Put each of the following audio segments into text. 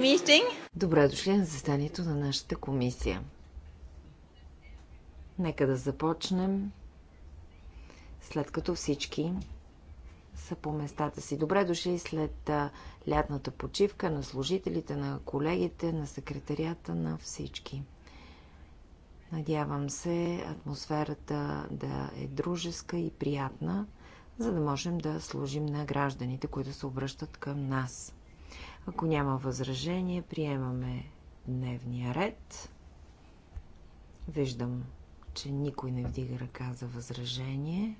Meeting. Добре дошли на заседанието на нашата комисия. Нека да започнем след като всички са по местата си. Добре дошли след лятната почивка на служителите, на колегите, на секретарията, на всички. Надявам се атмосферата да е дружеска и приятна, за да можем да служим на гражданите, които се обръщат към нас. Ако няма възражение, приемаме дневния ред. Виждам, че никой не вдига ръка за възражение.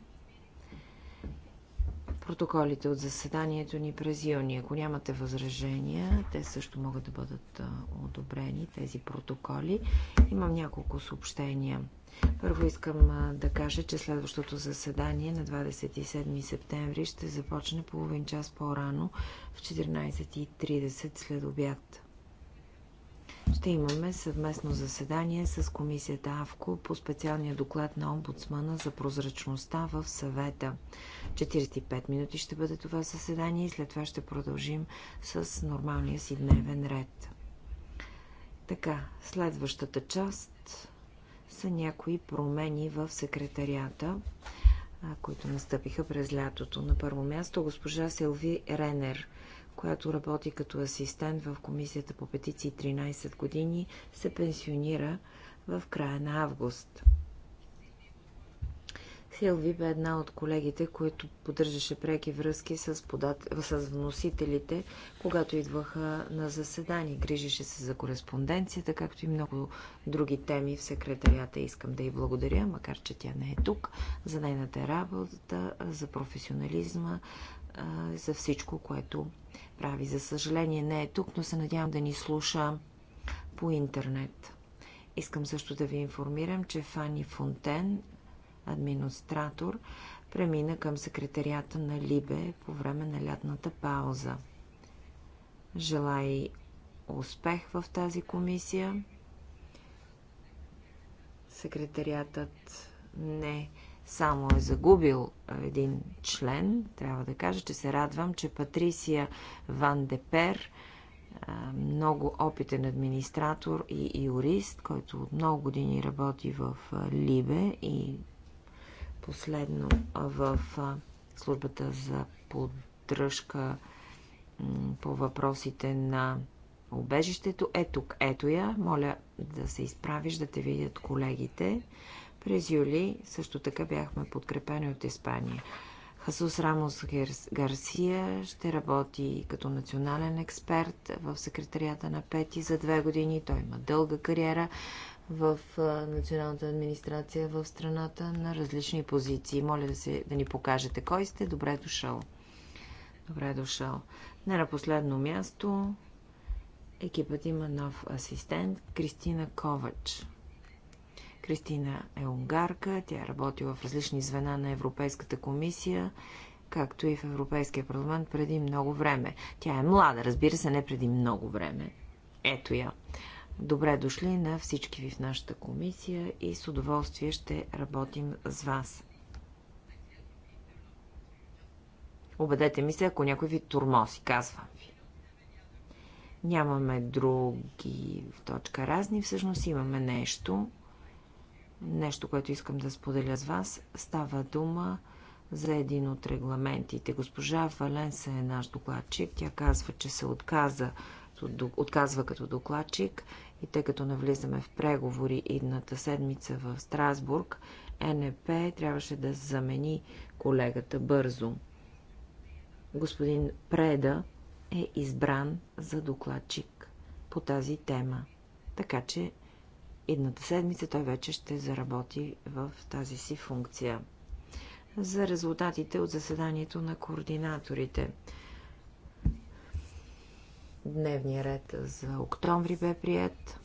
Протоколите от заседанието ни през юни. Ако нямате възражения, те също могат да бъдат одобрени, тези протоколи. Имам няколко съобщения. Първо искам да кажа, че следващото заседание на 27 септември ще започне половин час по-рано в 14.30 след обяд. Ще имаме съвместно заседание с комисията АВКО по специалния доклад на омбудсмана за прозрачността в съвета. 45 минути ще бъде това заседание и след това ще продължим с нормалния си дневен ред. Така, следващата част са някои промени в секретарията, които настъпиха през лятото. На първо място госпожа Силви Ренер, която работи като асистент в Комисията по петиции 13 години, се пенсионира в края на август. Силви бе една от колегите, които поддържаше преки връзки с, подат... с вносителите, когато идваха на заседание. Грижеше се за кореспонденцията, както и много други теми в секретарията. Искам да й благодаря, макар че тя не е тук, за нейната работа, за професионализма, за всичко, което прави. За съжаление не е тук, но се надявам да ни слуша по интернет. Искам също да ви информирам, че Фани Фонтен администратор, премина към секретарията на Либе по време на лятната пауза. Желай успех в тази комисия. Секретариатът не само е загубил един член, трябва да кажа, че се радвам, че Патрисия Ван Депер, много опитен администратор и юрист, който от много години работи в Либе и Последно в службата за поддръжка по въпросите на убежището е тук. Ето я. Моля да се изправиш, да те видят колегите. През юли също така бяхме подкрепени от Испания. Хасус Рамос Гарсия ще работи като национален експерт в секретарията на Пети за две години. Той има дълга кариера в националната администрация в страната на различни позиции. Моля да, се, да ни покажете кой сте. Добре дошъл. Добре дошъл. Не на последно място екипът има нов асистент Кристина Ковач. Кристина е унгарка, тя работи в различни звена на Европейската комисия, както и в Европейския парламент преди много време. Тя е млада, разбира се, не преди много време. Ето я. Добре дошли на всички ви в нашата комисия и с удоволствие ще работим с вас. Обедете ми се, ако някой ви турмоси, казвам ви. Нямаме други в точка разни, всъщност имаме нещо, нещо, което искам да споделя с вас. Става дума за един от регламентите. Госпожа Валенса е наш докладчик. Тя казва, че се отказа, отказва като докладчик и тъй като навлизаме в преговори идната седмица в Страсбург, НП трябваше да замени колегата бързо. Господин Преда е избран за докладчик по тази тема. Така че идната седмица той вече ще заработи в тази си функция. За резултатите от заседанието на координаторите – Дневният ред за октомври бе прият.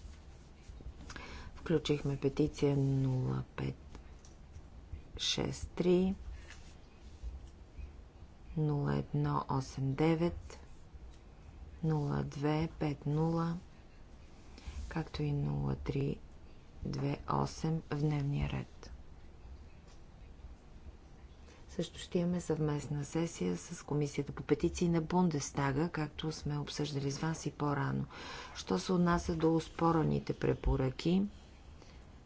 Включихме петиция 0563 0189 0250 както и 0328 в дневния ред. Също ще имаме съвместна сесия с Комисията по петиции на Бундестага, както сме обсъждали с вас и по-рано. Що се отнася до успораните препоръки,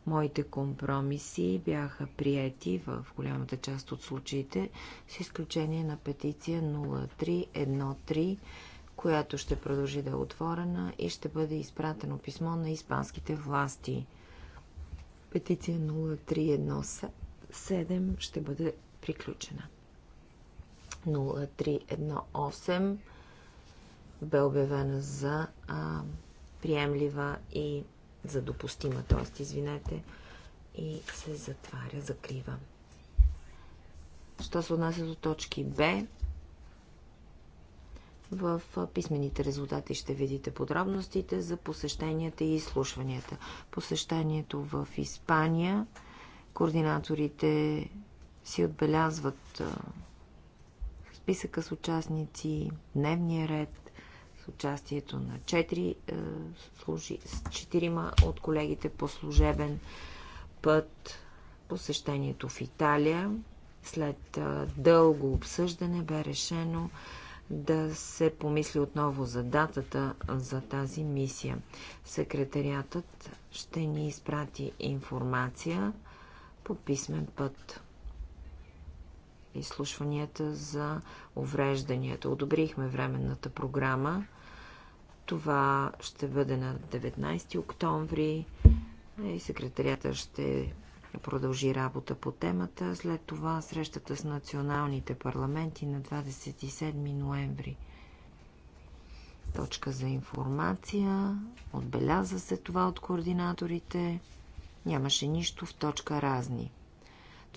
моите компромиси бяха приети в голямата част от случаите, с изключение на петиция 0313, която ще продължи да е отворена и ще бъде изпратено писмо на испанските власти. Петиция 0317 ще бъде Приключена. 0318 бе обявена за а, приемлива и за допустима, т.е. извинете, и се затваря, закрива. Що се отнася до точки Б, в писмените резултати ще видите подробностите за посещенията и изслушванията. Посещението в Испания, координаторите си отбелязват списъка с участници, дневния ред, с участието на 4, служи, с четирима от колегите по служебен път, посещението в Италия. След дълго обсъждане бе решено да се помисли отново за датата за тази мисия. Секретариатът ще ни изпрати информация по писмен път изслушванията за уврежданията. Одобрихме временната програма. Това ще бъде на 19 октомври и секретарията ще продължи работа по темата. След това срещата с националните парламенти на 27 ноември. Точка за информация. Отбеляза се това от координаторите. Нямаше нищо в точка разни.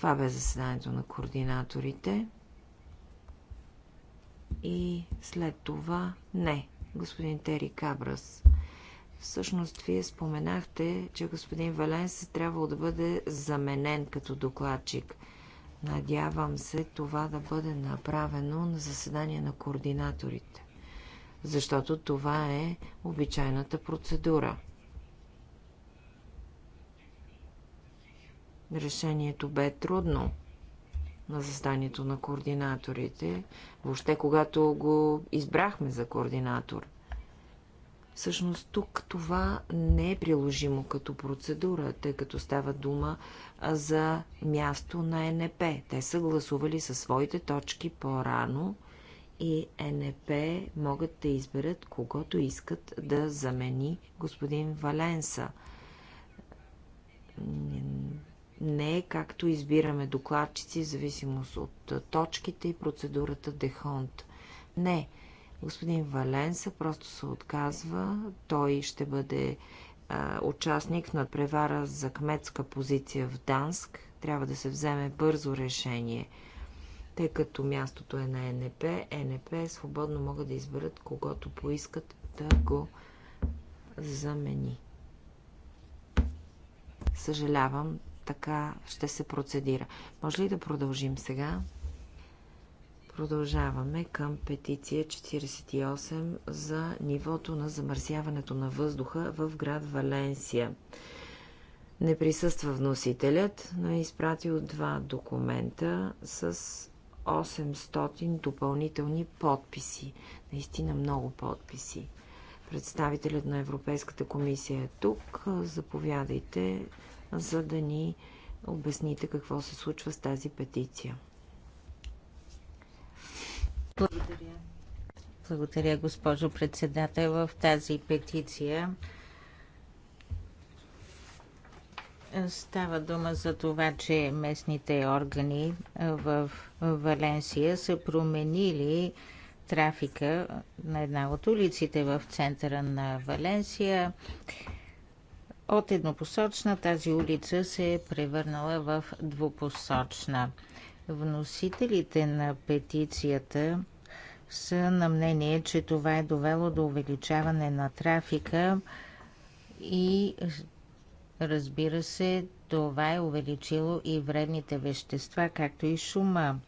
Това бе заседанието на координаторите. И след това не. Господин Тери Кабрас. Всъщност, вие споменахте, че господин Валенс е трябвало да бъде заменен като докладчик. Надявам се това да бъде направено на заседание на координаторите, защото това е обичайната процедура. Решението бе трудно на застанието на координаторите, въобще когато го избрахме за координатор. Всъщност тук това не е приложимо като процедура, тъй като става дума за място на НП. Те са гласували със своите точки по-рано и НП могат да изберат когото искат да замени господин Валенса не е както избираме докладчици в зависимост от точките и процедурата Дехонт. Не. Господин Валенса просто се отказва. Той ще бъде а, участник на превара за кметска позиция в Данск. Трябва да се вземе бързо решение. Тъй като мястото е на НП, НП свободно могат да изберат когато поискат да го замени. Съжалявам, така ще се процедира. Може ли да продължим сега? Продължаваме към петиция 48 за нивото на замърсяването на въздуха в град Валенсия. Не присъства вносителят, но е изпратил два документа с 800 допълнителни подписи. Наистина много подписи. Представителят на Европейската комисия е тук. Заповядайте за да ни обясните какво се случва с тази петиция. Благодаря. Благодаря, госпожо председател. В тази петиция става дума за това, че местните органи в Валенсия са променили трафика на една от улиците в центъра на Валенсия от еднопосочна тази улица се е превърнала в двупосочна. Вносителите на петицията са на мнение, че това е довело до увеличаване на трафика и разбира се, това е увеличило и вредните вещества, както и шума.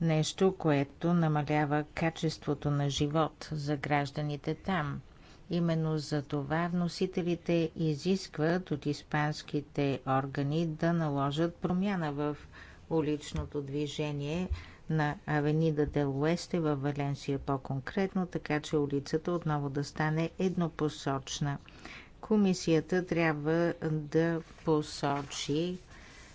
Нещо, което намалява качеството на живот за гражданите там – Именно за това вносителите изискват от испанските органи да наложат промяна в уличното движение на Авенида де Уесте във Валенсия по-конкретно, така че улицата отново да стане еднопосочна. Комисията трябва да посочи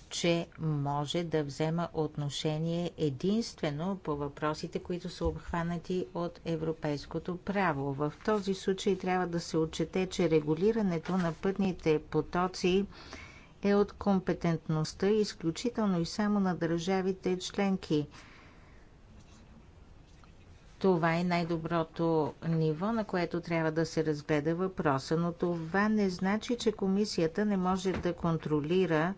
че може да взема отношение единствено по въпросите, които са обхванати от европейското право. В този случай трябва да се отчете, че регулирането на пътните потоци е от компетентността изключително и само на държавите членки. Това е най-доброто ниво, на което трябва да се разгледа въпроса, но това не значи, че комисията не може да контролира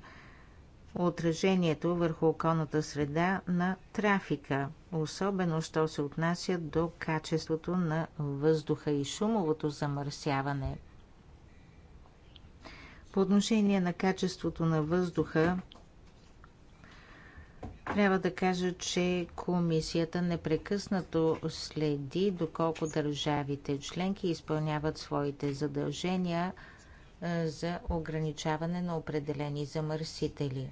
отражението върху околната среда на трафика, особено що се отнася до качеството на въздуха и шумовото замърсяване. По отношение на качеството на въздуха, трябва да кажа, че комисията непрекъснато следи доколко държавите членки изпълняват своите задължения за ограничаване на определени замърсители.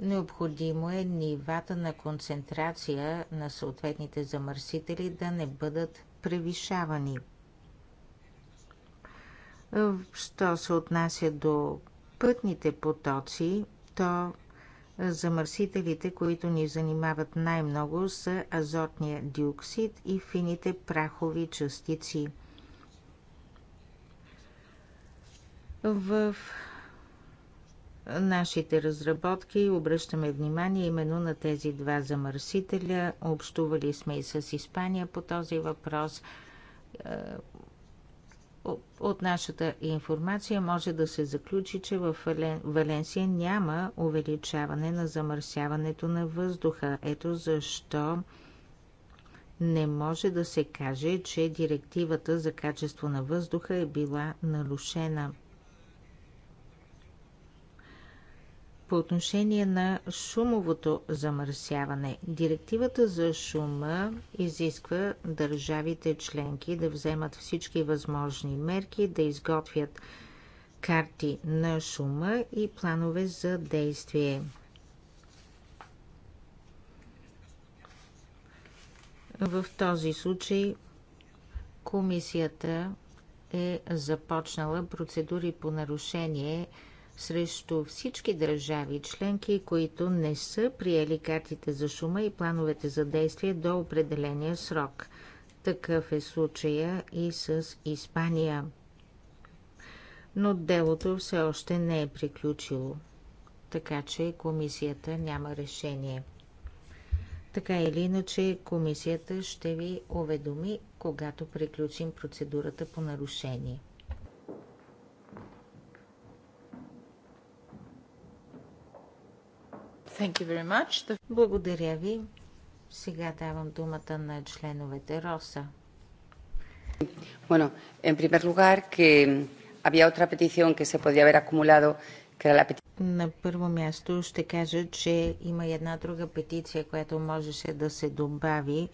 Необходимо е нивата на концентрация на съответните замърсители да не бъдат превишавани. Що се отнася до пътните потоци, то замърсителите, които ни занимават най-много са азотния диоксид и фините прахови частици. В нашите разработки обръщаме внимание именно на тези два замърсителя. Общували сме и с Испания по този въпрос. Е, от нашата информация може да се заключи, че в Валенсия няма увеличаване на замърсяването на въздуха. Ето защо не може да се каже, че директивата за качество на въздуха е била нарушена – По отношение на шумовото замърсяване, директивата за шума изисква държавите членки да вземат всички възможни мерки, да изготвят карти на шума и планове за действие. В този случай комисията е започнала процедури по нарушение – срещу всички държави членки, които не са приели картите за шума и плановете за действие до определения срок. Такъв е случая и с Испания. Но делото все още не е приключило, така че комисията няма решение. Така или иначе, комисията ще ви уведоми, когато приключим процедурата по нарушение. The... Благодаря ви. Сега давам думата на членовете Роса. Bueno, en primer lugar que había otra petición que se podía haber acumulado, que era la petición на първо място ще кажа, че има една друга петиция, която можеше да се добави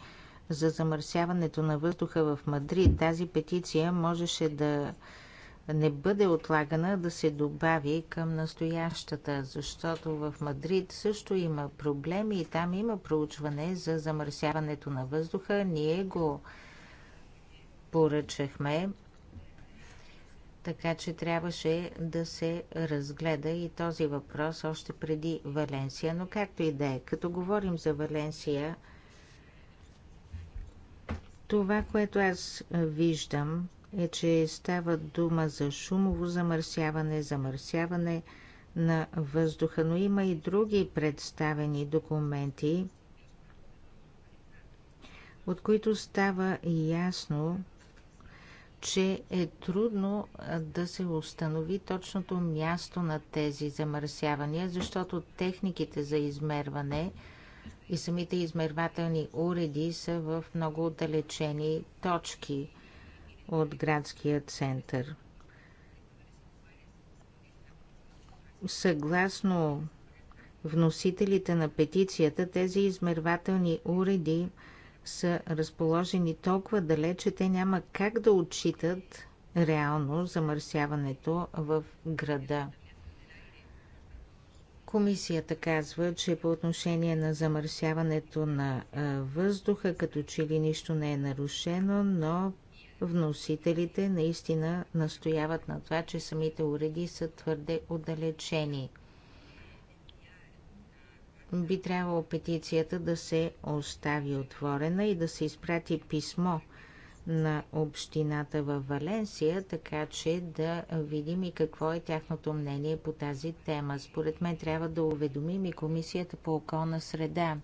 за замърсяването на въздуха в Мадрид. Тази петиция можеше да не бъде отлагана да се добави към настоящата, защото в Мадрид също има проблеми и там има проучване за замърсяването на въздуха. Ние го поръчахме, така че трябваше да се разгледа и този въпрос още преди Валенсия. Но както и да е, като говорим за Валенсия, това, което аз виждам е, че става дума за шумово замърсяване, замърсяване на въздуха, но има и други представени документи, от които става ясно, че е трудно да се установи точното място на тези замърсявания, защото техниките за измерване и самите измервателни уреди са в много отдалечени точки – от градския център. Съгласно вносителите на петицията, тези измервателни уреди са разположени толкова далеч, че те няма как да отчитат реално замърсяването в града. Комисията казва, че по отношение на замърсяването на въздуха, като че ли нищо не е нарушено, но вносителите наистина настояват на това, че самите уреди са твърде отдалечени. Би трябвало петицията да се остави отворена и да се изпрати писмо на общината във Валенсия, така че да видим и какво е тяхното мнение по тази тема. Според мен трябва да уведомим и Комисията по околна среда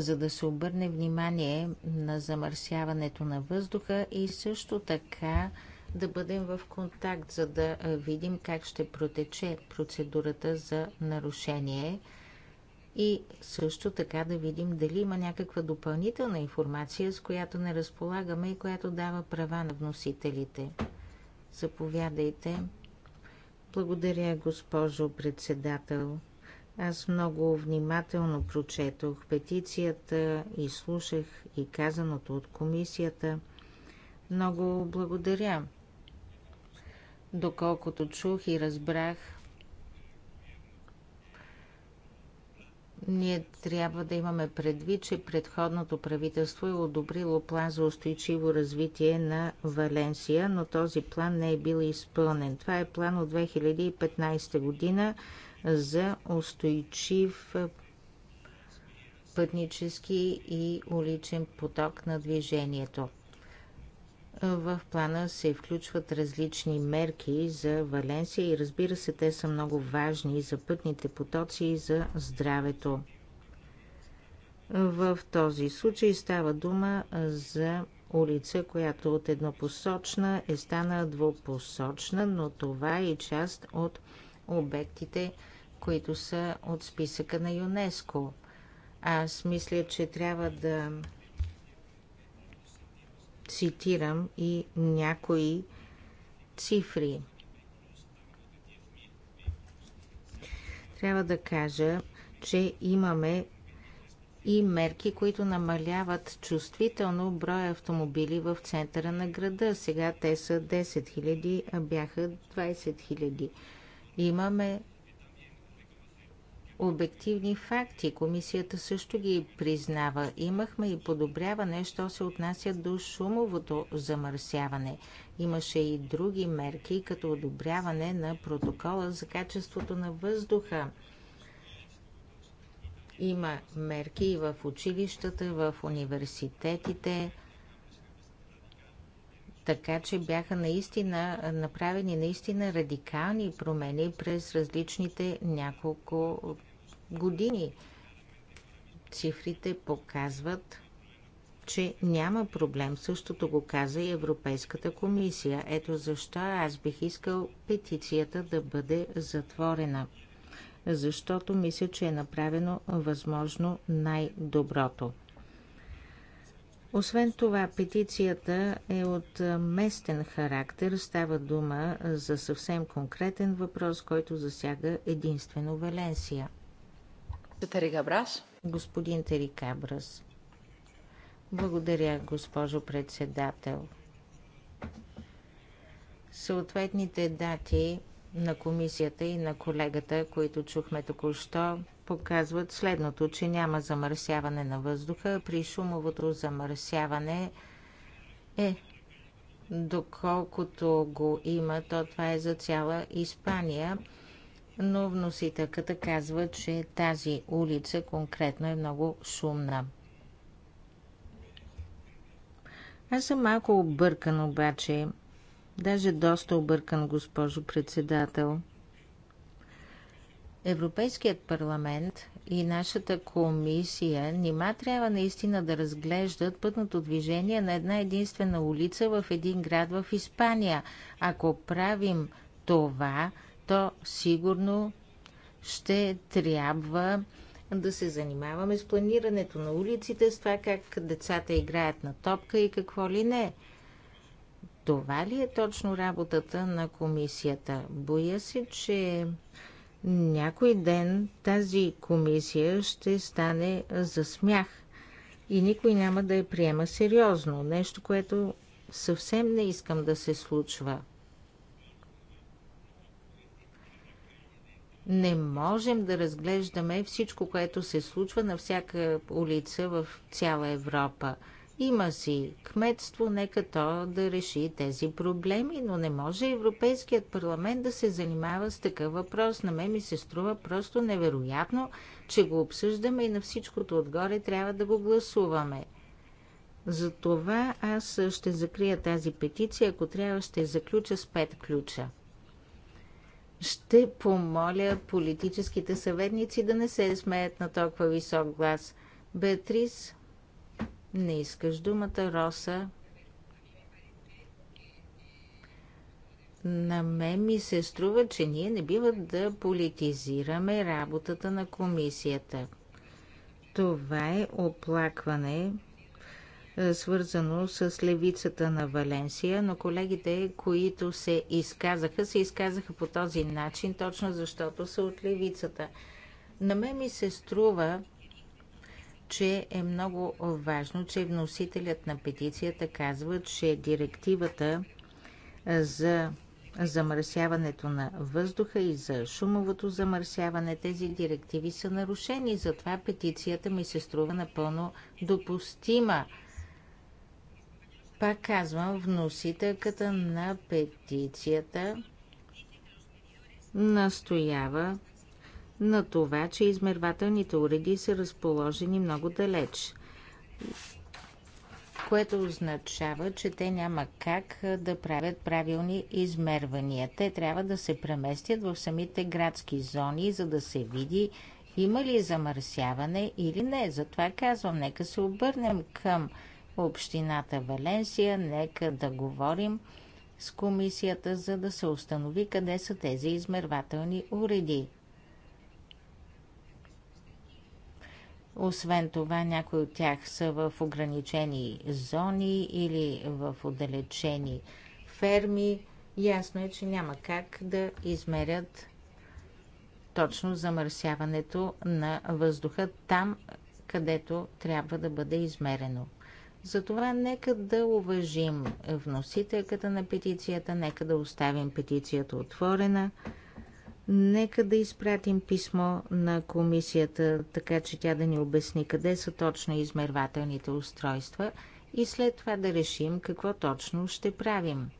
за да се обърне внимание на замърсяването на въздуха и също така да бъдем в контакт, за да видим как ще протече процедурата за нарушение и също така да видим дали има някаква допълнителна информация, с която не разполагаме и която дава права на вносителите. Заповядайте. Благодаря, госпожо председател. Аз много внимателно прочетох петицията и слушах и казаното от комисията. Много благодаря. Доколкото чух и разбрах, ние трябва да имаме предвид, че предходното правителство е одобрило план за устойчиво развитие на Валенсия, но този план не е бил изпълнен. Това е план от 2015 година за устойчив пътнически и уличен поток на движението. В плана се включват различни мерки за Валенсия и разбира се, те са много важни за пътните потоци и за здравето. В този случай става дума за улица, която от еднопосочна е стана двупосочна, но това е и част от обектите които са от списъка на ЮНЕСКО. Аз мисля, че трябва да цитирам и някои цифри. Трябва да кажа, че имаме и мерки, които намаляват чувствително броя автомобили в центъра на града. Сега те са 10 000, а бяха 20 000. Имаме обективни факти. Комисията също ги признава. Имахме и подобряване, що се отнася до шумовото замърсяване. Имаше и други мерки, като одобряване на протокола за качеството на въздуха. Има мерки и в училищата, в университетите – така че бяха наистина направени наистина радикални промени през различните няколко години. Цифрите показват, че няма проблем. Същото го каза и Европейската комисия. Ето защо аз бих искал петицията да бъде затворена. Защото мисля, че е направено възможно най-доброто. Освен това, петицията е от местен характер. Става дума за съвсем конкретен въпрос, който засяга единствено Валенсия. Терикабрас. Господин Терикабрас. Благодаря, госпожо председател. Съответните дати на комисията и на колегата, които чухме току-що, показват следното, че няма замърсяване на въздуха. При шумовото замърсяване е доколкото го има, то това е за цяла Испания. Но вносителката казва, че тази улица конкретно е много шумна. Аз съм малко объркан обаче. Даже доста объркан, госпожо председател. Европейският парламент и нашата комисия нима трябва наистина да разглеждат пътното движение на една единствена улица в един град в Испания. Ако правим това, то сигурно ще трябва да се занимаваме с планирането на улиците, с това как децата играят на топка и какво ли не. Това ли е точно работата на комисията? Боя се, че някой ден тази комисия ще стане за смях и никой няма да я приема сериозно. Нещо, което съвсем не искам да се случва. Не можем да разглеждаме всичко, което се случва на всяка улица в цяла Европа – има си кметство, нека то да реши тези проблеми, но не може Европейският парламент да се занимава с такъв въпрос. На мен ми се струва просто невероятно, че го обсъждаме и на всичкото отгоре трябва да го гласуваме. Затова аз ще закрия тази петиция, ако трябва ще заключа с пет ключа. Ще помоля политическите съветници да не се смеят на толкова висок глас. Беатрис, не искаш думата, Роса. На мен ми се струва, че ние не бива да политизираме работата на комисията. Това е оплакване, е, свързано с левицата на Валенсия, но колегите, които се изказаха, се изказаха по този начин, точно защото са от левицата. На мен ми се струва, че е много важно, че вносителят на петицията казва, че директивата за замърсяването на въздуха и за шумовото замърсяване, тези директиви са нарушени. Затова петицията ми се струва напълно допустима. Пак казвам, вносителката на петицията настоява на това, че измервателните уреди са разположени много далеч, което означава, че те няма как да правят правилни измервания. Те трябва да се преместят в самите градски зони, за да се види има ли замърсяване или не. Затова казвам, нека се обърнем към общината Валенсия, нека да говорим с комисията, за да се установи къде са тези измервателни уреди. Освен това, някои от тях са в ограничени зони или в отдалечени ферми. Ясно е, че няма как да измерят точно замърсяването на въздуха там, където трябва да бъде измерено. Затова нека да уважим вносителката на петицията, нека да оставим петицията отворена. Нека да изпратим писмо на комисията, така че тя да ни обясни къде са точно измервателните устройства и след това да решим какво точно ще правим.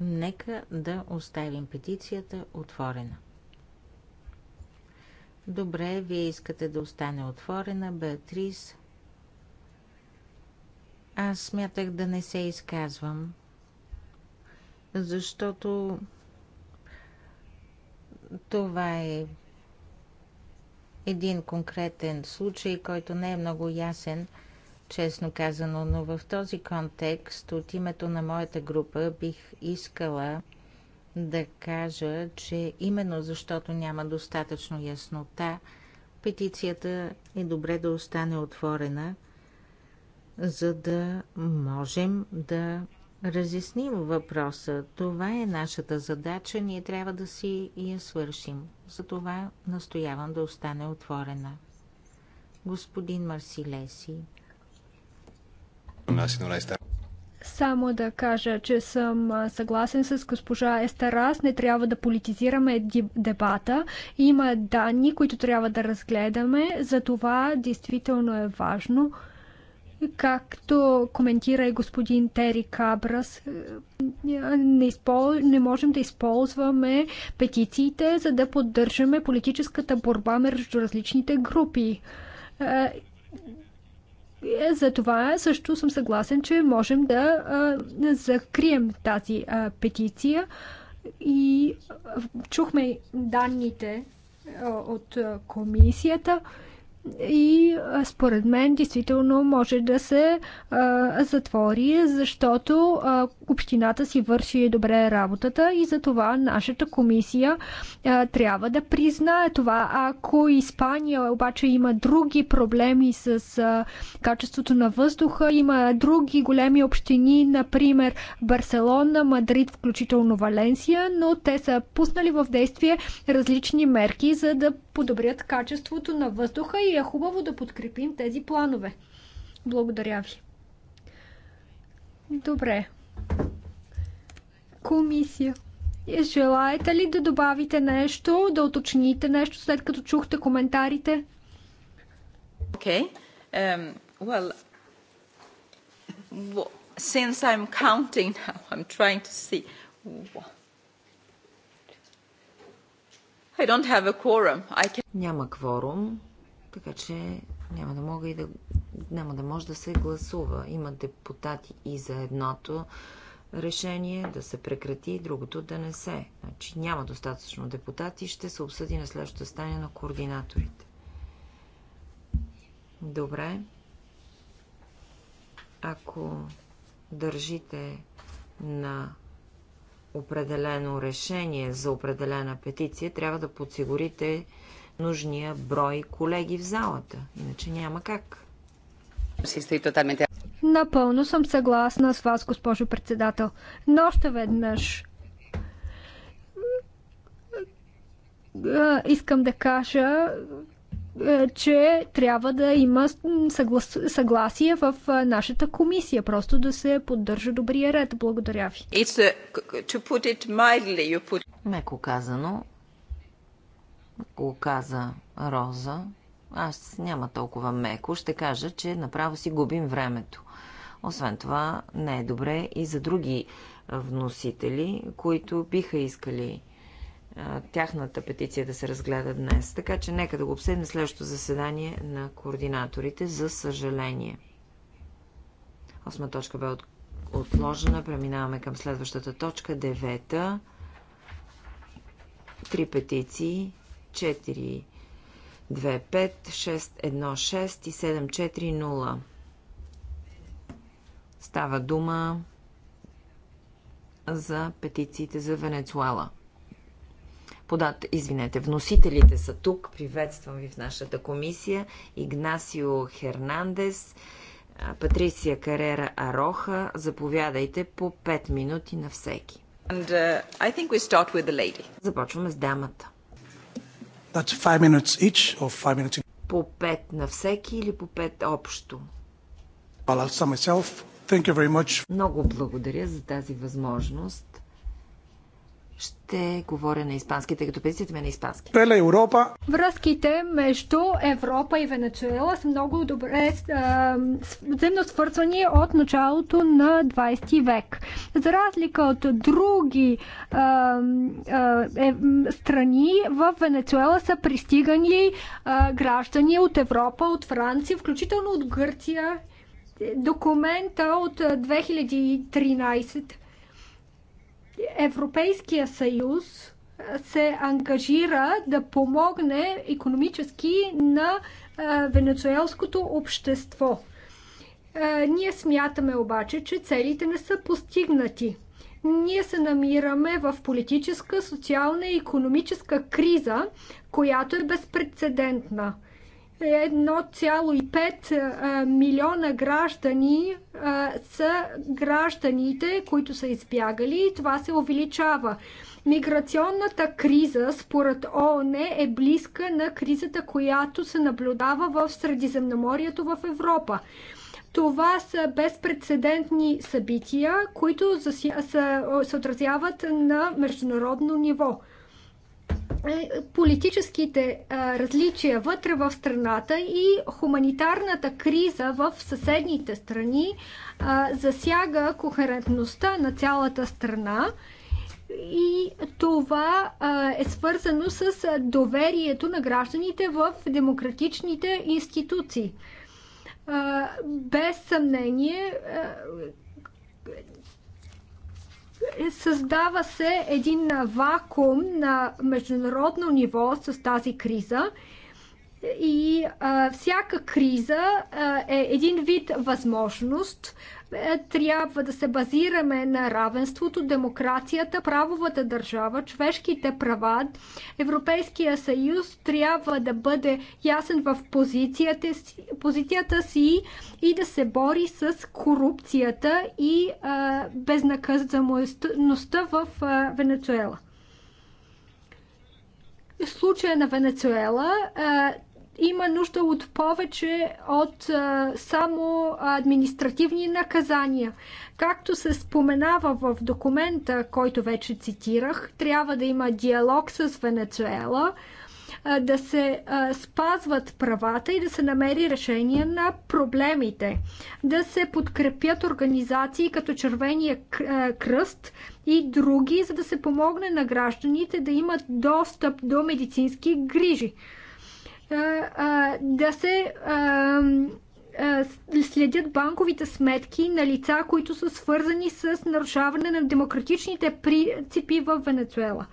Нека да оставим петицията отворена. Добре, вие искате да остане отворена, Беатрис. Аз смятах да не се изказвам защото това е един конкретен случай, който не е много ясен, честно казано, но в този контекст от името на моята група бих искала да кажа, че именно защото няма достатъчно яснота, петицията е добре да остане отворена, за да можем да разясним въпроса. Това е нашата задача. Ние трябва да си я свършим. Затова настоявам да остане отворена. Господин Марсилеси. Само да кажа, че съм съгласен с госпожа Естерас. Не трябва да политизираме дебата. Има данни, които трябва да разгледаме. За това действително е важно Както коментира и господин Тери Кабрас, не, изпол... не можем да използваме петициите, за да поддържаме политическата борба между различните групи. Е, за това също съм съгласен, че можем да закрием тази петиция. И чухме данните от комисията и според мен действително може да се а, затвори, защото а, общината си върши добре работата и за това нашата комисия а, трябва да признае това. Ако Испания обаче има други проблеми с а, качеството на въздуха, има други големи общини, например Барселона, Мадрид, включително Валенсия, но те са пуснали в действие различни мерки, за да подобрят качеството на въздуха и е хубаво да подкрепим тези планове. Благодаря ви. Добре. Комисия. Е, желаете ли да добавите нещо, да уточните нещо, след като чухте коментарите? Okay. Um, well, since I'm counting now, I'm trying to see. I don't have a quorum. I can... Няма кворум, така че няма да мога и да няма да може да се гласува. Има депутати и за едното решение да се прекрати, другото да не се. Значи няма достатъчно депутати, ще се обсъди на следващото стане на координаторите. Добре. Ако държите на определено решение за определена петиция, трябва да подсигурите нужния брой колеги в залата. Иначе няма как. Напълно съм съгласна с вас, госпожо председател. Но още веднъж искам да кажа, че трябва да има съглас... съгласие в нашата комисия, просто да се поддържа добрия ред. Благодаря ви. A... Uh, mildly, put... Меко казано, го каза Роза. Аз няма толкова меко. Ще кажа, че направо си губим времето. Освен това, не е добре и за други вносители, които биха искали тяхната петиция да се разгледа днес. Така че нека да го обсъдим следващото заседание на координаторите, за съжаление. Осма точка бе отложена. Преминаваме към следващата точка, девета. Три петиции 4, 2, 5, 6, 1, 6 7, 4, 0. Става дума за петициите за Венецуала. Подат, извинете, вносителите са тук. Приветствам ви в нашата комисия. Игнасио Хернандес, Патриция Карера Ароха. Заповядайте по 5 минути на всеки. And, uh, Започваме с дамата. That's five minutes each or five minutes... По 5 на всеки или по 5 общо? Well, I'll myself. Thank you very much. Много благодаря за тази възможност. Ще говоря на испански, тъй като песните ми е на испански. Теле Европа. Връзките между Европа и Венецуела са много добре взаимно свързвани от началото на 20 век. За разлика от други а, а, е, страни, в Венецуела са пристигани а, граждани от Европа, от Франция, включително от Гърция. Документа от 2013 Европейския съюз се ангажира да помогне економически на венецуелското общество. Ние смятаме обаче, че целите не са постигнати. Ние се намираме в политическа, социална и економическа криза, която е безпредседентна. 1,5 милиона граждани са гражданите, които са избягали и това се увеличава. Миграционната криза, според ООН, е близка на кризата, която се наблюдава в Средиземноморието в Европа. Това са безпредседентни събития, които се отразяват на международно ниво. Е, политическите различия вътре в страната и хуманитарната криза в съседните страни засяга кохерентността на цялата страна. И това е свързано с доверието на гражданите в демократичните институции. Без съмнение, е, създава се един вакуум на международно ниво с тази криза. И а, всяка криза а, е един вид възможност е, трябва да се базираме на равенството, демокрацията, правовата държава, човешките права. Европейския съюз трябва да бъде ясен в позицията си, позицията си и да се бори с корупцията и а, безнаказаността в а, Венецуела случая на Венецуела има нужда от повече от а, само административни наказания. Както се споменава в документа, който вече цитирах, трябва да има диалог с Венецуела, а, да се а, спазват правата и да се намери решение на проблемите, да се подкрепят организации като Червения кръст и други, за да се помогне на гражданите да имат достъп до медицински грижи да се следят банковите сметки на лица, които са свързани с нарушаване на демократичните принципи в Венецуела.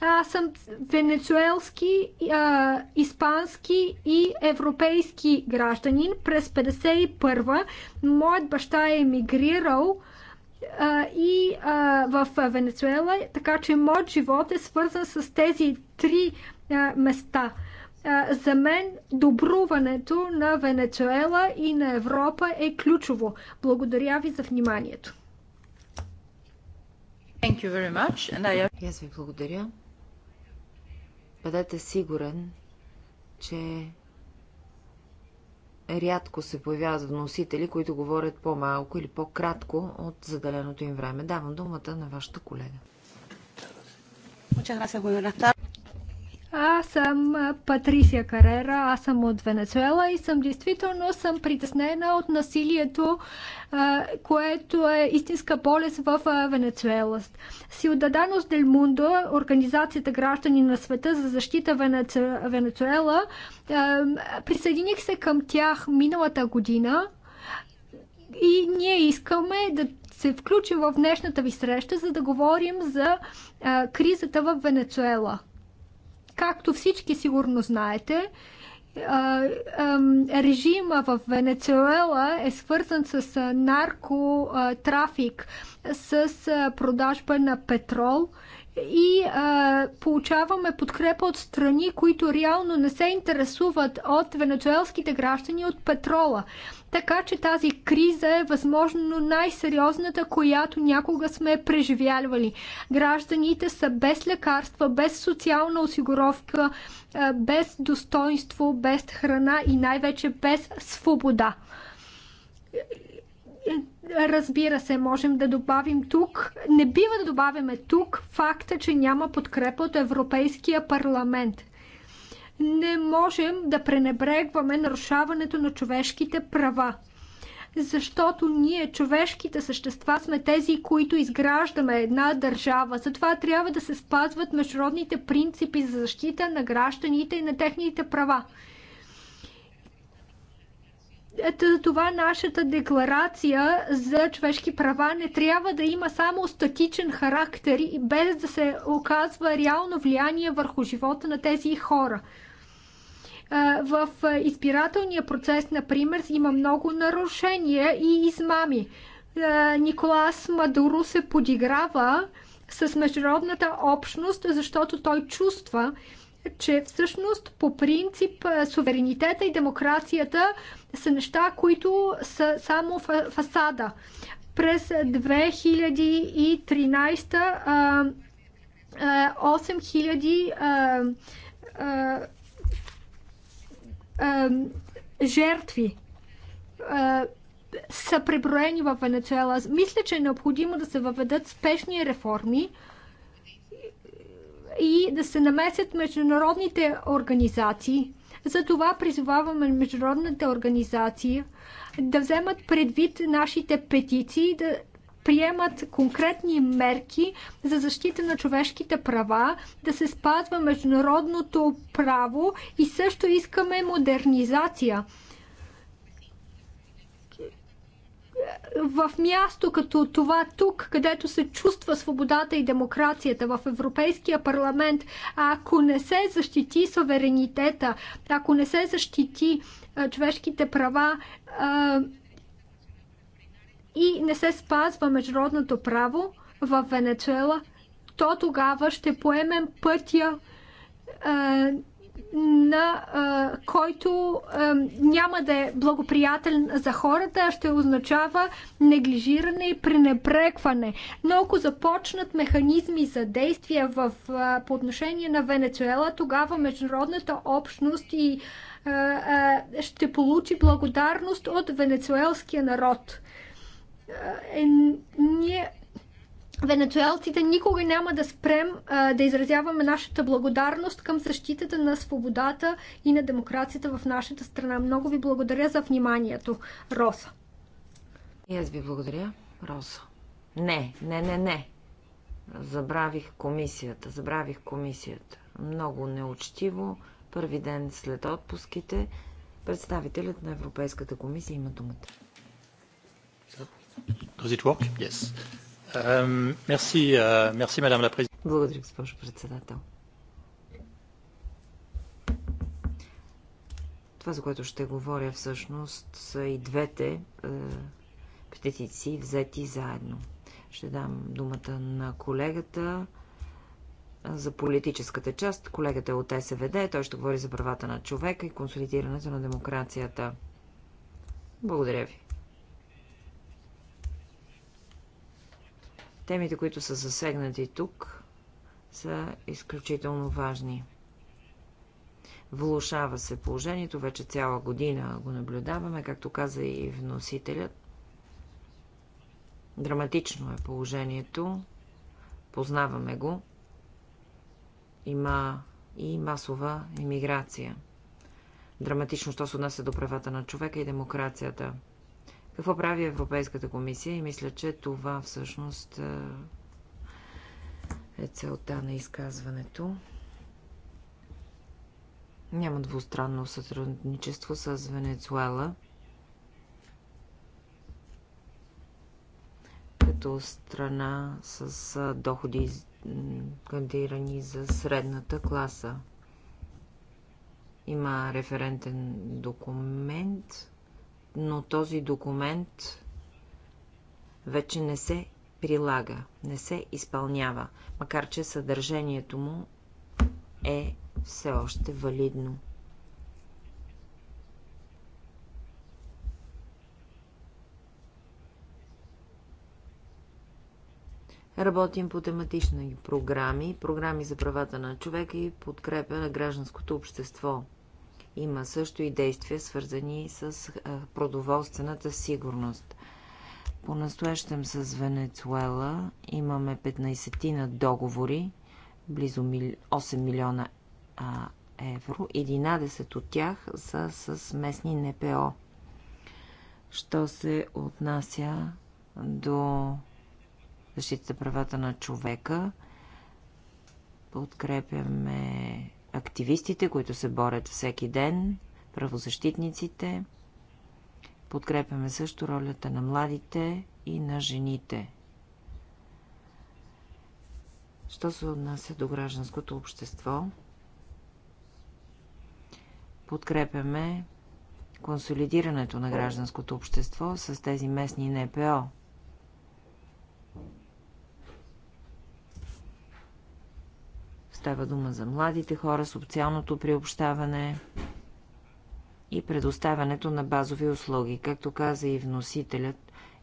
Аз съм венецуелски, а, испански и европейски гражданин. През 51-а моят баща е емигрирал а, и а, в Венецуела, така че моят живот е свързан с тези три а, места – за мен добруването на Венецуела и на Европа е ключово. Благодаря ви за вниманието. Thank you very much. And I... Аз ви благодаря. Бъдете сигурен, че рядко се появяват вносители, които говорят по-малко или по-кратко от заделеното им време. Давам думата на вашата колега. Аз съм Патрисия Карера, аз съм от Венецуела и съм действително съм притеснена от насилието, което е истинска болест в Венецуела. Силдаданос Дель Мундо, организацията Граждани на света за защита Венецуела, присъединих се към тях миналата година и ние искаме да се включим в днешната ви среща, за да говорим за кризата в Венецуела Както всички сигурно знаете, режима в Венецуела е свързан с наркотрафик, с продажба на петрол и а, получаваме подкрепа от страни, които реално не се интересуват от венецуелските граждани от петрола. Така че тази криза е възможно най-сериозната, която някога сме преживявали. Гражданите са без лекарства, без социална осигуровка, е, без достоинство, без храна и най-вече без свобода разбира се, можем да добавим тук, не бива да добавяме тук факта, че няма подкрепа от Европейския парламент не можем да пренебрегваме нарушаването на човешките права. Защото ние, човешките същества, сме тези, които изграждаме една държава. Затова трябва да се спазват международните принципи за защита на гражданите и на техните права. Ето за това нашата декларация за човешки права не трябва да има само статичен характер и без да се оказва реално влияние върху живота на тези хора. В избирателния процес, например, има много нарушения и измами. Николас Мадуро се подиграва с международната общност, защото той чувства, че всъщност по принцип суверенитета и демокрацията са неща, които са само фасада. През 2013 8000 жертви са преброени в Венецуела. Мисля, че е необходимо да се въведат спешни реформи и да се намесят международните организации. Затова призоваваме международните организации да вземат предвид нашите петиции, да приемат конкретни мерки за защита на човешките права, да се спазва международното право и също искаме модернизация. в място като това тук, където се чувства свободата и демокрацията в Европейския парламент, ако не се защити суверенитета, ако не се защити а, човешките права, а, и не се спазва международното право в Венецуела, то тогава ще поемем пътя е, на а, е, който а, е, няма да е благоприятен за хората, а ще означава неглижиране и пренебрекване. Но ако започнат механизми за действия в, а, по отношение на Венецуела, тогава международната общност и а, а, ще получи благодарност от венецуелския народ е, ние Венецуелците никога няма да спрем а, да изразяваме нашата благодарност към защитата на свободата и на демокрацията в нашата страна. Много ви благодаря за вниманието, Роса. И аз ви благодаря, Роса. Не, не, не, не. Забравих комисията, забравих комисията. Много неучтиво. Първи ден след отпуските представителят на Европейската комисия има думата. Um, uh, Благодаря, госпожо председател. Това, за което ще говоря всъщност, са и двете е, петиции взети заедно. Ще дам думата на колегата за политическата част. Колегата е от СВД, той ще говори за правата на човека и консолидирането на демокрацията. Благодаря ви. Темите, които са засегнати тук, са изключително важни. Влушава се положението, вече цяла година го наблюдаваме, както каза и вносителят. Драматично е положението, познаваме го. Има и масова иммиграция. Драматично, що се отнася до правата на човека и демокрацията – какво прави Европейската комисия и мисля, че това всъщност е, е целта на изказването. Няма двустранно сътрудничество с Венецуела. Като страна с е, доходи кандидирани за средната класа. Има референтен документ, но този документ вече не се прилага, не се изпълнява, макар че съдържанието му е все още валидно. Работим по тематични програми, програми за правата на човека и подкрепа на гражданското общество – има също и действия, свързани с продоволствената сигурност. Понастоящем с Венецуела имаме 15 на договори, близо 8 милиона евро, 11 от тях са с местни НПО. Що се отнася до защита правата на човека, подкрепяме активистите, които се борят всеки ден, правозащитниците. Подкрепяме също ролята на младите и на жените. Що се отнася до гражданското общество? Подкрепяме консолидирането на гражданското общество с тези местни НПО – Става дума за младите хора, социалното приобщаване и предоставянето на базови услуги. Както каза и вносителят,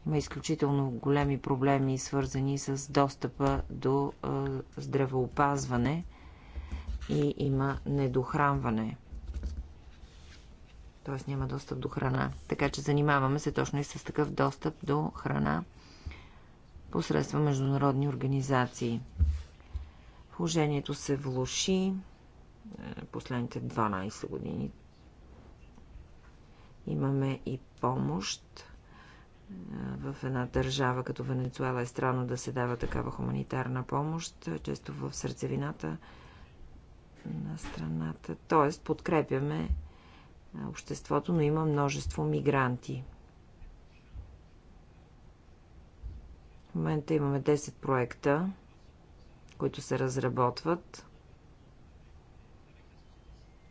има изключително големи проблеми, свързани с достъпа до здравеопазване и има недохранване. Т.е. няма достъп до храна. Така че занимаваме се точно и с такъв достъп до храна посредством международни организации. Положението се влуши е, последните 12 години. Имаме и помощ е, в една държава като Венецуела е странно да се дава такава хуманитарна помощ, е, често в сърцевината на страната. Тоест, подкрепяме обществото, но има множество мигранти. В момента имаме 10 проекта които се разработват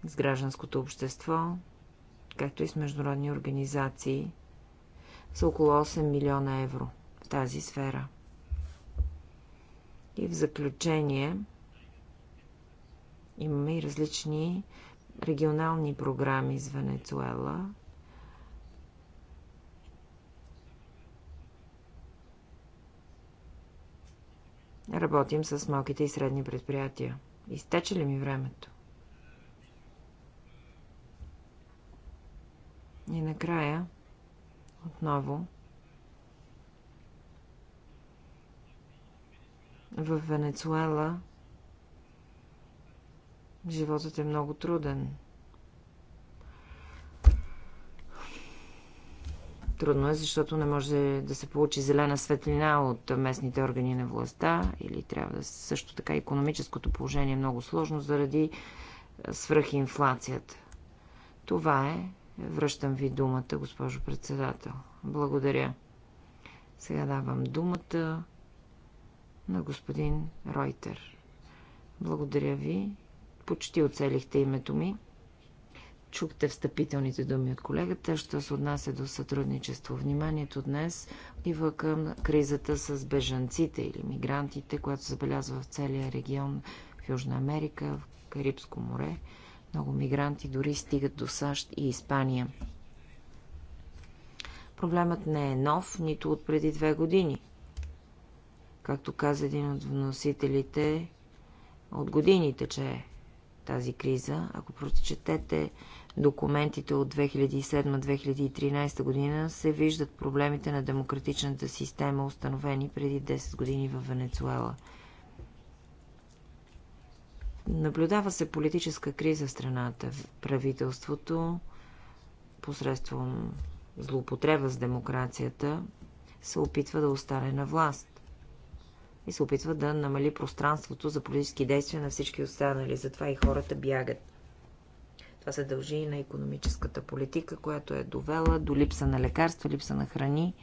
с гражданското общество, както и с международни организации, са около 8 милиона евро в тази сфера. И в заключение имаме и различни регионални програми с Венецуела – Работим с малките и средни предприятия. Изтече ли ми времето? И накрая, отново, в Венецуела животът е много труден. Трудно е, защото не може да се получи зелена светлина от местните органи на властта или трябва да също така економическото положение е много сложно заради е, свръхинфлацията. Това е. Връщам ви думата, госпожо председател. Благодаря. Сега давам думата на господин Ройтер. Благодаря ви. Почти оцелихте името ми. Чухте встъпителните думи от колегата, що се отнася до сътрудничество. Вниманието днес отива към кризата с бежанците или мигрантите, която се забелязва в целия регион в Южна Америка, в Карибско море. Много мигранти дори стигат до САЩ и Испания. Проблемът не е нов, нито от преди две години. Както каза един от вносителите, от години тече е тази криза. Ако прочетете документите от 2007-2013 година се виждат проблемите на демократичната система, установени преди 10 години в Венецуела. Наблюдава се политическа криза в страната. Правителството посредством злоупотреба с демокрацията се опитва да остане на власт и се опитва да намали пространството за политически действия на всички останали. Затова и хората бягат. Това се дължи и на економическата политика, която е довела до липса на лекарства, липса на храни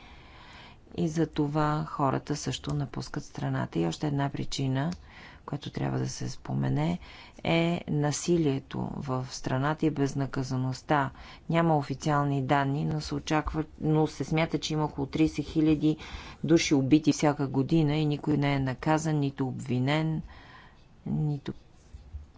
и за това хората също напускат страната. И още една причина, която трябва да се спомене, е насилието в страната и безнаказаността. Няма официални данни, но се, очаква, но се смята, че има около 30 хиляди души убити всяка година и никой не е наказан, нито обвинен, нито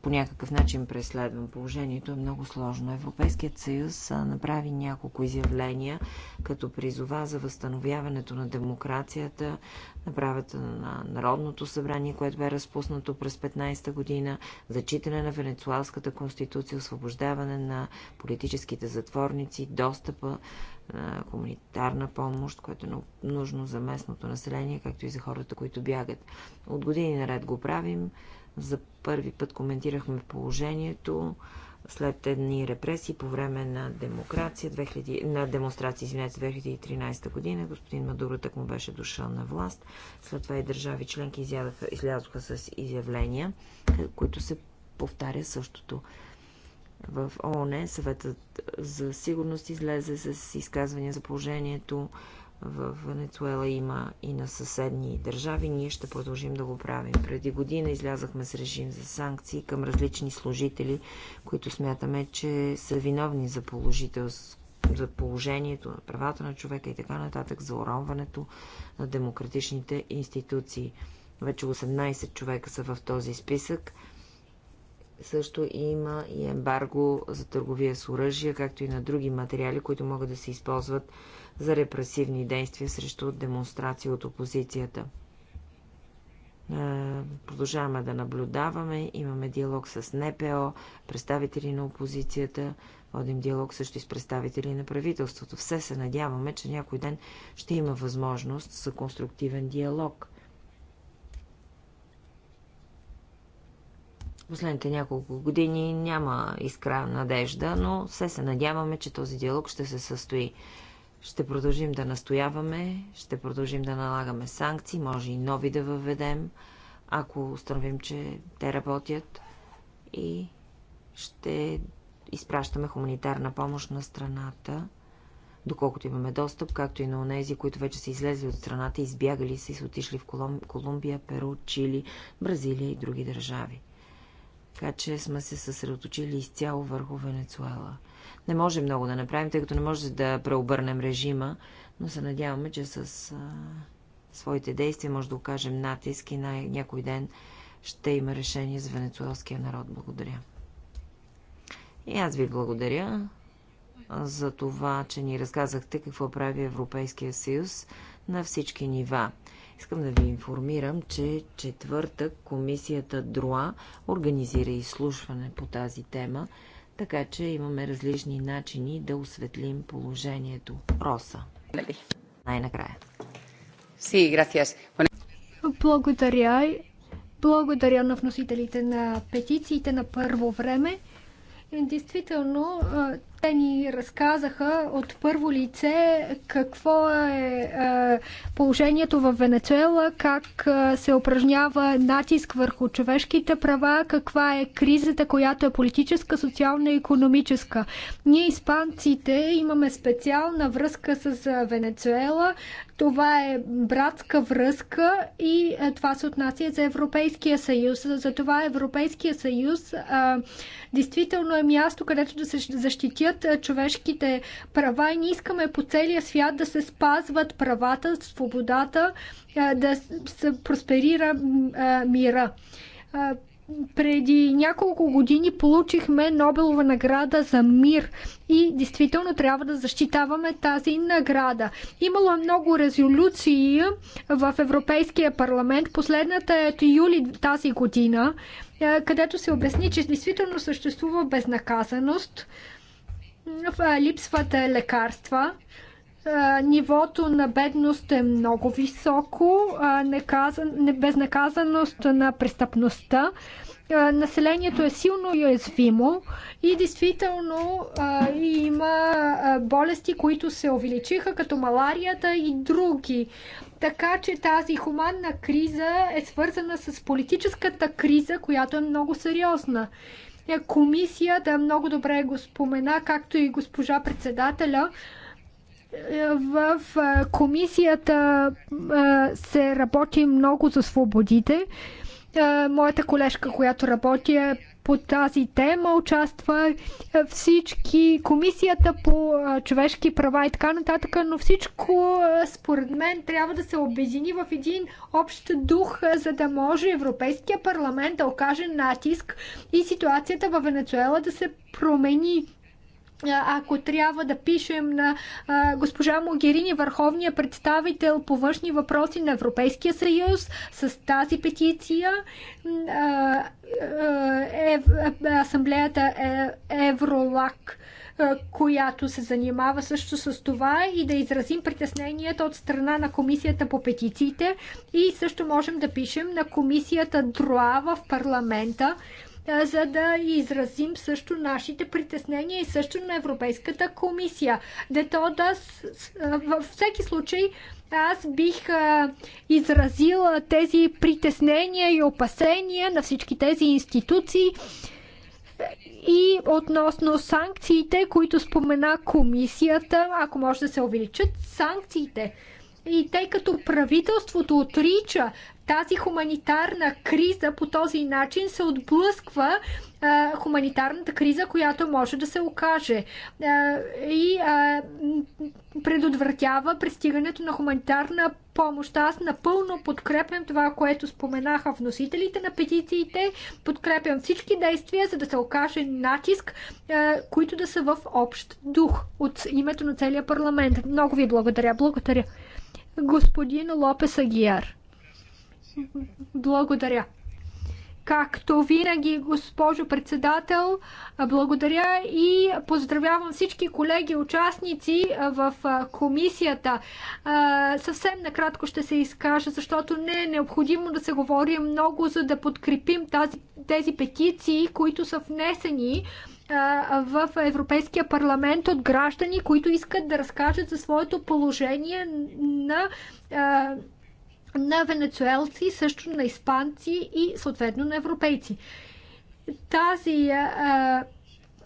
по някакъв начин преследвам. Положението е много сложно. Европейският съюз направи няколко изявления, като призова за възстановяването на демокрацията, направата на Народното събрание, което бе разпуснато през 15-та година, зачитане на Венецуалската конституция, освобождаване на политическите затворници, достъпа на хуманитарна помощ, което е нужно за местното население, както и за хората, които бягат. От години наред го правим. За първи път коментирахме положението след едни репресии по време на, демокрация, 2000, на демонстрации извинете, 2013 година. Господин Мадуро так му беше дошъл на власт. След това и държави членки изядаха, излязоха с изявления, които се повтаря същото. В ООН съветът за сигурност излезе с изказвания за положението в Венецуела има и на съседни държави. Ние ще продължим да го правим. Преди година излязахме с режим за санкции към различни служители, които смятаме, че са виновни за положителство за положението на правата на човека и така нататък, за уронването на демократичните институции. Вече 18 човека са в този списък също има и ембарго за търговия с оръжия, както и на други материали, които могат да се използват за репресивни действия срещу демонстрации от опозицията. Е, продължаваме да наблюдаваме, имаме диалог с НПО, представители на опозицията, водим диалог също и с представители на правителството. Все се надяваме, че някой ден ще има възможност за конструктивен диалог – последните няколко години няма искра надежда, но все се надяваме, че този диалог ще се състои. Ще продължим да настояваме, ще продължим да налагаме санкции, може и нови да въведем, ако установим, че те работят и ще изпращаме хуманитарна помощ на страната, доколкото имаме достъп, както и на онези, които вече са излезли от страната, избягали са и са отишли в Колумбия, Перу, Чили, Бразилия и други държави. Така че сме се съсредоточили изцяло върху Венецуела. Не може много да направим, тъй като не може да преобърнем режима, но се надяваме, че с а, своите действия може да окажем натиск и на някой ден ще има решение за венецуелския народ. Благодаря. И аз ви благодаря за това, че ни разказахте какво прави Европейския съюз на всички нива. Искам да ви информирам, че четвъртък комисията ДРОА организира изслушване по тази тема, така че имаме различни начини да осветлим положението. Роса. Най-накрая. Си, gracias. Благодаря. Благодаря на вносителите на петициите на първо време. Действително, те ни разказаха от първо лице какво е, е положението в Венецуела, как е, се упражнява натиск върху човешките права, каква е кризата, която е политическа, социална и економическа. Ние, испанците, имаме специална връзка с е, Венецуела това е братска връзка и е, това се отнася за Европейския съюз. Затова Европейския съюз а, е, действително е място, където да се защитят е, човешките права и ние искаме по целия свят да се спазват правата, свободата, а, да се просперира а, мира преди няколко години получихме Нобелова награда за мир и действително трябва да защитаваме тази награда. Имало е много резолюции в Европейския парламент. Последната е от юли тази година, е, където се обясни, че действително съществува безнаказаност, е, липсват лекарства нивото на бедност е много високо, безнаказаност на престъпността. Населението е силно уязвимо и действително има болести, които се увеличиха, като маларията и други. Така че тази хуманна криза е свързана с политическата криза, която е много сериозна. Е, комисията много добре го спомена, както и госпожа председателя в комисията се работи много за свободите. Моята колежка, която работи е по тази тема, участва всички, комисията по човешки права и така нататък, но всичко според мен трябва да се обедини в един общ дух, за да може Европейския парламент да окаже натиск и ситуацията в Венецуела да се промени ако трябва да пишем на госпожа Могерини, върховния представител по външни въпроси на Европейския съюз с тази петиция. Асамблеята е, Евролак която се занимава също с това и да изразим притесненията от страна на комисията по петициите и също можем да пишем на комисията ДРОА в парламента, за да изразим също нашите притеснения и също на Европейската комисия. Дето да във всеки случай аз бих а, изразила тези притеснения и опасения на всички тези институции и относно санкциите, които спомена комисията, ако може да се увеличат санкциите. И тъй като правителството отрича тази хуманитарна криза по този начин се отблъсква а, хуманитарната криза, която може да се окаже а, и а, предотвратява пристигането на хуманитарна помощ. Аз напълно подкрепям това, което споменаха вносителите на петициите, подкрепям всички действия, за да се окаже натиск, а, които да са в общ дух от името на целия парламент. Много ви благодаря. Благодаря. Господин Лопес Агияр. Благодаря. Както винаги, госпожо председател, благодаря и поздравявам всички колеги, участници в комисията. Съвсем накратко ще се изкажа, защото не е необходимо да се говори много, за да подкрепим тази, тези петиции, които са внесени в Европейския парламент от граждани, които искат да разкажат за своето положение на на венецуелци, също на испанци и съответно на европейци. Тази а,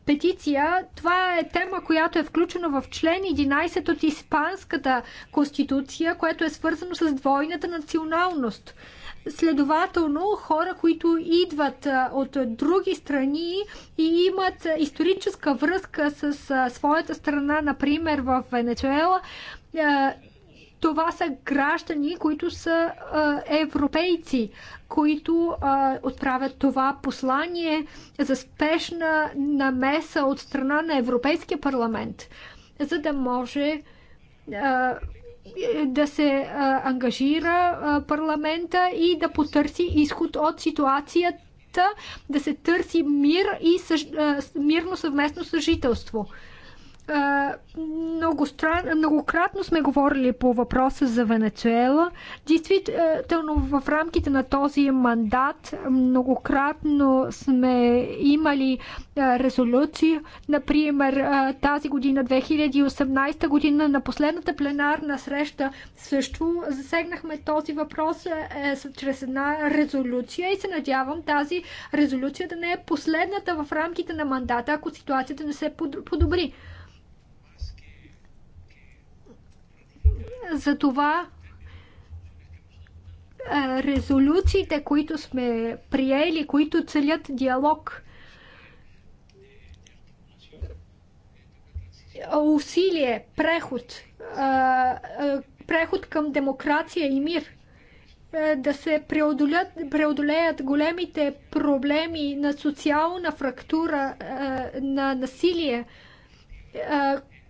петиция, това е тема, която е включена в член 11 от Испанската конституция, което е свързано с двойната националност. Следователно, хора, които идват от други страни и имат историческа връзка с своята страна, например в Венецуела, това са граждани, които са европейци, които отправят това послание за спешна намеса от страна на Европейския парламент, за да може да се ангажира парламента и да потърси изход от ситуацията, да се търси мир и мирно съвместно съжителство много стран, многократно сме говорили по въпроса за Венецуела. Действително, в рамките на този мандат многократно сме имали резолюции. Например, тази година, 2018 година, на последната пленарна среща също засегнахме този въпрос е, чрез една резолюция и се надявам тази резолюция да не е последната в рамките на мандата, ако ситуацията не се подобри. Затова резолюциите, които сме приели, които целят диалог, усилие, преход, преход към демокрация и мир, да се преодолят, преодолеят големите проблеми на социална фрактура, на насилие,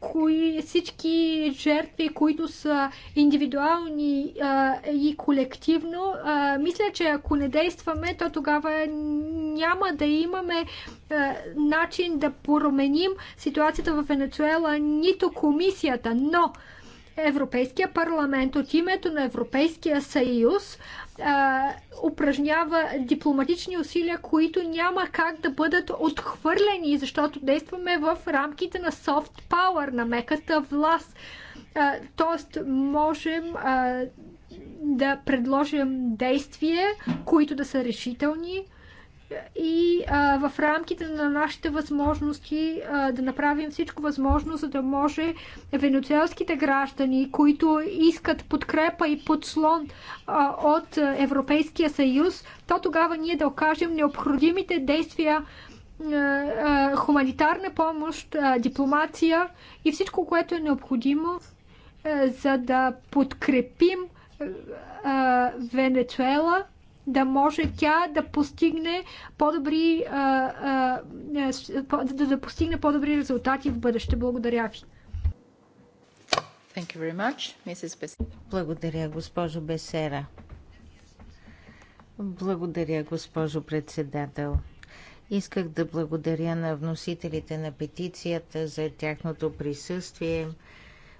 кои, всички жертви, които са индивидуални а, и колективно, а, мисля, че ако не действаме, то тогава няма да имаме а, начин да променим ситуацията в Венецуела, нито комисията, но Европейския парламент от името на Европейския съюз а, упражнява дипломатични усилия, които няма как да бъдат отхвърлени, защото действаме в рамките на soft power, на меката власт. тоест, можем а, да предложим действия, които да са решителни, и а, в рамките на нашите възможности а, да направим всичко възможно, за да може венецуелските граждани, които искат подкрепа и подслон а, от Европейския съюз, то тогава ние да окажем необходимите действия хуманитарна помощ, дипломация и всичко, което е необходимо, за да подкрепим Венецуела да може тя да постигне по-добри да, да постигне по-добри резултати в бъдеще. Благодаря ви. Thank you very much, Mrs. Благодаря, госпожо Бесера. Благодаря, госпожо председател. Исках да благодаря на вносителите на петицията за тяхното присъствие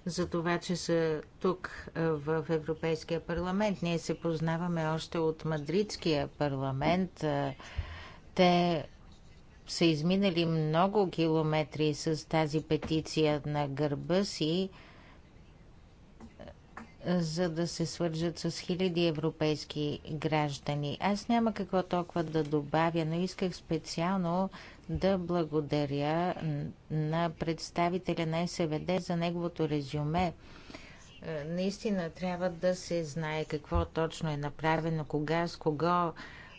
за това, че са тук в Европейския парламент. Ние се познаваме още от Мадридския парламент. Те са изминали много километри с тази петиция на гърба си за да се свържат с хиляди европейски граждани. Аз няма какво толкова да добавя, но исках специално да благодаря на представителя на СВД за неговото резюме. Е, наистина трябва да се знае какво точно е направено, кога, с кого.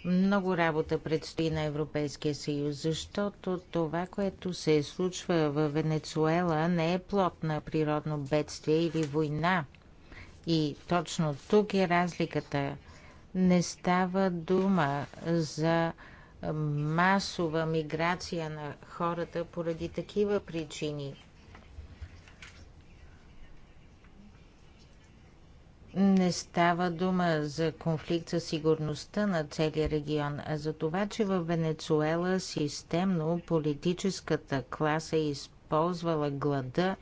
Много работа предстои на Европейския съюз, защото това, което се случва в Венецуела, не е плод на природно бедствие или война – и точно тук е разликата. Не става дума за масова миграция на хората поради такива причини. Не става дума за конфликт със сигурността на целия регион, а за това, че в Венецуела системно политическата класа е използвала глада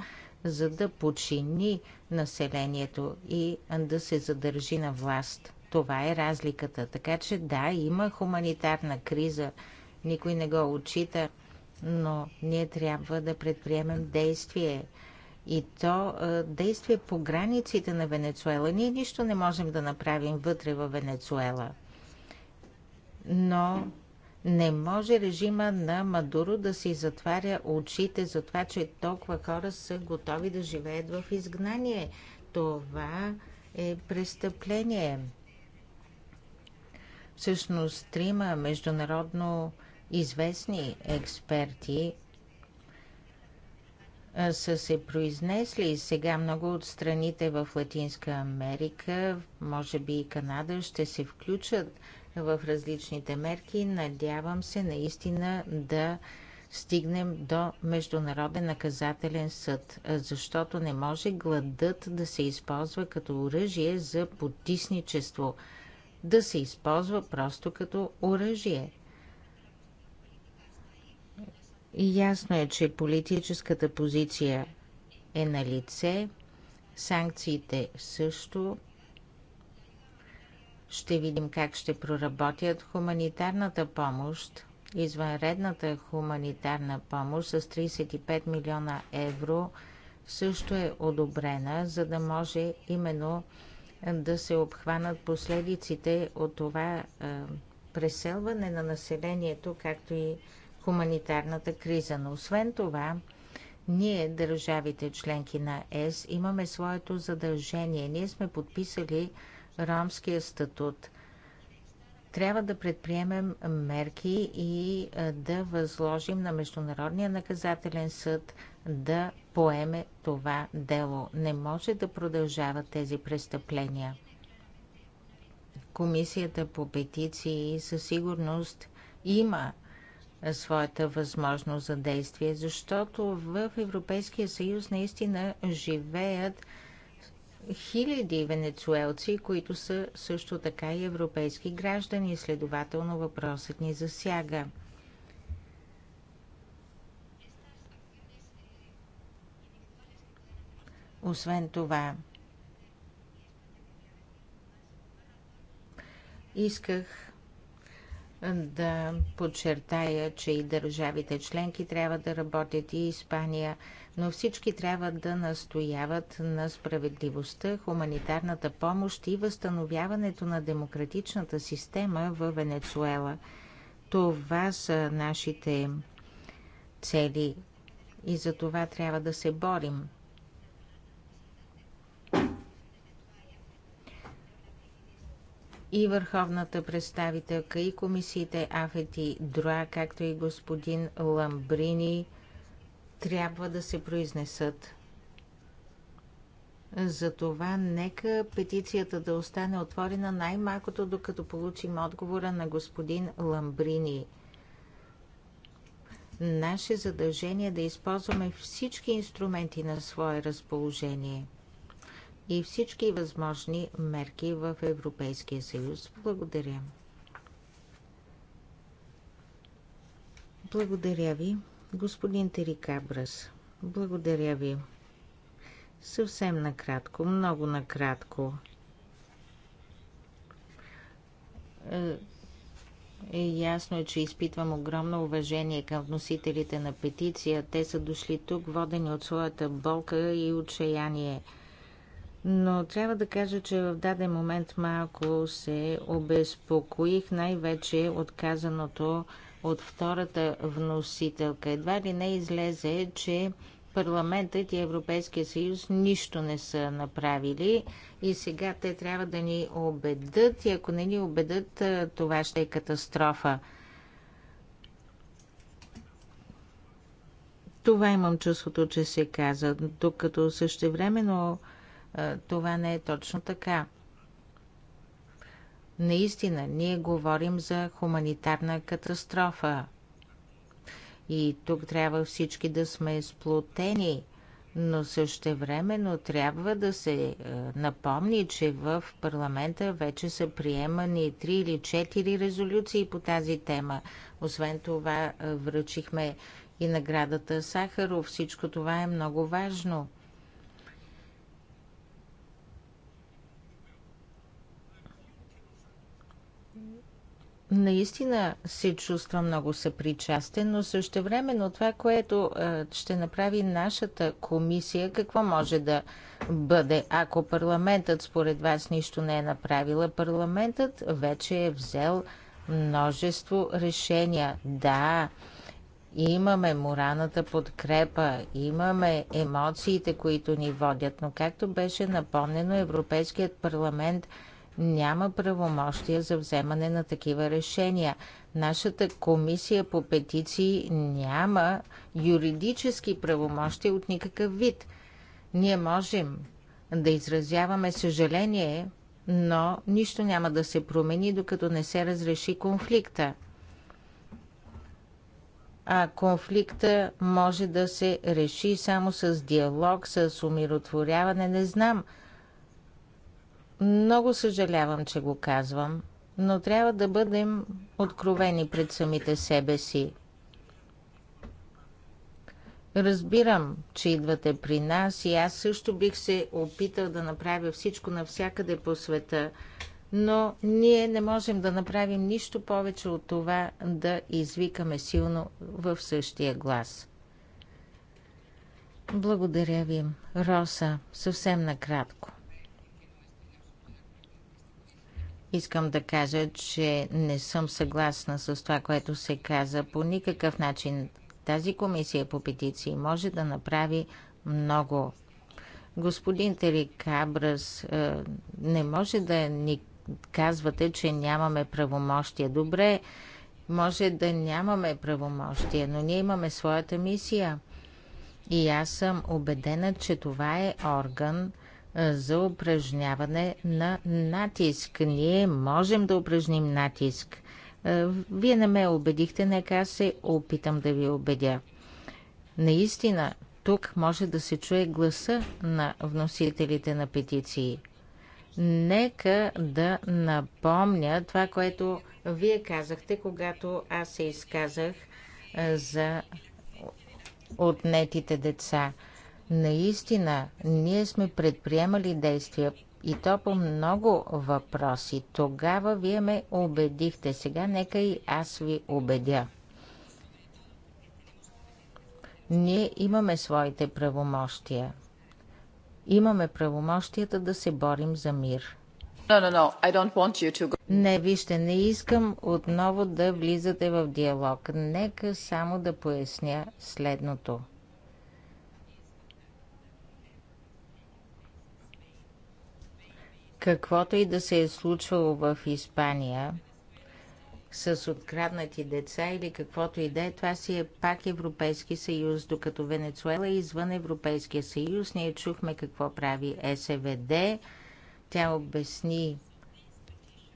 за да подчини населението и да се задържи на власт. Това е разликата. Така че да, има хуманитарна криза, никой не го отчита, но ние трябва да предприемем действие. И то действие по границите на Венецуела. Ние нищо не можем да направим вътре в Венецуела. Но не може режима на Мадуро да си затваря очите за това, че толкова хора са готови да живеят в изгнание. Това е престъпление. Всъщност, трима международно известни експерти са се произнесли. Сега много от страните в Латинска Америка, може би и Канада, ще се включат – в различните мерки. Надявам се наистина да стигнем до Международен наказателен съд, защото не може гладът да се използва като оръжие за потисничество, да се използва просто като оръжие. И ясно е, че политическата позиция е на лице, санкциите също, ще видим как ще проработят хуманитарната помощ, извънредната хуманитарна помощ с 35 милиона евро също е одобрена, за да може именно да се обхванат последиците от това е, преселване на населението, както и хуманитарната криза. Но освен това, ние, държавите членки на ЕС, имаме своето задължение. Ние сме подписали ромския статут. Трябва да предприемем мерки и да възложим на Международния наказателен съд да поеме това дело. Не може да продължава тези престъпления. Комисията по петиции със сигурност има своята възможност за действие, защото в Европейския съюз наистина живеят хиляди венецуелци, които са също така и европейски граждани. Следователно въпросът ни засяга. Освен това, исках да подчертая, че и държавите членки трябва да работят и Испания – но всички трябва да настояват на справедливостта, хуманитарната помощ и възстановяването на демократичната система в Венецуела. Това са нашите цели и за това трябва да се борим. и върховната представителка, и комисиите Афети ДРА, както и господин Ламбрини трябва да се произнесат. Затова нека петицията да остане отворена най-малкото, докато получим отговора на господин Ламбрини. Наше задължение е да използваме всички инструменти на свое разположение и всички възможни мерки в Европейския съюз. Благодаря. Благодаря ви. Господин Терикабрас, благодаря ви. Съвсем накратко, много накратко. Е, е, ясно е, че изпитвам огромно уважение към вносителите на петиция. Те са дошли тук, водени от своята болка и отчаяние. Но трябва да кажа, че в даден момент малко се обезпокоих, най-вече отказаното казаното от втората вносителка. Едва ли не излезе, че парламентът и Европейския съюз нищо не са направили и сега те трябва да ни убедат и ако не ни убедат, това ще е катастрофа. Това имам чувството, че се каза, докато същевременно това не е точно така. Наистина, ние говорим за хуманитарна катастрофа. И тук трябва всички да сме сплотени, но същевременно трябва да се е, напомни, че в парламента вече са приемани три или четири резолюции по тази тема. Освен това, е, връчихме и наградата Сахаров. Всичко това е много важно. наистина се чувства много съпричастен, но също времено това, което ще направи нашата комисия, какво може да бъде, ако парламентът според вас нищо не е направила? Парламентът вече е взел множество решения. Да, имаме моралната подкрепа, имаме емоциите, които ни водят, но както беше напомнено, Европейският парламент – няма правомощия за вземане на такива решения. Нашата комисия по петиции няма юридически правомощия от никакъв вид. Ние можем да изразяваме съжаление, но нищо няма да се промени, докато не се разреши конфликта. А конфликта може да се реши само с диалог, с умиротворяване, не знам – много съжалявам, че го казвам, но трябва да бъдем откровени пред самите себе си. Разбирам, че идвате при нас и аз също бих се опитал да направя всичко навсякъде по света, но ние не можем да направим нищо повече от това да извикаме силно в същия глас. Благодаря ви, Роса, съвсем накратко. Искам да кажа, че не съм съгласна с това, което се каза. По никакъв начин тази комисия по петиции може да направи много. Господин Кабрас, е, не може да ни казвате, че нямаме правомощия. Добре, може да нямаме правомощия, но ние имаме своята мисия. И аз съм убедена, че това е орган, е, за упражняване на натиск. Ние можем да упражним натиск. Е, вие не ме убедихте, нека аз се опитам да ви убедя. Наистина, тук може да се чуе гласа на вносителите на петиции. Нека да напомня това, което вие казахте, когато аз се изказах е, за отнетите деца. Наистина, ние сме предприемали действия и то по много въпроси. Тогава вие ме убедихте. Сега нека и аз ви убедя. Ние имаме своите правомощия. Имаме правомощията да се борим за мир. No, no, no. I don't want you to go. Не, вижте, не искам отново да влизате в диалог. Нека само да поясня следното. Каквото и да се е случвало в Испания с откраднати деца или каквото и да е, това си е пак Европейски съюз, докато Венецуела е извън Европейския съюз. Ние чухме какво прави СВД. Тя обясни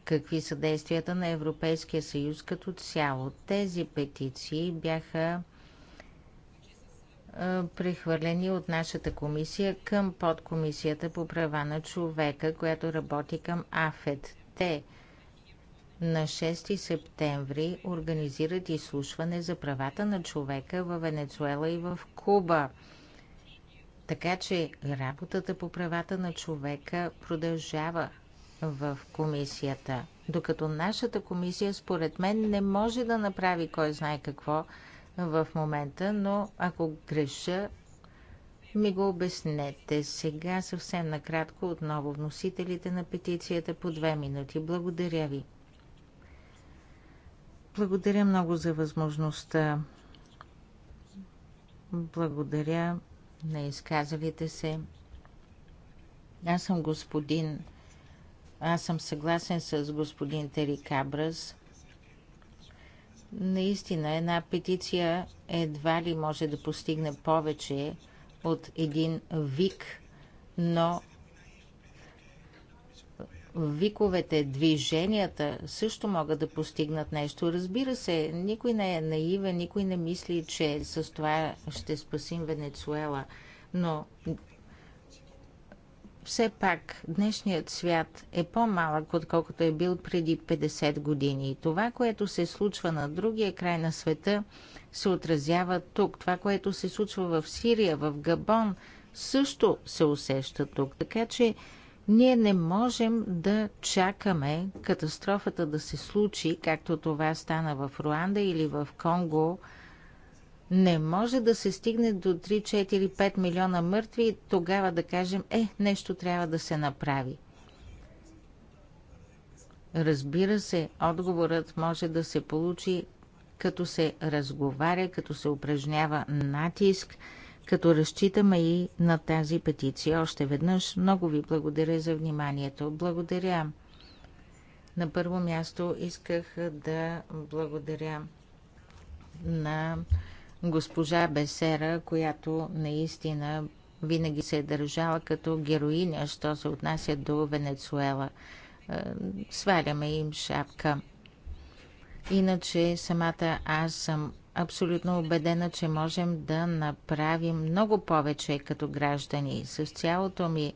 какви са действията на Европейския съюз като цяло. Тези петиции бяха прехвърлени от нашата комисия към подкомисията по права на човека, която работи към АФЕД. Те на 6 септември организират изслушване за правата на човека в Венецуела и в Куба. Така че работата по правата на човека продължава в комисията. Докато нашата комисия, според мен, не може да направи кой знае какво в момента, но ако греша, ми го обяснете. Сега съвсем накратко отново вносителите на петицията по две минути. Благодаря ви. Благодаря много за възможността. Благодаря на изказалите се. Аз съм господин. Аз съм съгласен с господин Тери Кабрас. Наистина, една петиция едва ли може да постигне повече от един вик, но виковете, движенията също могат да постигнат нещо. Разбира се, никой не е наивен, никой не мисли, че с това ще спасим Венецуела, но все пак днешният свят е по-малък, отколкото е бил преди 50 години. И това, което се случва на другия край на света, се отразява тук. Това, което се случва в Сирия, в Габон, също се усеща тук. Така че ние не можем да чакаме катастрофата да се случи, както това стана в Руанда или в Конго – не може да се стигне до 3, 4, 5 милиона мъртви и тогава да кажем, е, нещо трябва да се направи. Разбира се, отговорът може да се получи като се разговаря, като се упражнява натиск, като разчитаме и на тази петиция. Още веднъж много ви благодаря за вниманието. Благодаря. На първо място исках да благодаря на госпожа Бесера, която наистина винаги се е държала като героиня, що се отнася до Венецуела. Е, сваляме им шапка. Иначе самата аз съм абсолютно убедена, че можем да направим много повече като граждани. С цялото ми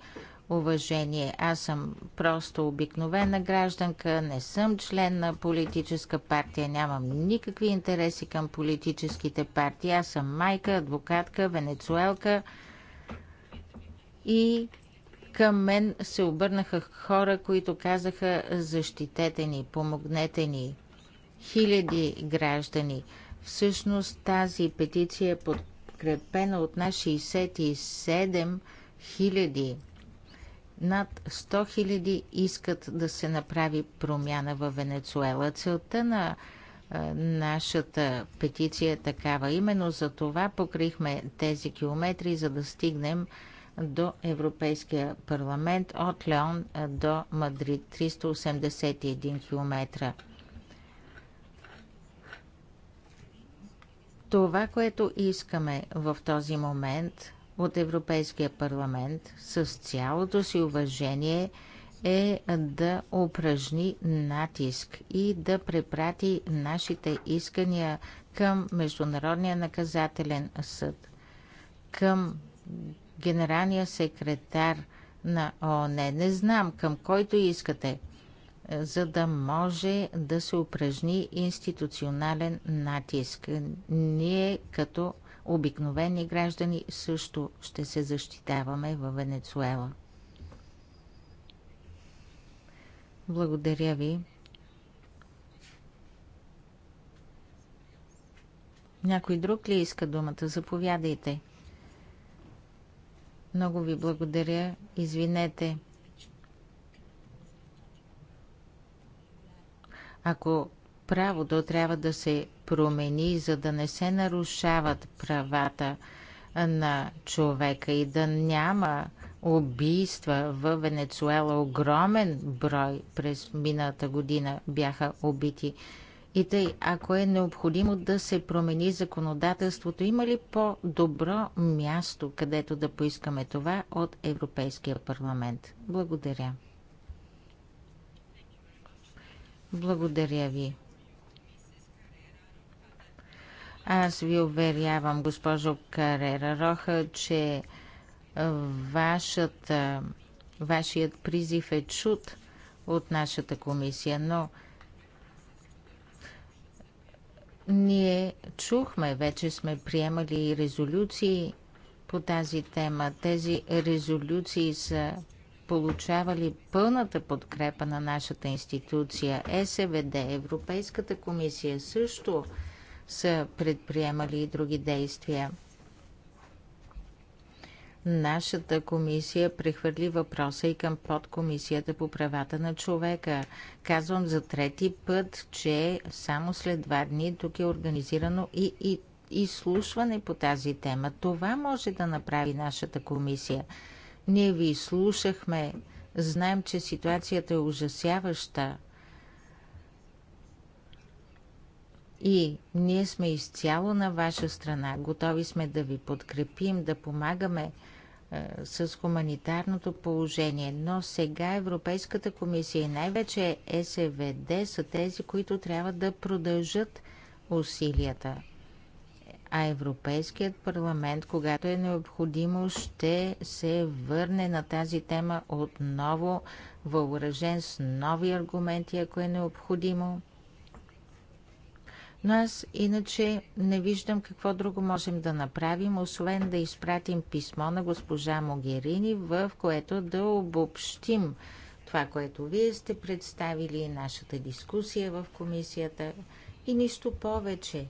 уважение. Аз съм просто обикновена гражданка, не съм член на политическа партия, нямам никакви интереси към политическите партии. Аз съм майка, адвокатка, венецуелка и към мен се обърнаха хора, които казаха защитете ни, помогнете ни. Хиляди граждани. Всъщност тази петиция е подкрепена от нас 67 хиляди над 100 000 искат да се направи промяна в Венецуела. Целта на нашата петиция е такава. Именно за това покрихме тези километри, за да стигнем до Европейския парламент от Леон до Мадрид. 381 км. Това, което искаме в този момент от Европейския парламент с цялото си уважение е да упражни натиск и да препрати нашите искания към Международния наказателен съд, към генералния секретар на ООН, не знам към който искате, за да може да се упражни институционален натиск. Ние като обикновени граждани също ще се защитаваме във Венецуела. Благодаря ви. Някой друг ли иска думата? Заповядайте. Много ви благодаря. Извинете. Ако правото трябва да се промени, за да не се нарушават правата на човека и да няма убийства в Венецуела. Огромен брой през миналата година бяха убити. И тъй, ако е необходимо да се промени законодателството, има ли по-добро място, където да поискаме това от Европейския парламент? Благодаря. Благодаря ви. Аз ви уверявам, госпожо Карера Роха, че вашата, вашият призив е чуд от нашата комисия, но ние чухме, вече сме приемали резолюции по тази тема. Тези резолюции са получавали пълната подкрепа на нашата институция, СВД, е Европейската комисия също са предприемали и други действия. Нашата комисия прехвърли въпроса и към подкомисията по правата на човека. Казвам за трети път, че само след два дни тук е организирано и, и изслушване по тази тема. Това може да направи нашата комисия. Ние ви слушахме, знаем, че ситуацията е ужасяваща. И ние сме изцяло на ваша страна. Готови сме да ви подкрепим, да помагаме е, с хуманитарното положение, но сега Европейската комисия и най-вече СВД са тези, които трябва да продължат усилията. А Европейският парламент, когато е необходимо, ще се върне на тази тема отново, въоръжен с нови аргументи, ако е необходимо. Но аз иначе не виждам какво друго можем да направим, освен да изпратим писмо на госпожа Могерини, в което да обобщим това, което вие сте представили, нашата дискусия в комисията и нищо повече.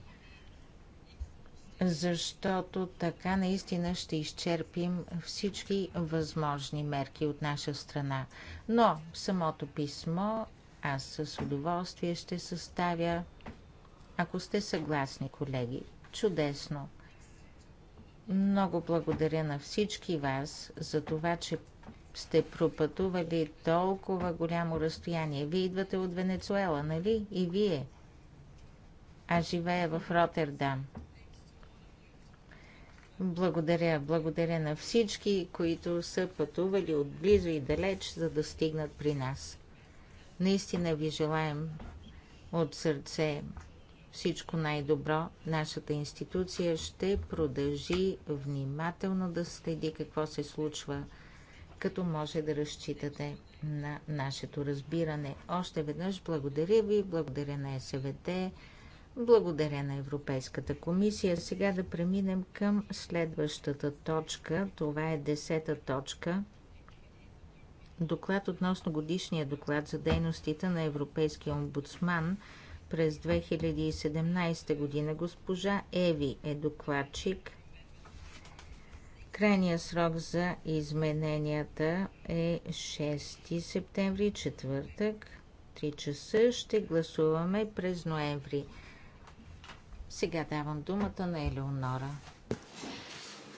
Защото така наистина ще изчерпим всички възможни мерки от наша страна. Но самото писмо аз с удоволствие ще съставя ако сте съгласни, колеги, чудесно. Много благодаря на всички вас за това, че сте пропътували толкова голямо разстояние. Вие идвате от Венецуела, нали? И вие. А живея в Ротердам. Благодаря, благодаря на всички, които са пътували отблизо и далеч, за да стигнат при нас. Наистина ви желаем от сърце всичко най-добро. Нашата институция ще продължи внимателно да следи какво се случва, като може да разчитате на нашето разбиране. Още веднъж благодаря ви, благодаря на СВТ, благодаря на Европейската комисия. Сега да преминем към следващата точка. Това е десета точка. Доклад относно годишния доклад за дейностите на Европейския омбудсман – през 2017 година. Госпожа Еви е докладчик. Крайният срок за измененията е 6 септември, четвъртък, 3 часа. Ще гласуваме през ноември. Сега давам думата на Елеонора.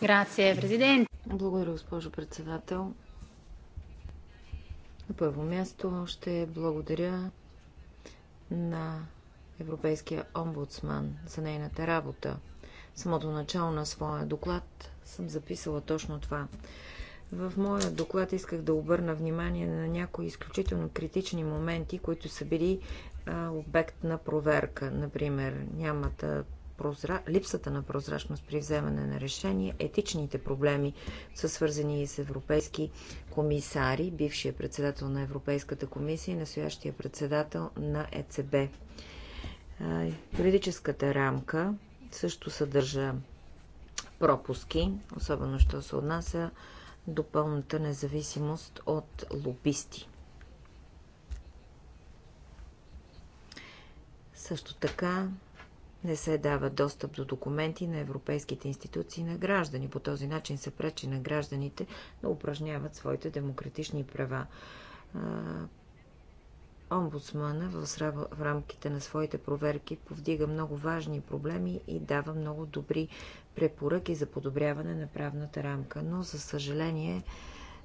Грация, президент. Благодаря, госпожо председател. На първо място ще благодаря на Европейския омбудсман за нейната работа. Самото начало на своя доклад съм записала точно това. В моя доклад исках да обърна внимание на някои изключително критични моменти, които са били а, обект на проверка. Например, нямата прозра... липсата на прозрачност при вземане на решение, етичните проблеми са свързани и с европейски комисари, бившия председател на Европейската комисия и настоящия председател на ЕЦБ. Юридическата рамка също съдържа пропуски, особено що се отнася до пълната независимост от лобисти. Също така не се дава достъп до документи на европейските институции на граждани. По този начин се пречи на гражданите да упражняват своите демократични права. Омбудсмана в рамките на своите проверки повдига много важни проблеми и дава много добри препоръки за подобряване на правната рамка. Но, за съжаление,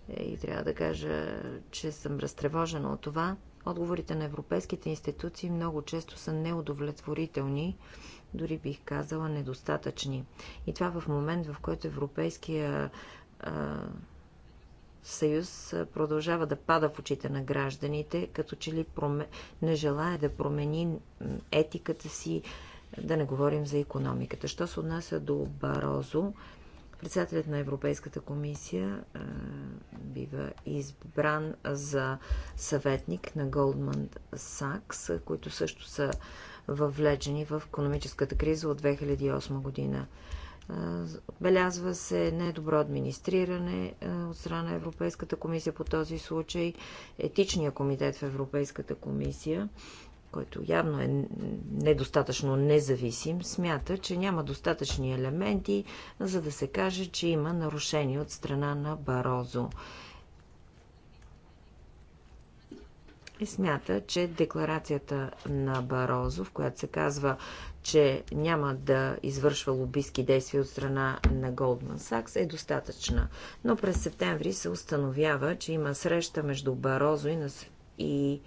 е, и трябва да кажа, че съм разтревожена от това, отговорите на европейските институции много често са неудовлетворителни, дори бих казала недостатъчни. И това в момент, в който Европейския съюз продължава да пада в очите на гражданите, като че ли проме... не желая да промени етиката си, да не говорим за економиката. Що се отнася до Барозо, председателят на Европейската комисия а, бива избран за съветник на Goldman Sachs, които също са въвлечени в економическата криза от 2008 година. Отбелязва се недобро администриране от страна на Европейската комисия по този случай. Етичния комитет в Европейската комисия, който явно е недостатъчно независим, смята, че няма достатъчни елементи, за да се каже, че има нарушение от страна на Барозо и смята, че декларацията на Барозов, в която се казва, че няма да извършва лобистки действия от страна на Голдман Сакс, е достатъчна. Но през септември се установява, че има среща между Барозо и, нас... и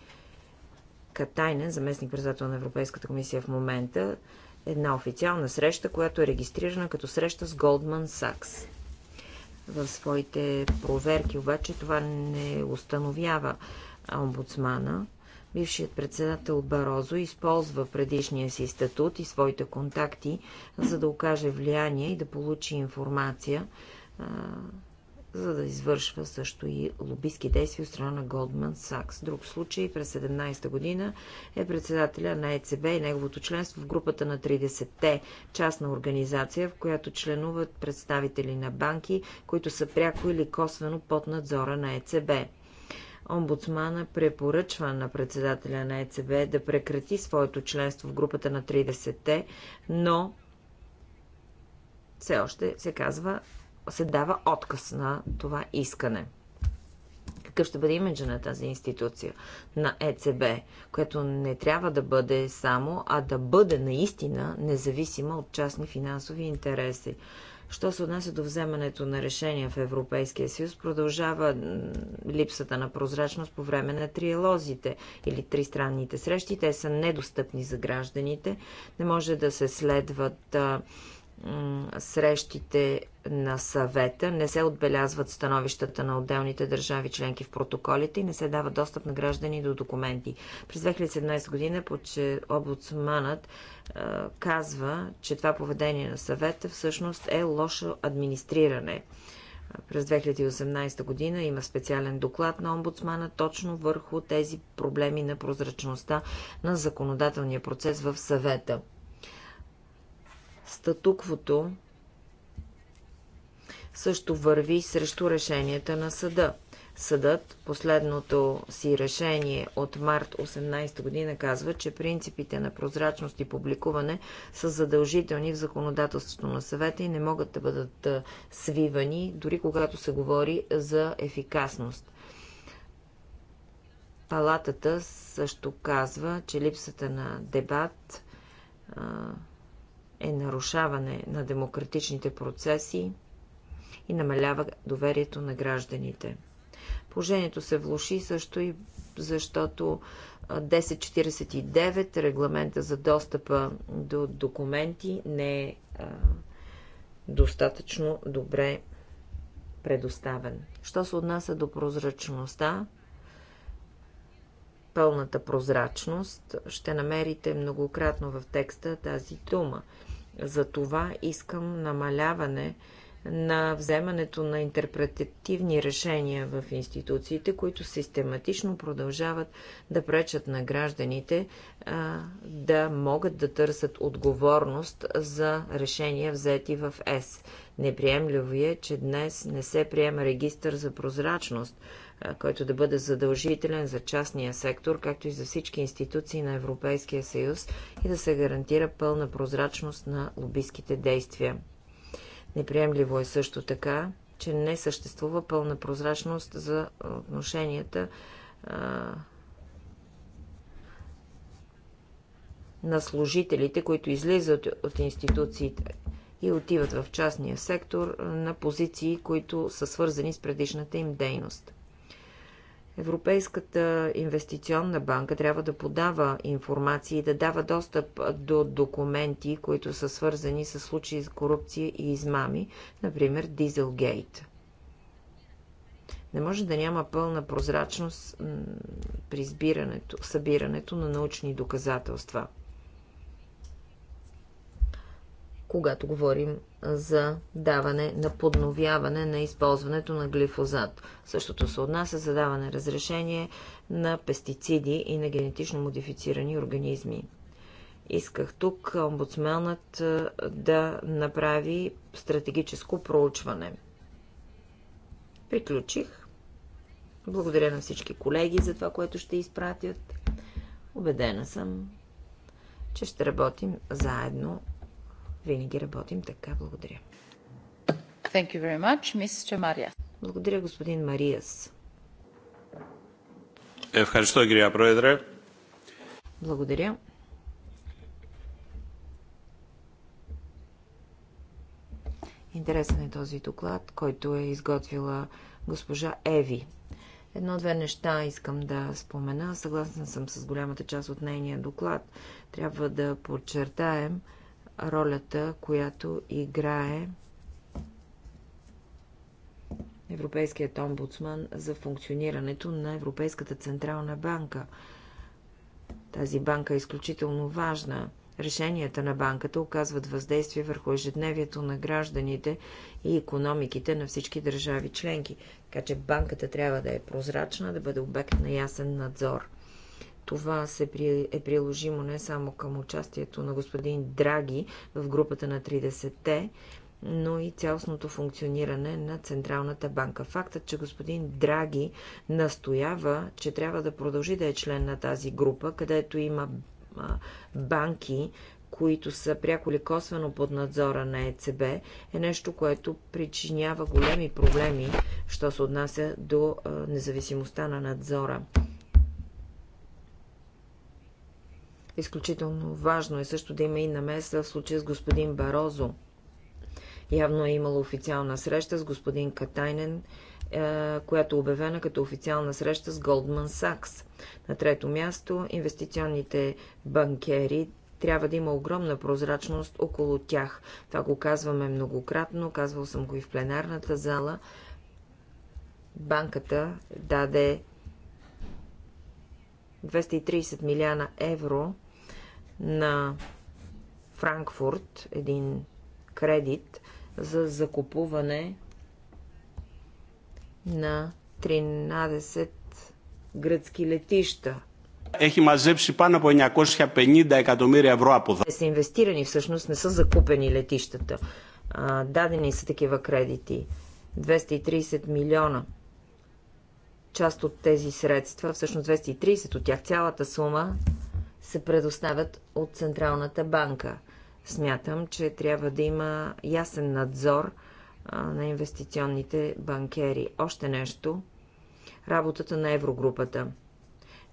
Катайнен, заместник председател на Европейската комисия в момента, една официална среща, която е регистрирана като среща с Голдман Сакс. В своите проверки обаче това не установява омбудсмана, бившият председател Барозо използва предишния си статут и своите контакти, за да окаже влияние и да получи информация, за да извършва също и лобистки действия от страна на Голдман Сакс. Друг случай през 17-та година е председателя на ЕЦБ и неговото членство в групата на 30-те, частна организация, в която членуват представители на банки, които са пряко или косвено под надзора на ЕЦБ. Омбудсмана препоръчва на председателя на ЕЦБ да прекрати своето членство в групата на 30-те, но все още се казва, се дава отказ на това искане. Какъв ще бъде имиджа на тази институция, на ЕЦБ, което не трябва да бъде само, а да бъде наистина независима от частни финансови интереси. Що се отнася до вземането на решения в Европейския съюз, продължава липсата на прозрачност по време на триелозите или тристранните срещи. Те са недостъпни за гражданите. Не може да се следват срещите на съвета, не се отбелязват становищата на отделните държави членки в протоколите и не се дава достъп на граждани до документи. През 2017 година обудсманът казва, че това поведение на съвета всъщност е лошо администриране. През 2018 година има специален доклад на омбудсмана точно върху тези проблеми на прозрачността на законодателния процес в съвета. Статуквото също върви срещу решенията на съда. Съдът, последното си решение от март 18 година, казва, че принципите на прозрачност и публикуване са задължителни в законодателството на съвета и не могат да бъдат свивани, дори когато се говори за ефикасност. Палатата също казва, че липсата на дебат е нарушаване на демократичните процеси и намалява доверието на гражданите. Положението се влуши също и защото 1049, регламента за достъпа до документи, не е достатъчно добре предоставен. Що се отнася до прозрачността, пълната прозрачност, ще намерите многократно в текста тази дума. За това искам намаляване на вземането на интерпретативни решения в институциите, които систематично продължават да пречат на гражданите а, да могат да търсят отговорност за решения взети в ЕС. Неприемливо е, че днес не се приема регистър за прозрачност, който да бъде задължителен за частния сектор, както и за всички институции на Европейския съюз и да се гарантира пълна прозрачност на лобистските действия. Неприемливо е също така, че не съществува пълна прозрачност за отношенията а, на служителите, които излизат от институциите и отиват в частния сектор на позиции, които са свързани с предишната им дейност. Европейската инвестиционна банка трябва да подава информация и да дава достъп до документи, които са свързани с случаи с корупция и измами, например Дизелгейт. Не може да няма пълна прозрачност при избирането, събирането на научни доказателства. Когато говорим за даване на подновяване на използването на глифозат. Същото се отнася за даване разрешение на пестициди и на генетично модифицирани организми. Исках тук омбудсменът да направи стратегическо проучване. Приключих. Благодаря на всички колеги за това, което ще изпратят. Обедена съм, че ще работим заедно винаги работим така. Благодаря. Thank you very much, Mr. Marias. Благодаря, господин Мариас. Ευχαριστώ, κυρία Πρόεδρε. Благодаря. Интересен е този доклад, който е изготвила госпожа Еви. Едно-две неща искам да спомена. Съгласна съм с голямата част от нейния доклад. Трябва да подчертаем, ролята, която играе Европейският омбудсман за функционирането на Европейската централна банка. Тази банка е изключително важна. Решенията на банката оказват въздействие върху ежедневието на гражданите и економиките на всички държави членки, така че банката трябва да е прозрачна, да бъде обект на ясен надзор. Това се при... е приложимо не само към участието на господин Драги в групата на 30-те, но и цялостното функциониране на Централната банка. Фактът, че господин Драги настоява, че трябва да продължи да е член на тази група, където има банки, които са пряко или косвено под надзора на ЕЦБ, е нещо, което причинява големи проблеми, що се отнася до независимостта на надзора. Изключително важно е също да има и намеса в случая с господин Барозо. Явно е имало официална среща с господин Катайнен, е, която е обявена като официална среща с Голдман Сакс. На трето място, инвестиционните банкери трябва да има огромна прозрачност около тях. Това го казваме многократно, казвал съм го и в пленарната зала. Банката даде 230 милиона евро на Франкфурт един кредит за закупуване на 13 гръцки летища. Ехи мазепши пана по 950 εκατομμύρια евро από Те Са инвестирани всъщност, не са закупени летищата. дадени са такива кредити. 230 милиона. Част от тези средства, всъщност 230 от тях, цялата сума се предоставят от Централната банка. Смятам, че трябва да има ясен надзор на инвестиционните банкери. Още нещо. Работата на Еврогрупата.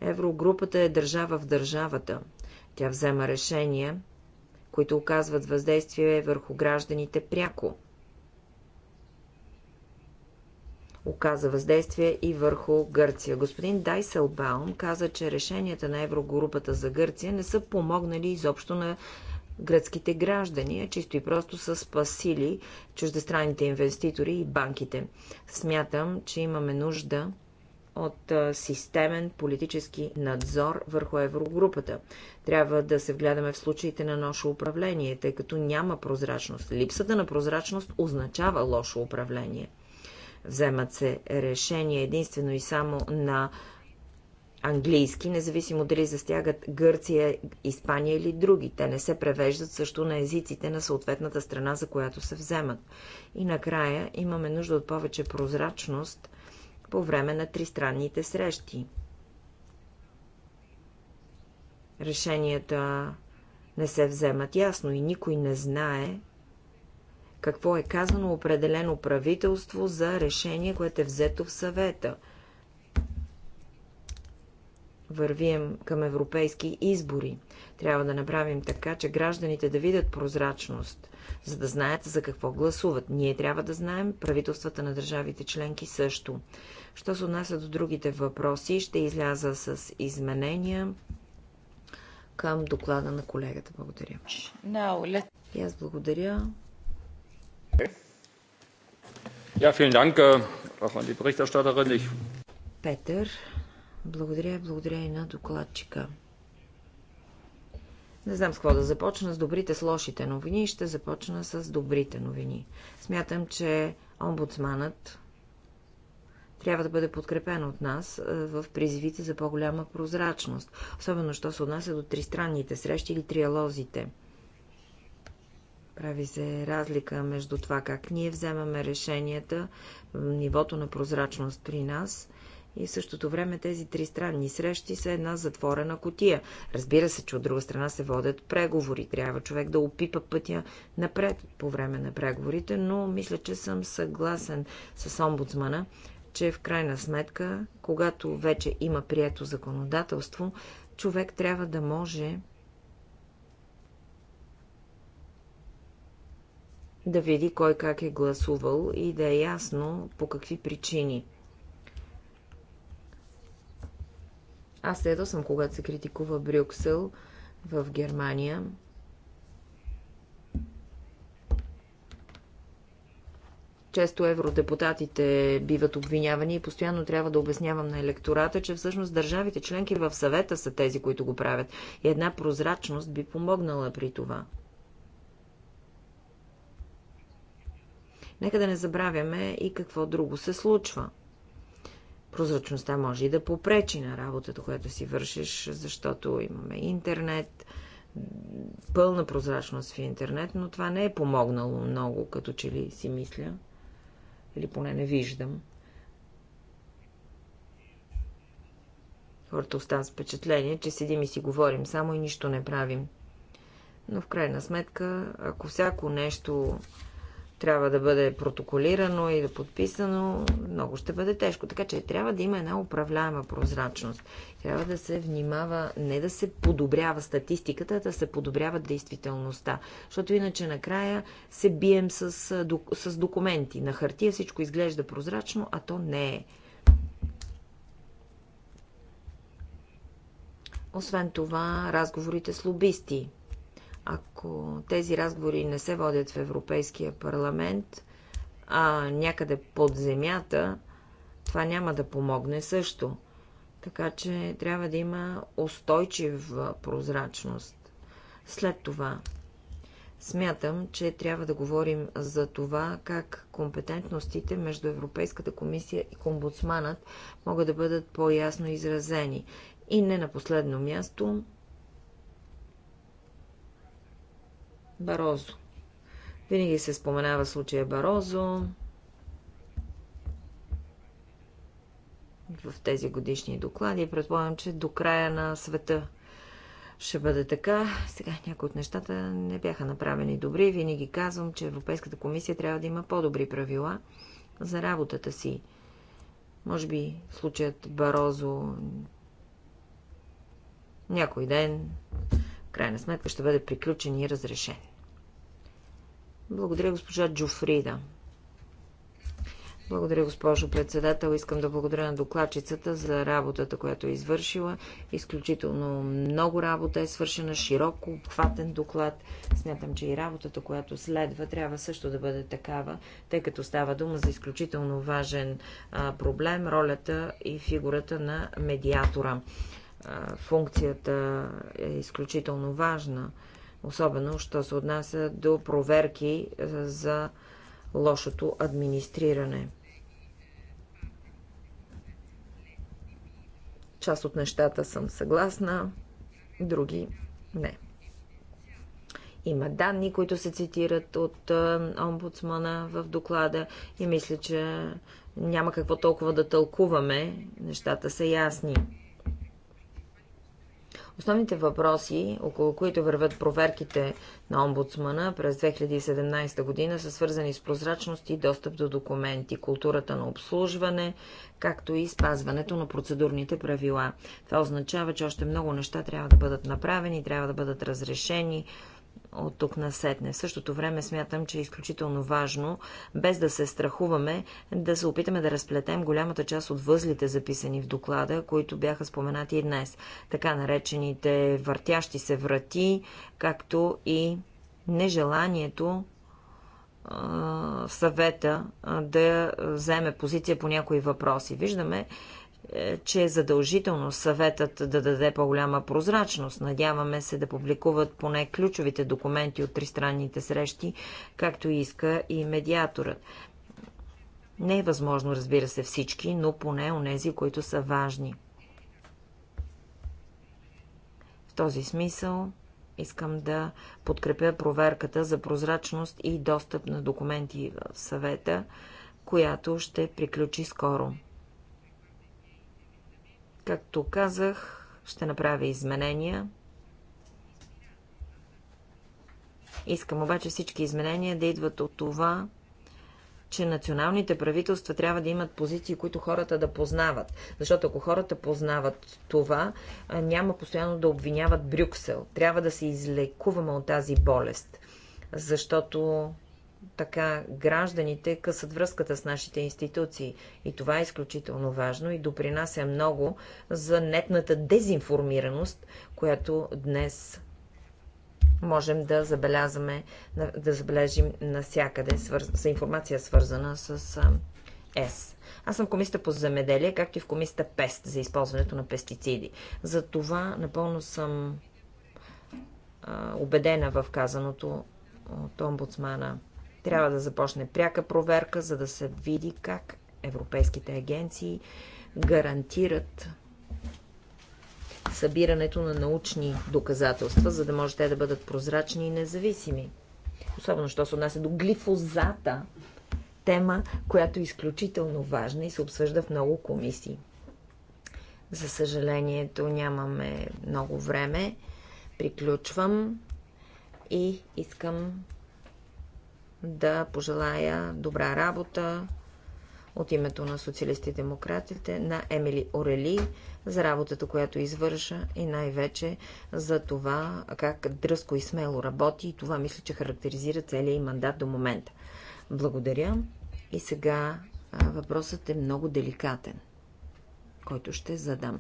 Еврогрупата е държава в държавата. Тя взема решения, които оказват въздействие върху гражданите пряко. оказа въздействие и върху Гърция. Господин Дайселбаум каза, че решенията на Еврогрупата за Гърция не са помогнали изобщо на гръцките граждани, а чисто и просто са спасили чуждестранните инвеститори и банките. Смятам, че имаме нужда от системен политически надзор върху еврогрупата. Трябва да се вгледаме в случаите на лошо управление, тъй като няма прозрачност. Липсата на прозрачност означава лошо управление – Вземат се решения единствено и само на английски, независимо дали застягат Гърция, Испания или други. Те не се превеждат също на езиците на съответната страна, за която се вземат. И накрая имаме нужда от повече прозрачност по време на тристранните срещи. Решенията не се вземат ясно и никой не знае какво е казано определено правителство за решение, което е взето в съвета. Вървим към европейски избори. Трябва да направим така, че гражданите да видят прозрачност, за да знаят за какво гласуват. Ние трябва да знаем, правителствата на държавите членки също. Що се отнася до другите въпроси, ще изляза с изменения към доклада на колегата. Благодаря. И аз благодаря. Äh, Петър, благодаря, благодаря и на докладчика. Не знам с какво да започна, с добрите, с лошите новини. Ще започна с добрите новини. Смятам, че омбудсманът трябва да бъде подкрепен от нас е, в призивите за по-голяма прозрачност, особено що се отнася до тристранните срещи или триалозите – прави се разлика между това как ние вземаме решенията, нивото на прозрачност при нас и в същото време тези тристранни срещи са една затворена котия. Разбира се, че от друга страна се водят преговори. Трябва човек да опипа пътя напред по време на преговорите, но мисля, че съм съгласен с омбудсмана, че в крайна сметка, когато вече има прието законодателство, човек трябва да може да види кой как е гласувал и да е ясно по какви причини. Аз следвал съм, когато се критикува Брюксел в Германия. Често евродепутатите биват обвинявани и постоянно трябва да обяснявам на електората, че всъщност държавите членки в съвета са тези, които го правят. И една прозрачност би помогнала при това. Нека да не забравяме и какво друго се случва. Прозрачността може и да попречи на работата, която си вършиш, защото имаме интернет, пълна прозрачност в интернет, но това не е помогнало много, като че ли си мисля. Или поне не виждам. Хората остават с впечатление, че седим и си говорим само и нищо не правим. Но в крайна сметка, ако всяко нещо трябва да бъде протоколирано и да подписано, много ще бъде тежко. Така че трябва да има една управляема прозрачност. Трябва да се внимава не да се подобрява статистиката, а да се подобрява действителността. Защото иначе накрая се бием с, с документи. На хартия всичко изглежда прозрачно, а то не е. Освен това, разговорите с лобисти – ако тези разговори не се водят в Европейския парламент, а някъде под земята, това няма да помогне също. Така че трябва да има устойчива прозрачност. След това, смятам, че трябва да говорим за това как компетентностите между Европейската комисия и комбудсманът могат да бъдат по-ясно изразени. И не на последно място, Барозо. Винаги се споменава случая Барозо в тези годишни доклади. Предполагам, че до края на света ще бъде така. Сега някои от нещата не бяха направени добри. Винаги казвам, че Европейската комисия трябва да има по-добри правила за работата си. Може би случаят Барозо някой ден, в крайна сметка, ще бъде приключен и разрешен. Благодаря, госпожа Джуфрида. Благодаря, госпожо председател. Искам да благодаря на докладчицата за работата, която е извършила. Изключително много работа е свършена, широко, обхватен доклад. Смятам, че и работата, която следва, трябва също да бъде такава, тъй като става дума за изключително важен проблем, ролята и фигурата на медиатора. функцията е изключително важна особено, що се отнася до проверки е, за лошото администриране. Част от нещата съм съгласна, други не. Има данни, които се цитират от е, омбудсмана в доклада и мисля, че няма какво толкова да тълкуваме. Нещата са ясни. Основните въпроси, около които върват проверките на омбудсмана през 2017 година, са свързани с прозрачност и достъп до документи, културата на обслужване, както и спазването на процедурните правила. Това означава, че още много неща трябва да бъдат направени, трябва да бъдат разрешени, от тук на сетне. В същото време смятам, че е изключително важно, без да се страхуваме, да се опитаме да разплетем голямата част от възлите, записани в доклада, които бяха споменати и днес. Така наречените въртящи се врати, както и нежеланието съвета да вземе позиция по някои въпроси. Виждаме, е, че е задължително съветът да даде по-голяма прозрачност. Надяваме се да публикуват поне ключовите документи от тристранните срещи, както иска и медиаторът. Не е възможно, разбира се, всички, но поне онези, които са важни. В този смисъл искам да подкрепя проверката за прозрачност и достъп на документи в съвета, която ще приключи скоро. Както казах, ще направя изменения. Искам обаче всички изменения да идват от това, че националните правителства трябва да имат позиции, които хората да познават. Защото ако хората познават това, няма постоянно да обвиняват Брюксел. Трябва да се излекуваме от тази болест. Защото така гражданите късат връзката с нашите институции. И това е изключително важно и допринася много за нетната дезинформираност, която днес можем да забелязаме, да забележим навсякъде за информация свързана с ЕС. Аз съм комисията по земеделие, както и в комисията ПЕСТ за използването на пестициди. За това напълно съм а, убедена в казаното от омбудсмана трябва да започне пряка проверка, за да се види как европейските агенции гарантират събирането на научни доказателства, за да може те да бъдат прозрачни и независими. Особено, що се отнася до глифозата, тема, която е изключително важна и се обсъжда в много комисии. За съжалението нямаме много време. Приключвам и искам да пожелая добра работа от името на социалисти-демократите на Емили Орели за работата, която извърша и най-вече за това как дръско и смело работи и това мисля, че характеризира целият и мандат до момента. Благодаря. И сега въпросът е много деликатен, който ще задам.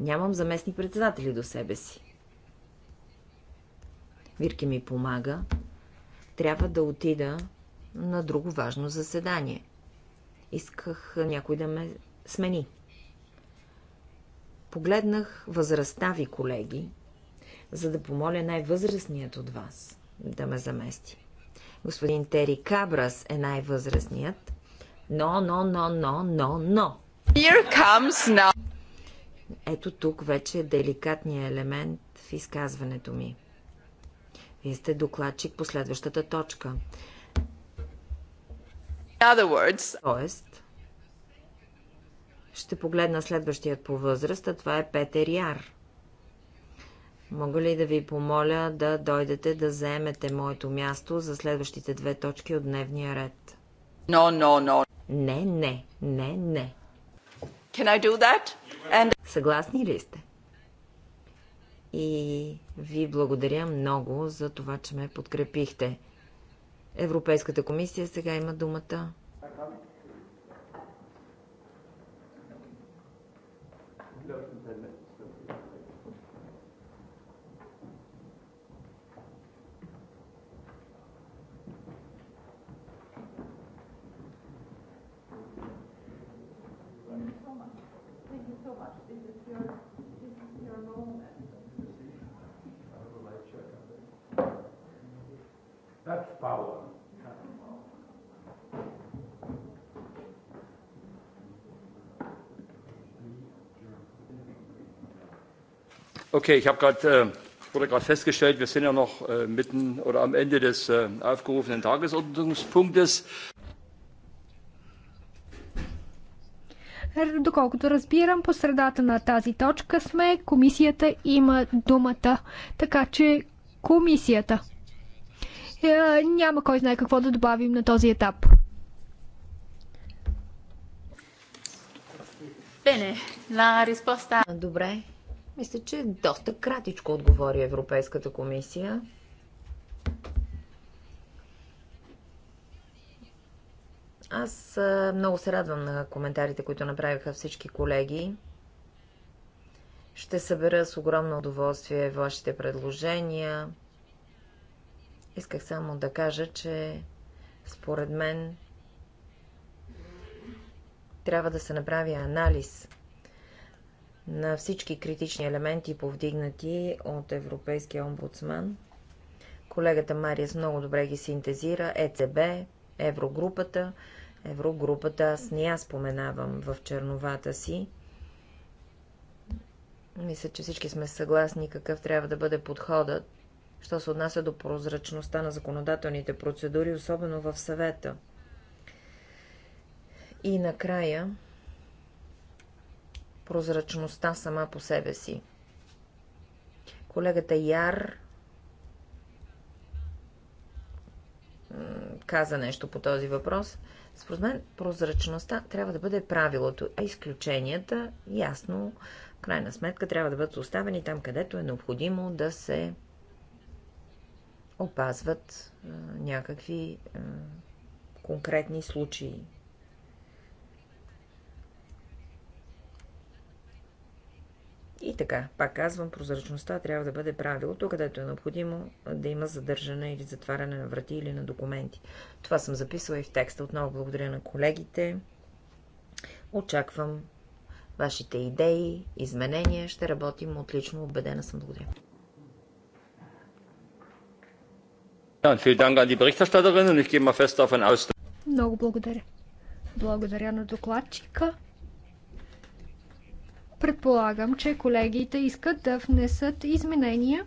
Нямам заместни председатели до себе си. Вирки ми помага трябва да отида на друго важно заседание. Исках някой да ме смени. Погледнах възрастта ви, колеги, за да помоля най-възрастният от вас да ме замести. Господин Тери Кабрас е най-възрастният. Но, но, но, но, но, но. Here comes now. Ето тук вече е деликатният елемент в изказването ми. Вие сте докладчик по следващата точка. Тоест, ще погледна следващият по възраст, а това е Петер Яр. Мога ли да ви помоля да дойдете да заемете моето място за следващите две точки от дневния ред? No, no, no. Не, не, не, не. Can I do that? And... Съгласни ли сте? И ви благодаря много за това, че ме подкрепихте. Европейската комисия сега има думата. power. Okay, ich habe gerade wurde gerade festgestellt, wir sind ja noch mitten oder am Ende des aufgerufenen Tagesordnungspunktes. Доколкото разбирам, по средата на тази точка сме. Комисията има думата. Така че комисията. Е, няма кой знае какво да добавим на този етап. Пене на респоста. Добре. Мисля, че доста кратичко отговори Европейската комисия. Аз много се радвам на коментарите, които направиха всички колеги. Ще събера с огромно удоволствие вашите предложения. Исках само да кажа, че според мен трябва да се направи анализ на всички критични елементи, повдигнати от Европейския омбудсман. Колегата с много добре ги синтезира. ЕЦБ, Еврогрупата. Еврогрупата аз не я споменавам в черновата си. Мисля, че всички сме съгласни какъв трябва да бъде подходът що се отнася до прозрачността на законодателните процедури, особено в съвета. И накрая прозрачността сама по себе си. Колегата Яр каза нещо по този въпрос. Според мен прозрачността трябва да бъде правилото, а изключенията, ясно, в крайна сметка, трябва да бъдат оставени там, където е необходимо да се опазват а, някакви а, конкретни случаи. И така, пак казвам, прозрачността трябва да бъде правилото, където е необходимо да има задържане или затваряне на врати или на документи. Това съм записала и в текста. Отново благодаря на колегите. Очаквам вашите идеи, изменения. Ще работим отлично. Обедена съм. Благодаря. Много благодаря. Благодаря на докладчика. Предполагам, че колегите искат да внесат изменения.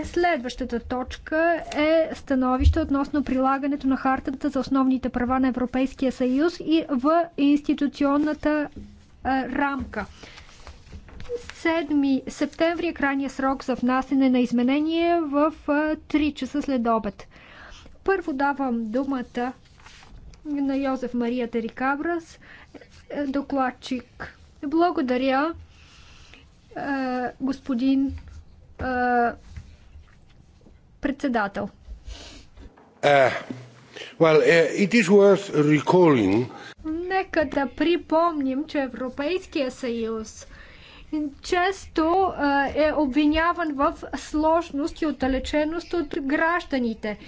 Е, следващата точка е становище относно прилагането на хартата за основните права на Европейския съюз и в институционната е, рамка. 7 септември е крайния срок за внасене на изменение в 3 часа след обед. Първо давам думата на Йозеф Мария Терикабрас, е, докладчик. Благодаря, е, господин е, председател. Uh, well, Нека да припомним, че Европейския съюз често е обвиняван в сложност и отдалеченост от гражданите.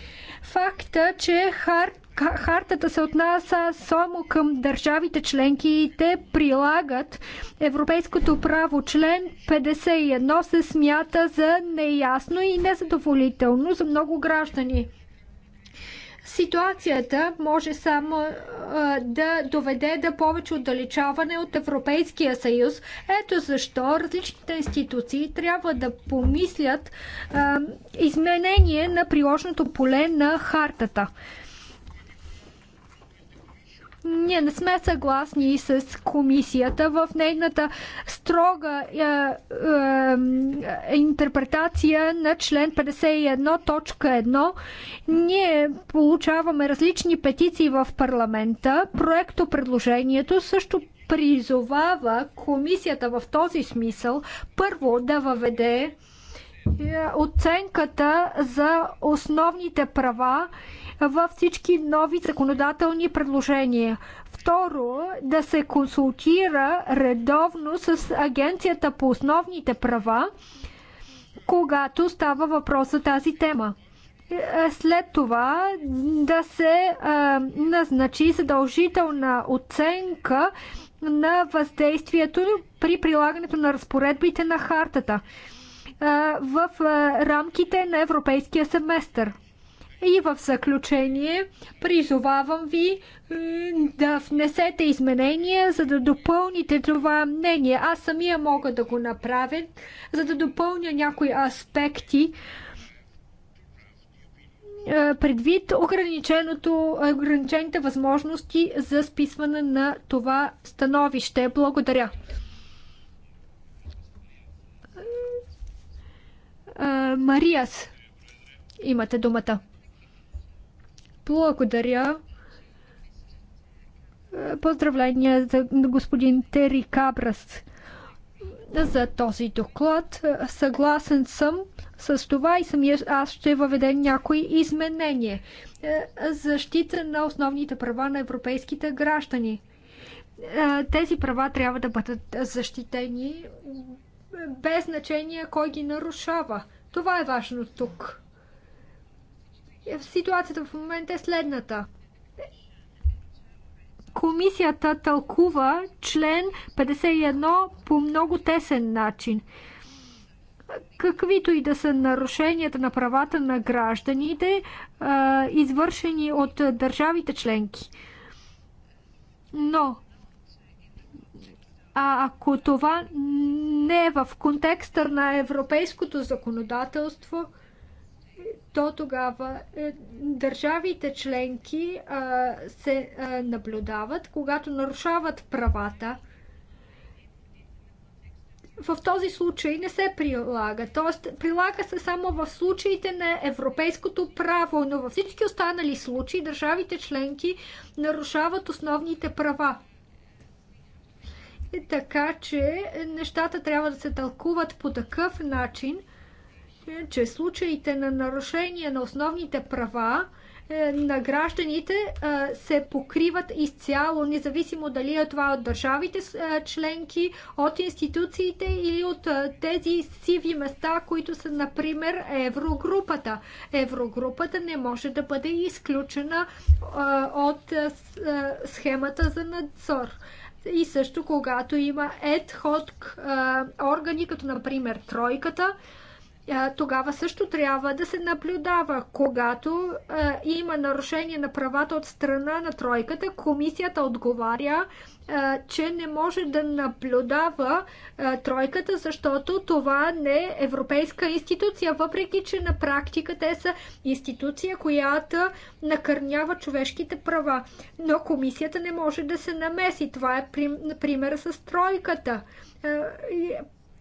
Факта, че хар... Хартата се отнася само към държавите членки и те прилагат европейското право. Член 51 се смята за неясно и незадоволително за много граждани. Ситуацията може само да доведе до повече отдалечаване от Европейския съюз. Ето защо различните институции трябва да помислят изменение на приложното поле на хартата. Ние не сме съгласни с комисията в нейната строга е, е, е интерпретация на член 51.1. Ние получаваме различни петиции в парламента. Проекто предложението също призовава комисията в този смисъл първо да въведе е, оценката за основните права във всички нови законодателни предложения. Второ, да се консултира редовно с Агенцията по основните права, когато става въпрос за тази тема. След това да се а, назначи задължителна оценка на въздействието при прилагането на разпоредбите на хартата в рамките на европейския семестър. И в заключение призовавам ви да внесете изменения, за да допълните това мнение. Аз самия мога да го направя, за да допълня някои аспекти е, предвид ограничените възможности за списване на това становище. Благодаря. Е, Мариас, имате думата. Благодаря. Поздравления за господин Тери Кабрас за този доклад. Съгласен съм с това и самия аз ще въведа някои изменения. Защита на основните права на европейските граждани. Тези права трябва да бъдат защитени без значение кой ги нарушава. Това е важно тук. Ситуацията в момента е следната. Комисията тълкува член 51 по много тесен начин. Каквито и да са нарушенията на правата на гражданите, извършени от държавите членки. Но а ако това не е в контекста на европейското законодателство, то тогава е, държавите членки се наблюдават, когато нарушават правата. В този случай не се прилага. Тоест, прилага се само в случаите на европейското право, но във всички останали случаи държавите членки нарушават основните права. Така че нещата трябва да се тълкуват по такъв начин – че случаите на нарушение на основните права е, на гражданите е, се покриват изцяло, независимо дали е това от държавите е, членки, от институциите или от тези сиви места, които са, например, Еврогрупата. Еврогрупата не може да бъде изключена от схемата за надзор. И също когато има ad hoc органи, като например тройката, тогава също трябва да се наблюдава. Когато има нарушение на правата от страна на тройката, комисията отговаря, че не може да наблюдава тройката, защото това не е европейска институция, въпреки че на практика те са институция, която накърнява човешките права. Но комисията не може да се намеси. Това е пример с тройката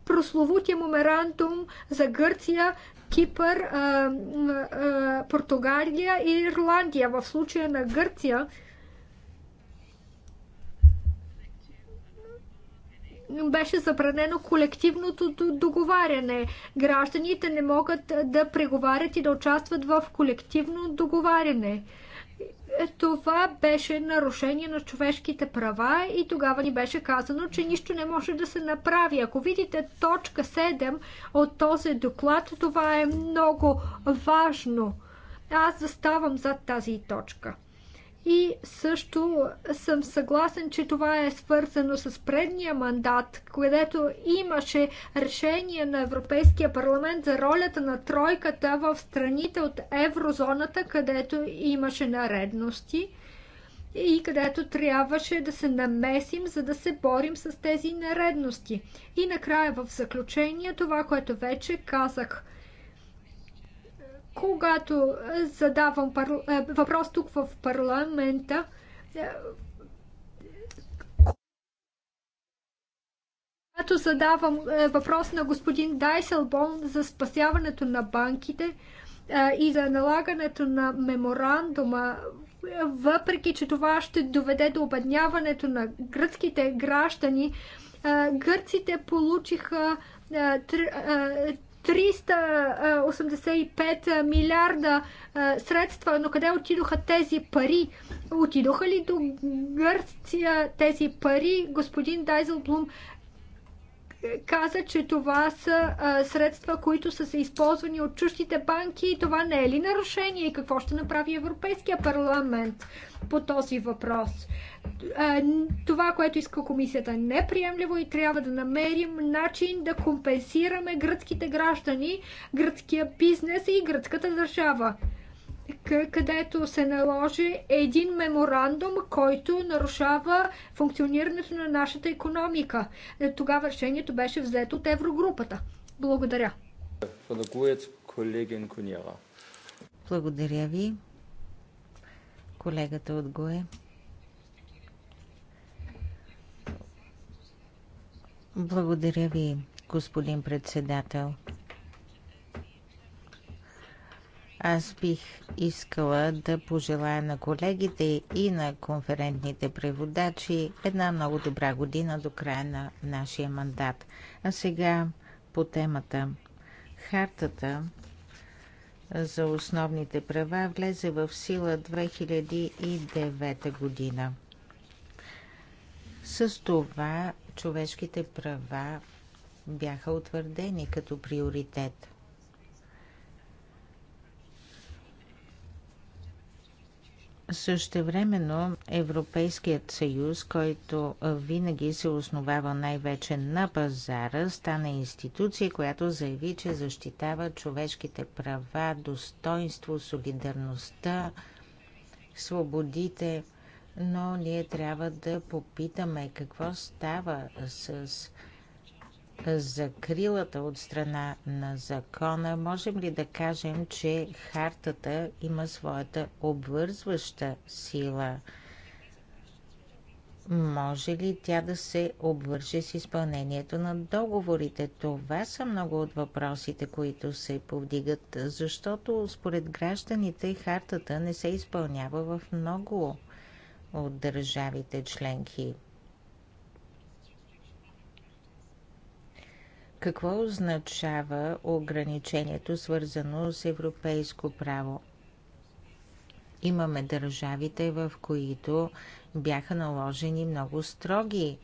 прословутия меморандум за Гърция, Кипър, Португалия и Ирландия. В случая на Гърция беше забранено колективното договаряне. Гражданите не могат да преговарят и да участват в колективно договаряне. Е, това беше нарушение на човешките права и тогава ни беше казано, че нищо не може да се направи. Ако видите точка 7 от този доклад, това е много важно. Аз заставам зад тази точка. И също съм съгласен, че това е свързано с предния мандат, където имаше решение на Европейския парламент за ролята на тройката в страните от еврозоната, където имаше наредности и където трябваше да се намесим, за да се борим с тези наредности. И накрая в заключение това, което вече казах – когато задавам въпрос тук в парламента, когато задавам въпрос на господин Дайселбон за спасяването на банките и за налагането на меморандума, въпреки че това ще доведе до обедняването на гръцките граждани, гърците получиха 385 милиарда средства, но къде отидоха тези пари? Отидоха ли до Гърция тези пари? Господин Дайзелблум е, каза, че това са средства, които са се използвани от чуждите банки и това не е ли нарушение и какво ще направи Европейския парламент по този въпрос? това, което иска комисията, е неприемливо и трябва да намерим начин да компенсираме гръцките граждани, гръцкия бизнес и гръцката държава където се наложи един меморандум, който нарушава функционирането на нашата економика. Е, тогава решението беше взето от Еврогрупата. Благодаря. Благодаря ви. Колегата от ГОЕ. Благодаря ви, господин председател. Аз бих искала да пожелая на колегите и на конферентните преводачи една много добра година до края на нашия мандат. А сега по темата. Хартата за основните права влезе в сила 2009 година. С това човешките права бяха утвърдени като приоритет. Същевременно Европейският съюз, който винаги се основава най-вече на пазара, стана институция, която заяви, че защитава човешките права, достоинство, солидарността, свободите – но ние трябва да попитаме какво става с закрилата от страна на закона. Можем ли да кажем, че хартата има своята обвързваща сила? Може ли тя да се обвърже с изпълнението на договорите? Това са много от въпросите, които се повдигат, защото според гражданите хартата не се изпълнява в много от държавите членки. Какво означава ограничението, свързано с европейско право? Имаме държавите, в които бяха наложени много строги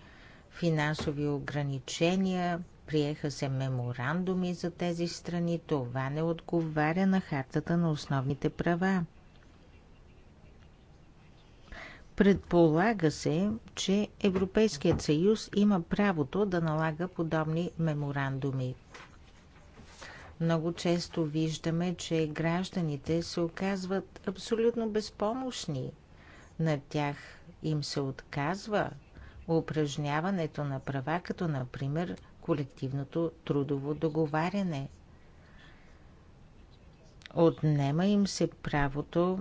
финансови ограничения, приеха се меморандуми за тези страни. Това не отговаря на хартата на основните права. Предполага се, че Европейският съюз има правото да налага подобни меморандуми. Много често виждаме, че гражданите се оказват абсолютно безпомощни. На тях им се отказва упражняването на права, като например колективното трудово договаряне. Отнема им се правото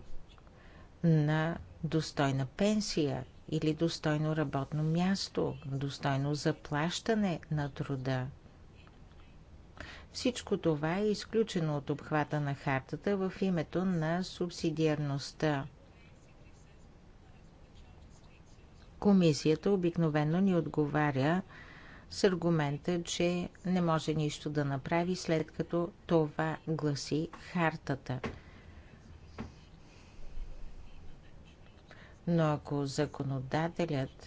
на достойна пенсия или достойно работно място, достойно заплащане на труда. Всичко това е изключено от обхвата на хартата в името на субсидиарността. Комисията обикновено ни отговаря с аргумента, че не може нищо да направи след като това гласи хартата – Но ако законодателят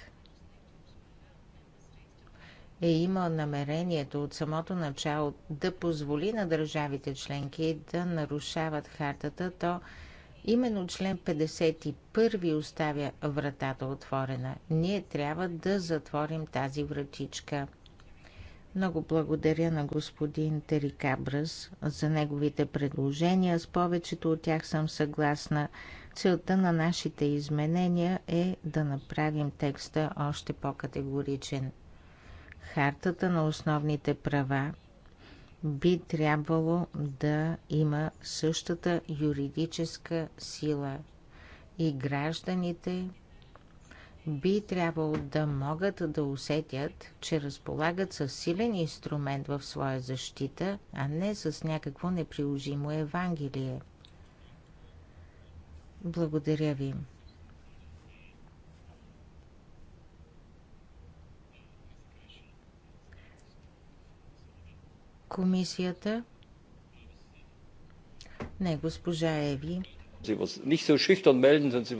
е имал намерението от самото начало да позволи на държавите членки да нарушават хартата, то именно член 51 оставя вратата отворена. Ние трябва да затворим тази вратичка. Много благодаря на господин Терикабръс за неговите предложения. С повечето от тях съм съгласна. Целта на нашите изменения е да направим текста още по-категоричен. Хартата на основните права би трябвало да има същата юридическа сила и гражданите би трябвало да могат да усетят, че разполагат със силен инструмент в своя защита, а не с някакво неприложимо евангелие – благодаря ви. Комисията. Не, госпожа Еви. Не се шихтон мелден, си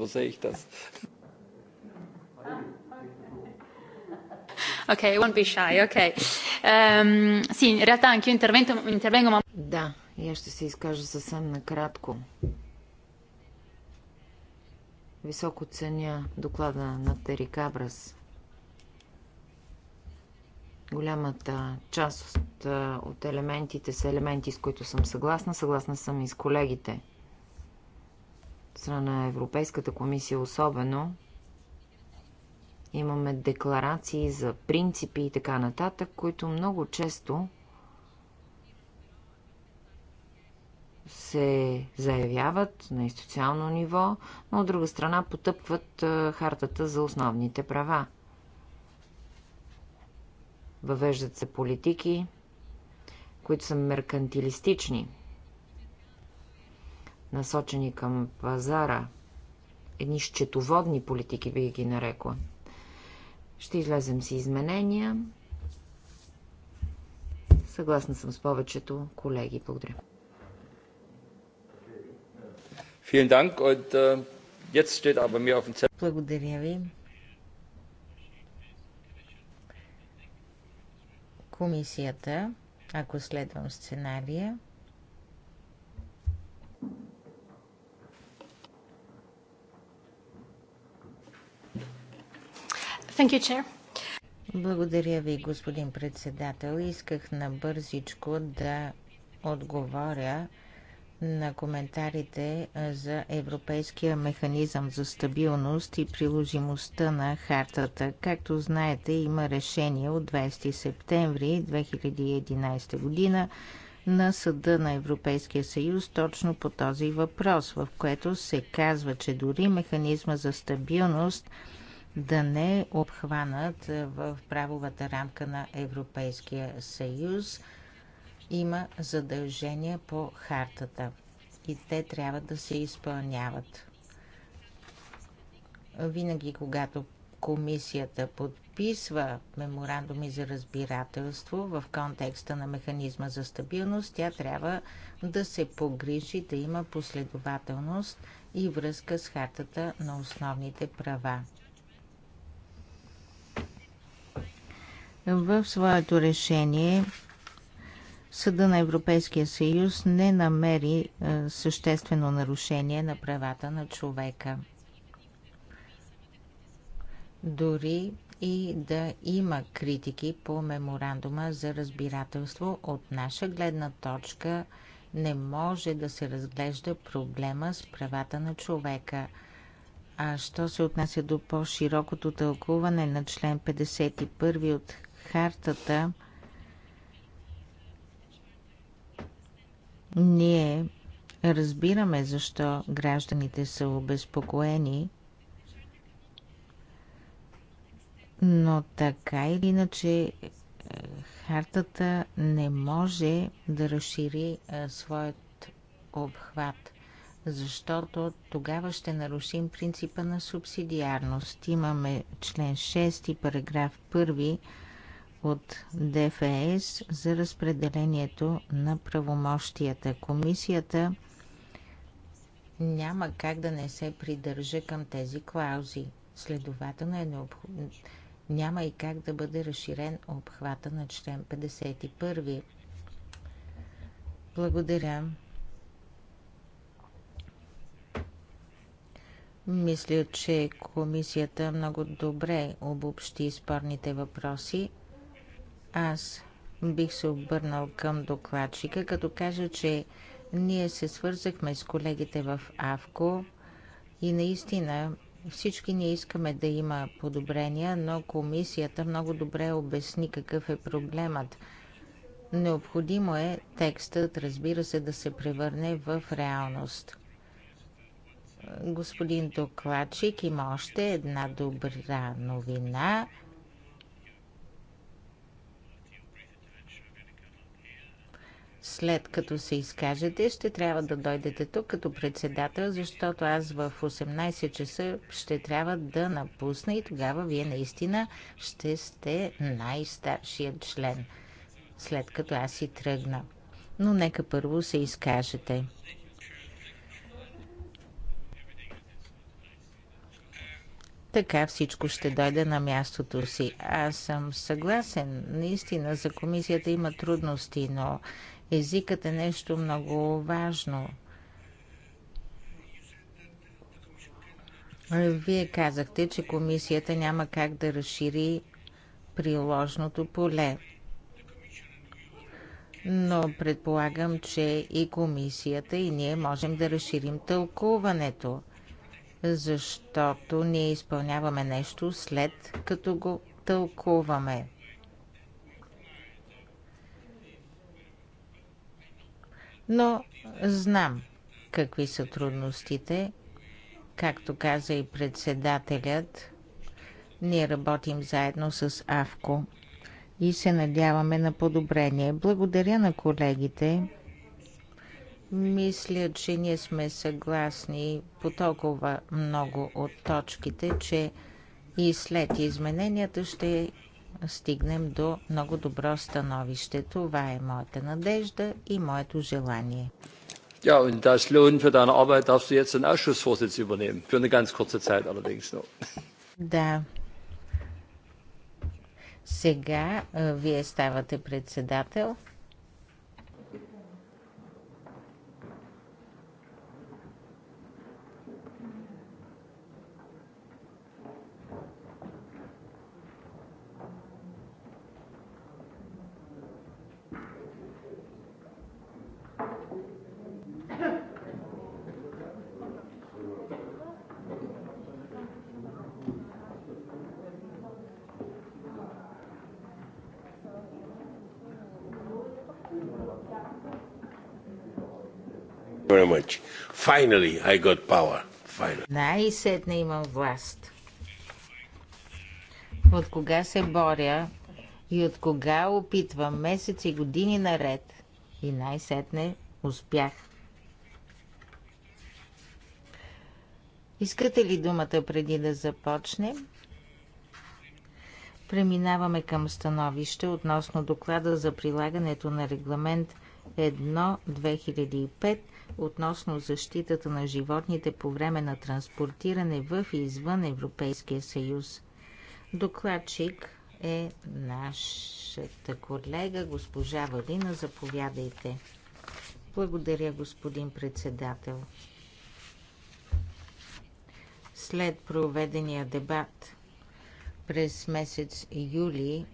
Ok, won't be shy, ok. Um, sì, in realtà anche io intervengo, ma... Da, io ще се изкажа съвсем накратко. Високо ценя доклада на Тери Кабрас. Голямата част от, от елементите са елементи, с които съм съгласна. Съгласна съм и с колегите. страна на Европейската комисия особено имаме декларации за принципи и така нататък, които много често се заявяват на институционално ниво, но от друга страна потъпкват хартата за основните права. Въвеждат се политики, които са меркантилистични, насочени към пазара, едни счетоводни политики, би ги нарекла. Ще излезем си изменения. Съгласна съм с повечето колеги. Благодаря. Äh, er Благодаря ви. Комисията, ако следвам сценария, You, Благодаря ви, господин председател. Исках набързичко да отговоря на коментарите за Европейския механизъм за стабилност и приложимостта на хартата. Както знаете, има решение от 20 септември 2011 година на Съда на Европейския съюз точно по този въпрос, в което се казва, че дори механизма за стабилност да не е обхванат в правовата рамка на Европейския съюз – има задължения по хартата и те трябва да се изпълняват. Винаги, когато комисията подписва меморандуми за разбирателство в контекста на механизма за стабилност, тя трябва да се погрижи да има последователност и връзка с хартата на основните права. В своето решение Съда на Европейския съюз не намери е, съществено нарушение на правата на човека. Дори и да има критики по меморандума за разбирателство от наша гледна точка не може да се разглежда проблема с правата на човека. А що се отнася до по-широкото тълкуване на член 51 от хартата – Ние разбираме защо гражданите са обезпокоени, но така или иначе е, хартата не може да разшири е, своят обхват, защото тогава ще нарушим принципа на субсидиарност. Имаме член 6, параграф 1 от ДФЕС за разпределението на правомощията. Комисията няма как да не се придържа към тези клаузи. Следователно е необходимо няма и как да бъде разширен обхвата на член 51. Благодаря. Мисля, че комисията много добре обобщи спорните въпроси. Аз бих се обърнал към докладчика, като кажа, че ние се свързахме с колегите в АВКО и наистина всички ние искаме да има подобрения, но комисията много добре обясни какъв е проблемът. Необходимо е текстът, разбира се, да се превърне в реалност. Господин докладчик има още една добра новина. След като се изкажете, ще трябва да дойдете тук като председател, защото аз в 18 часа ще трябва да напусна и тогава вие наистина ще сте най-старшият член, след като аз си тръгна. Но нека първо се изкажете. Така всичко ще дойде на мястото си. Аз съм съгласен. Наистина за комисията има трудности, но Езикът е нещо много важно. Вие казахте, че комисията няма как да разшири приложното поле. Но предполагам, че и комисията, и ние можем да разширим тълкуването, защото ние изпълняваме нещо след като го тълкуваме. Но знам какви са трудностите. Както каза и председателят, ние работим заедно с АВКО и се надяваме на подобрение. Благодаря на колегите. Мисля, че ние сме съгласни по толкова много от точките, че и след измененията ще стигнем до много добро становище. Това е моята надежда и моето желание. Ja, und das Lohn für deine Arbeit darfst du jetzt den Ausschussvorsitz übernehmen. Für eine ganz kurze Zeit allerdings noch. Да. Сега вие ставате председател Finally I got power. Finally. Най-сетне имам власт. От кога се боря и от кога опитвам месеци и години наред. И най-сетне успях. Искате ли думата преди да започнем? Преминаваме към становище относно доклада за прилагането на регламент 1-2005 относно защитата на животните по време на транспортиране в и извън Европейския съюз. Докладчик е нашата колега госпожа Валина. Заповядайте. Благодаря, господин председател. След проведения дебат през месец юли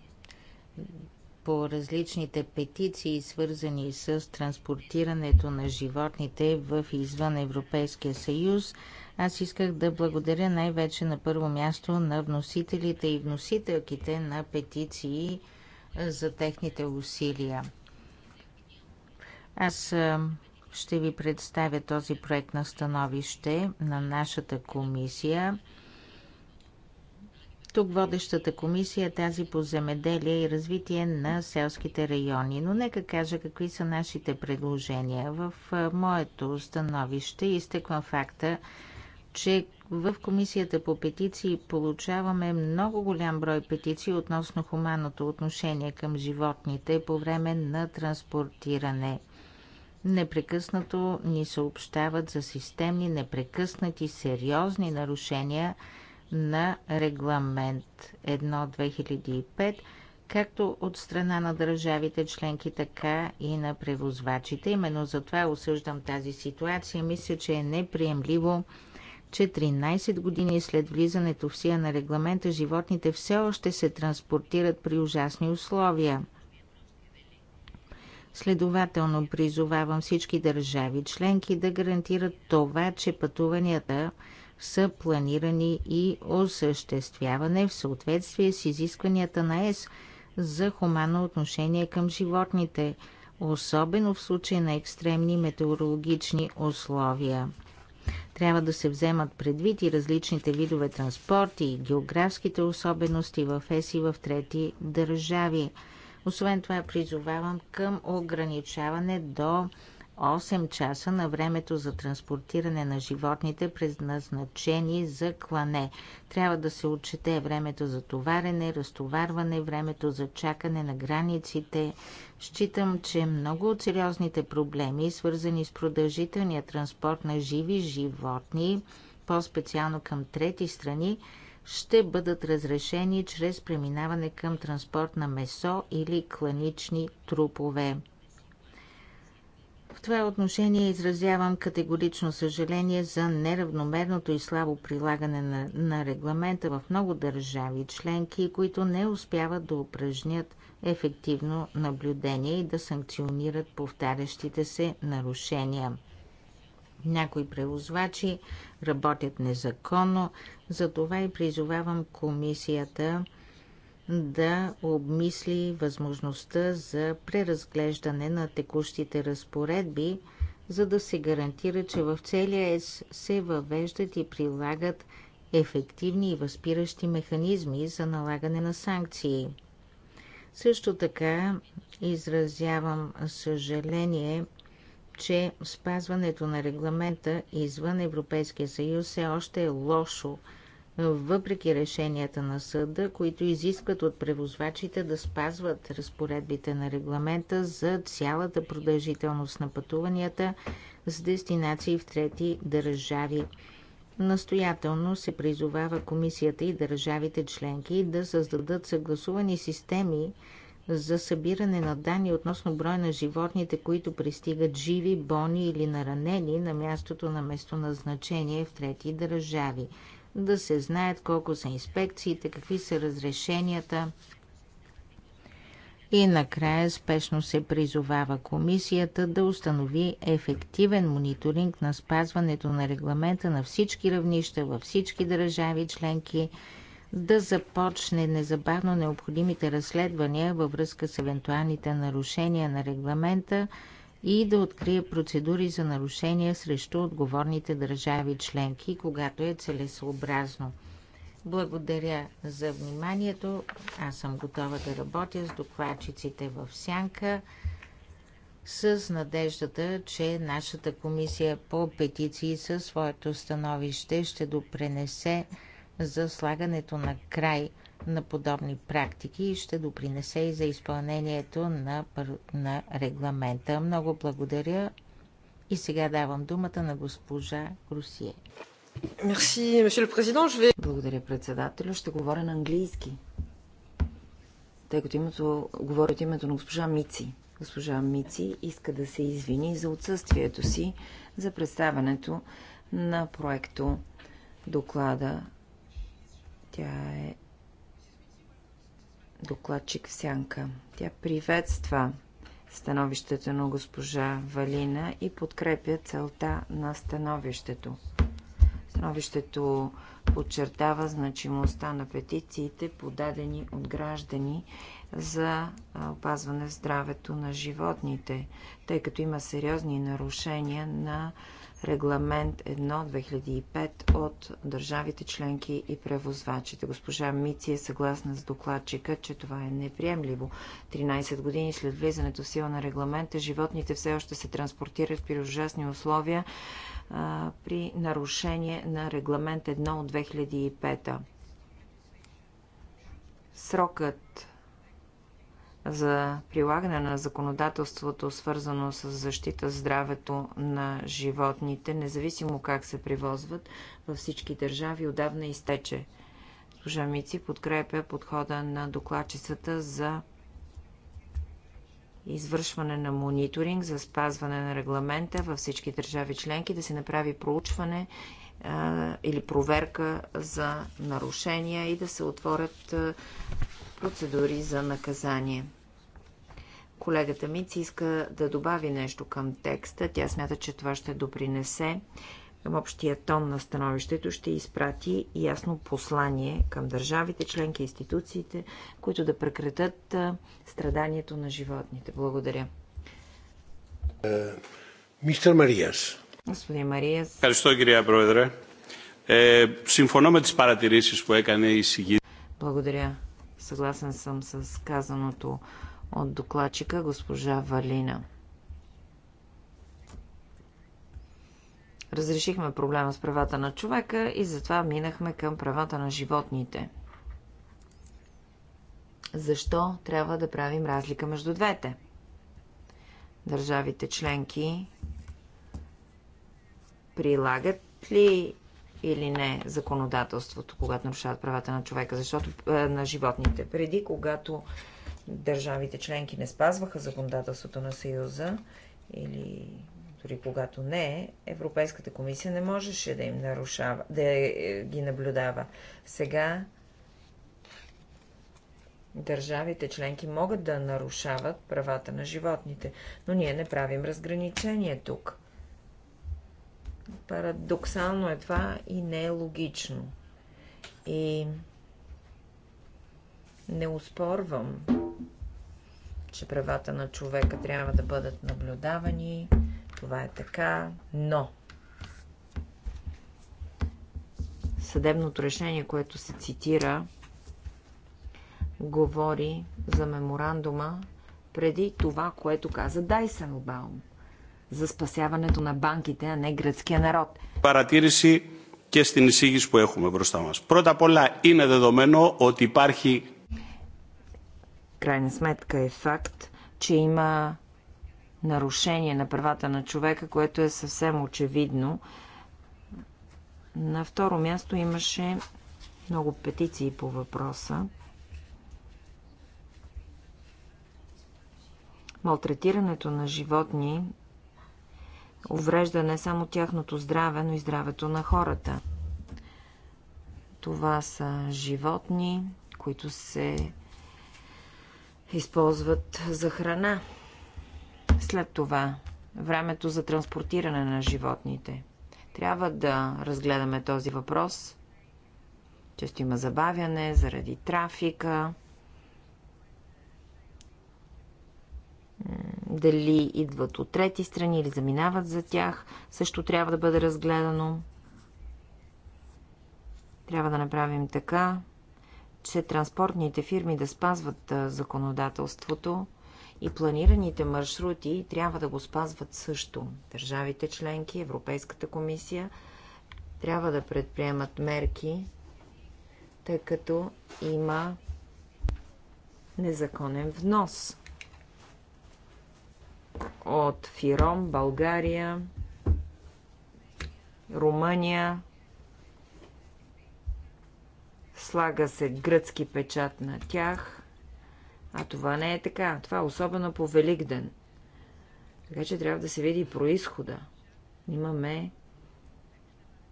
по различните петиции, свързани с транспортирането на животните в извън Европейския съюз, аз исках да благодаря най-вече на първо място на вносителите и вносителките на петиции за техните усилия. Аз ще ви представя този проект на становище на нашата комисия – тук водещата комисия е тази по земеделие и развитие на селските райони. Но нека кажа какви са нашите предложения. В моето становище изтъквам факта, че в Комисията по петиции получаваме много голям брой петиции относно хуманното отношение към животните по време на транспортиране. Непрекъснато ни съобщават за системни, непрекъснати, сериозни нарушения – на регламент 1-2005, както от страна на държавите членки, така и на превозвачите. Именно за това осъждам тази ситуация. Мисля, че е неприемливо, че 13 години след влизането в сия на регламента животните все още се транспортират при ужасни условия. Следователно призовавам всички държави членки да гарантират това, че пътуванията са планирани и осъществяване в съответствие с изискванията на ЕС за хуманно отношение към животните, особено в случай на екстремни метеорологични условия. Трябва да се вземат предвид и различните видове транспорт и географските особености в ЕС и в трети държави. Освен това призовавам към ограничаване до 8 часа на времето за транспортиране на животните, предназначени за клане. Трябва да се отчете времето за товарене, разтоварване, времето за чакане на границите. Считам, че много от сериозните проблеми, свързани с продължителния транспорт на живи животни, по-специално към трети страни, ще бъдат разрешени чрез преминаване към транспорт на месо или кланични трупове това отношение изразявам категорично съжаление за неравномерното и слабо прилагане на, на регламента в много държави членки, които не успяват да упражнят ефективно наблюдение и да санкционират повтарящите се нарушения. Някои превозвачи работят незаконно, затова и призовавам комисията да обмисли възможността за преразглеждане на текущите разпоредби, за да се гарантира, че в целия ЕС се въвеждат и прилагат ефективни и възпиращи механизми за налагане на санкции. Също така изразявам съжаление, че спазването на регламента извън Европейския съюз все още е лошо въпреки решенията на съда, които изискват от превозвачите да спазват разпоредбите на регламента за цялата продължителност на пътуванията с дестинации в трети държави. Настоятелно се призовава комисията и държавите членки да създадат съгласувани системи за събиране на данни относно броя на животните, които пристигат живи, болни или наранени на мястото на местоназначение в трети държави да се знаят колко са инспекциите, какви са разрешенията. И накрая спешно се призовава комисията да установи ефективен мониторинг на спазването на регламента на всички равнища във всички държави членки, да започне незабавно необходимите разследвания във връзка с евентуалните нарушения на регламента и да открие процедури за нарушения срещу отговорните държави членки, когато е целесообразно. Благодаря за вниманието. Аз съм готова да работя с докладчиците в Сянка с надеждата, че нашата комисия по петиции със своето становище ще допренесе за слагането на край – на подобни практики и ще допринесе и за изпълнението на, на регламента. Много благодаря и сега давам думата на госпожа Русие. Благодаря, председателю. Ще говоря на английски, тъй като името, говоря от името на госпожа Мици. Госпожа Мици иска да се извини за отсъствието си за представянето на проекто доклада. Тя е докладчик в сянка. Тя приветства становището на госпожа Валина и подкрепя целта на становището. Становището подчертава значимостта на петициите, подадени от граждани за опазване здравето на животните, тъй като има сериозни нарушения на регламент 1-2005 от държавите членки и превозвачите. Госпожа Мици е съгласна с докладчика, че това е неприемливо. 13 години след влизането в сила на регламента, животните все още се транспортират при ужасни условия а, при нарушение на регламент 1 от 2005. Срокът за прилагане на законодателството, свързано с защита здравето на животните, независимо как се привозват във всички държави, отдавна изтече. Служа Мици подкрепя подхода на докладчицата за извършване на мониторинг за спазване на регламента във всички държави членки, да се направи проучване а, или проверка за нарушения и да се отворят а, процедури за наказание. Колегата Миц иска да добави нещо към текста. Тя смята, че това ще допринесе към общия тон на становището, ще изпрати ясно послание към държавите, членки, институциите, които да прекратят страданието на животните. Благодаря. Е, мистер Мариас. Господин Мариас. Ευχαριστώ, κυρία Πρόεδρε. Ε, συμφωνώ με τις παρατηρήσεις που έκανε η Благодаря, Съгласен съм с казаното от докладчика госпожа Валина. Разрешихме проблема с правата на човека и затова минахме към правата на животните. Защо трябва да правим разлика между двете? Държавите членки прилагат ли или не законодателството, когато нарушават правата на човека, защото е, на животните. Преди, когато държавите членки не спазваха законодателството на Съюза или дори когато не, Европейската комисия не можеше да им нарушава, да е, е, ги наблюдава. Сега държавите членки могат да нарушават правата на животните, но ние не правим разграничение тук. Парадоксално е това и не е логично. И не успорвам, че правата на човека трябва да бъдат наблюдавани. Това е така, но съдебното решение, което се цитира, говори за меморандума преди това, което каза Дайсен Баум за спасяването на банките, а не гръцкия народ. Παρατήρηση και στην εισήγηση που έχουμε μπροστά μας. Πρώτα απ' όλα είναι δεδομένο ότι υπάρχει... Крайна сметка е факт, че има нарушение на правата на човека, което е съвсем очевидно. На второ място имаше много петиции по въпроса. Малтретирането на животни уврежда не само тяхното здраве, но и здравето на хората. Това са животни, които се използват за храна. След това времето за транспортиране на животните. Трябва да разгледаме този въпрос. Често има забавяне заради трафика. дали идват от трети страни или заминават за тях, също трябва да бъде разгледано. Трябва да направим така, че транспортните фирми да спазват законодателството и планираните маршрути трябва да го спазват също. Държавите членки, Европейската комисия трябва да предприемат мерки, тъй като има незаконен внос от Фиром, България, Румъния. Слага се гръцки печат на тях. А това не е така. Това е особено по Великден. Така че трябва да се види происхода. Имаме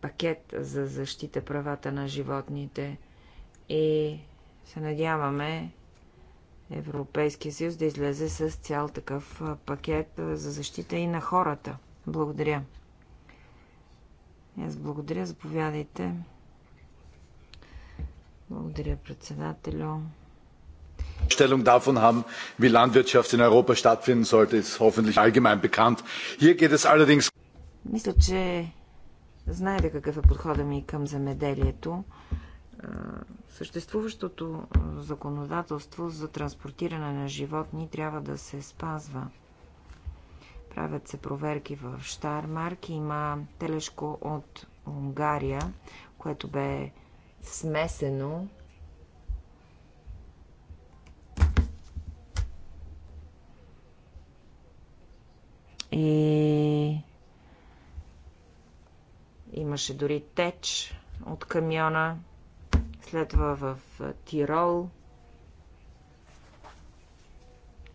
пакет за защита правата на животните и се надяваме Европейския съюз да излезе с цял такъв пакет за защита и на хората. Благодаря. Аз благодаря. Заповядайте. Благодаря, председателю. Stellung davon haben, wie Landwirtschaft in Europa stattfinden sollte, ist hoffentlich allgemein bekannt. Hier geht es allerdings. Мисля, че знаете какъв е подходът ми към замеделието съществуващото законодателство за транспортиране на животни трябва да се спазва. Правят се проверки в Штармарк. Има телешко от Унгария, което бе смесено и имаше дори теч от камиона след това в Тирол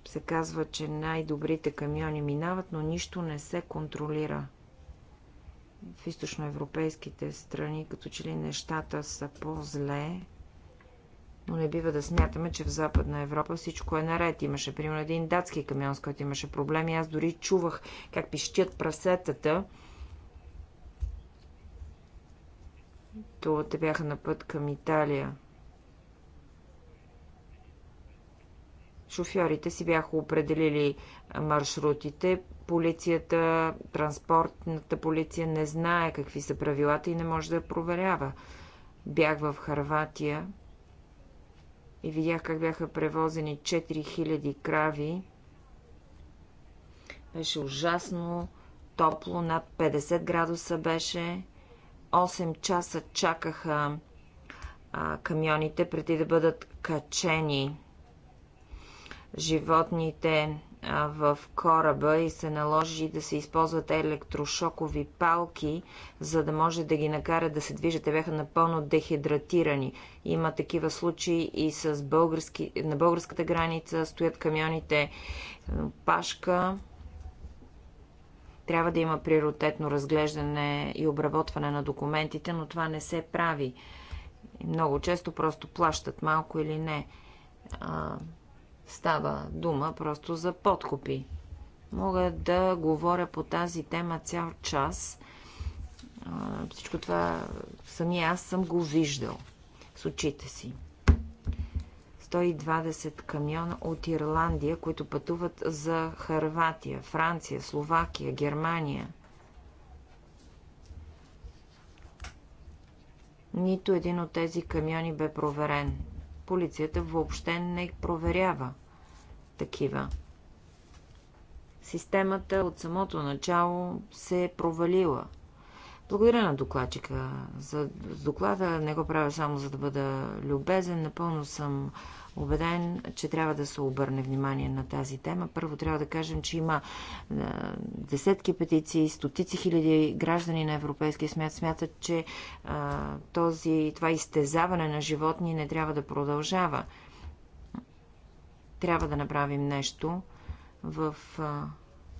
се казва, че най-добрите камиони минават, но нищо не се контролира. В източноевропейските страни, като че ли нещата са по-зле, но не бива да смятаме, че в Западна Европа всичко е наред. Имаше, примерно, един датски камион, с който имаше проблеми. Аз дори чувах как пищят прасетата то те бяха на път към Италия. Шофьорите си бяха определили маршрутите. Полицията, транспортната полиция не знае какви са правилата и не може да я проверява. Бях в Харватия и видях как бяха превозени 4000 крави. Беше ужасно топло, над 50 градуса беше. 8 часа чакаха а, камионите преди да бъдат качени животните в кораба и се наложи да се използват електрошокови палки, за да може да ги накарат да се движат. Те бяха напълно дехидратирани. Има такива случаи и с български, на българската граница стоят камионите пашка трябва да има приоритетно разглеждане и обработване на документите, но това не се прави. Много често просто плащат малко или не. А, става дума просто за подкупи. Мога да говоря по тази тема цял час. А, всичко това самия аз съм го виждал с очите си. 120 камиона от Ирландия, които пътуват за Харватия, Франция, Словакия, Германия. Нито един от тези камиони бе проверен. Полицията въобще не проверява такива. Системата от самото начало се е провалила – благодаря на докладчика. За доклада не го правя само за да бъда любезен. Напълно съм убеден, че трябва да се обърне внимание на тази тема. Първо трябва да кажем, че има е, десетки петиции, стотици хиляди граждани на Европейския смят смятат, че е, този, това изтезаване на животни не трябва да продължава. Трябва да направим нещо в е,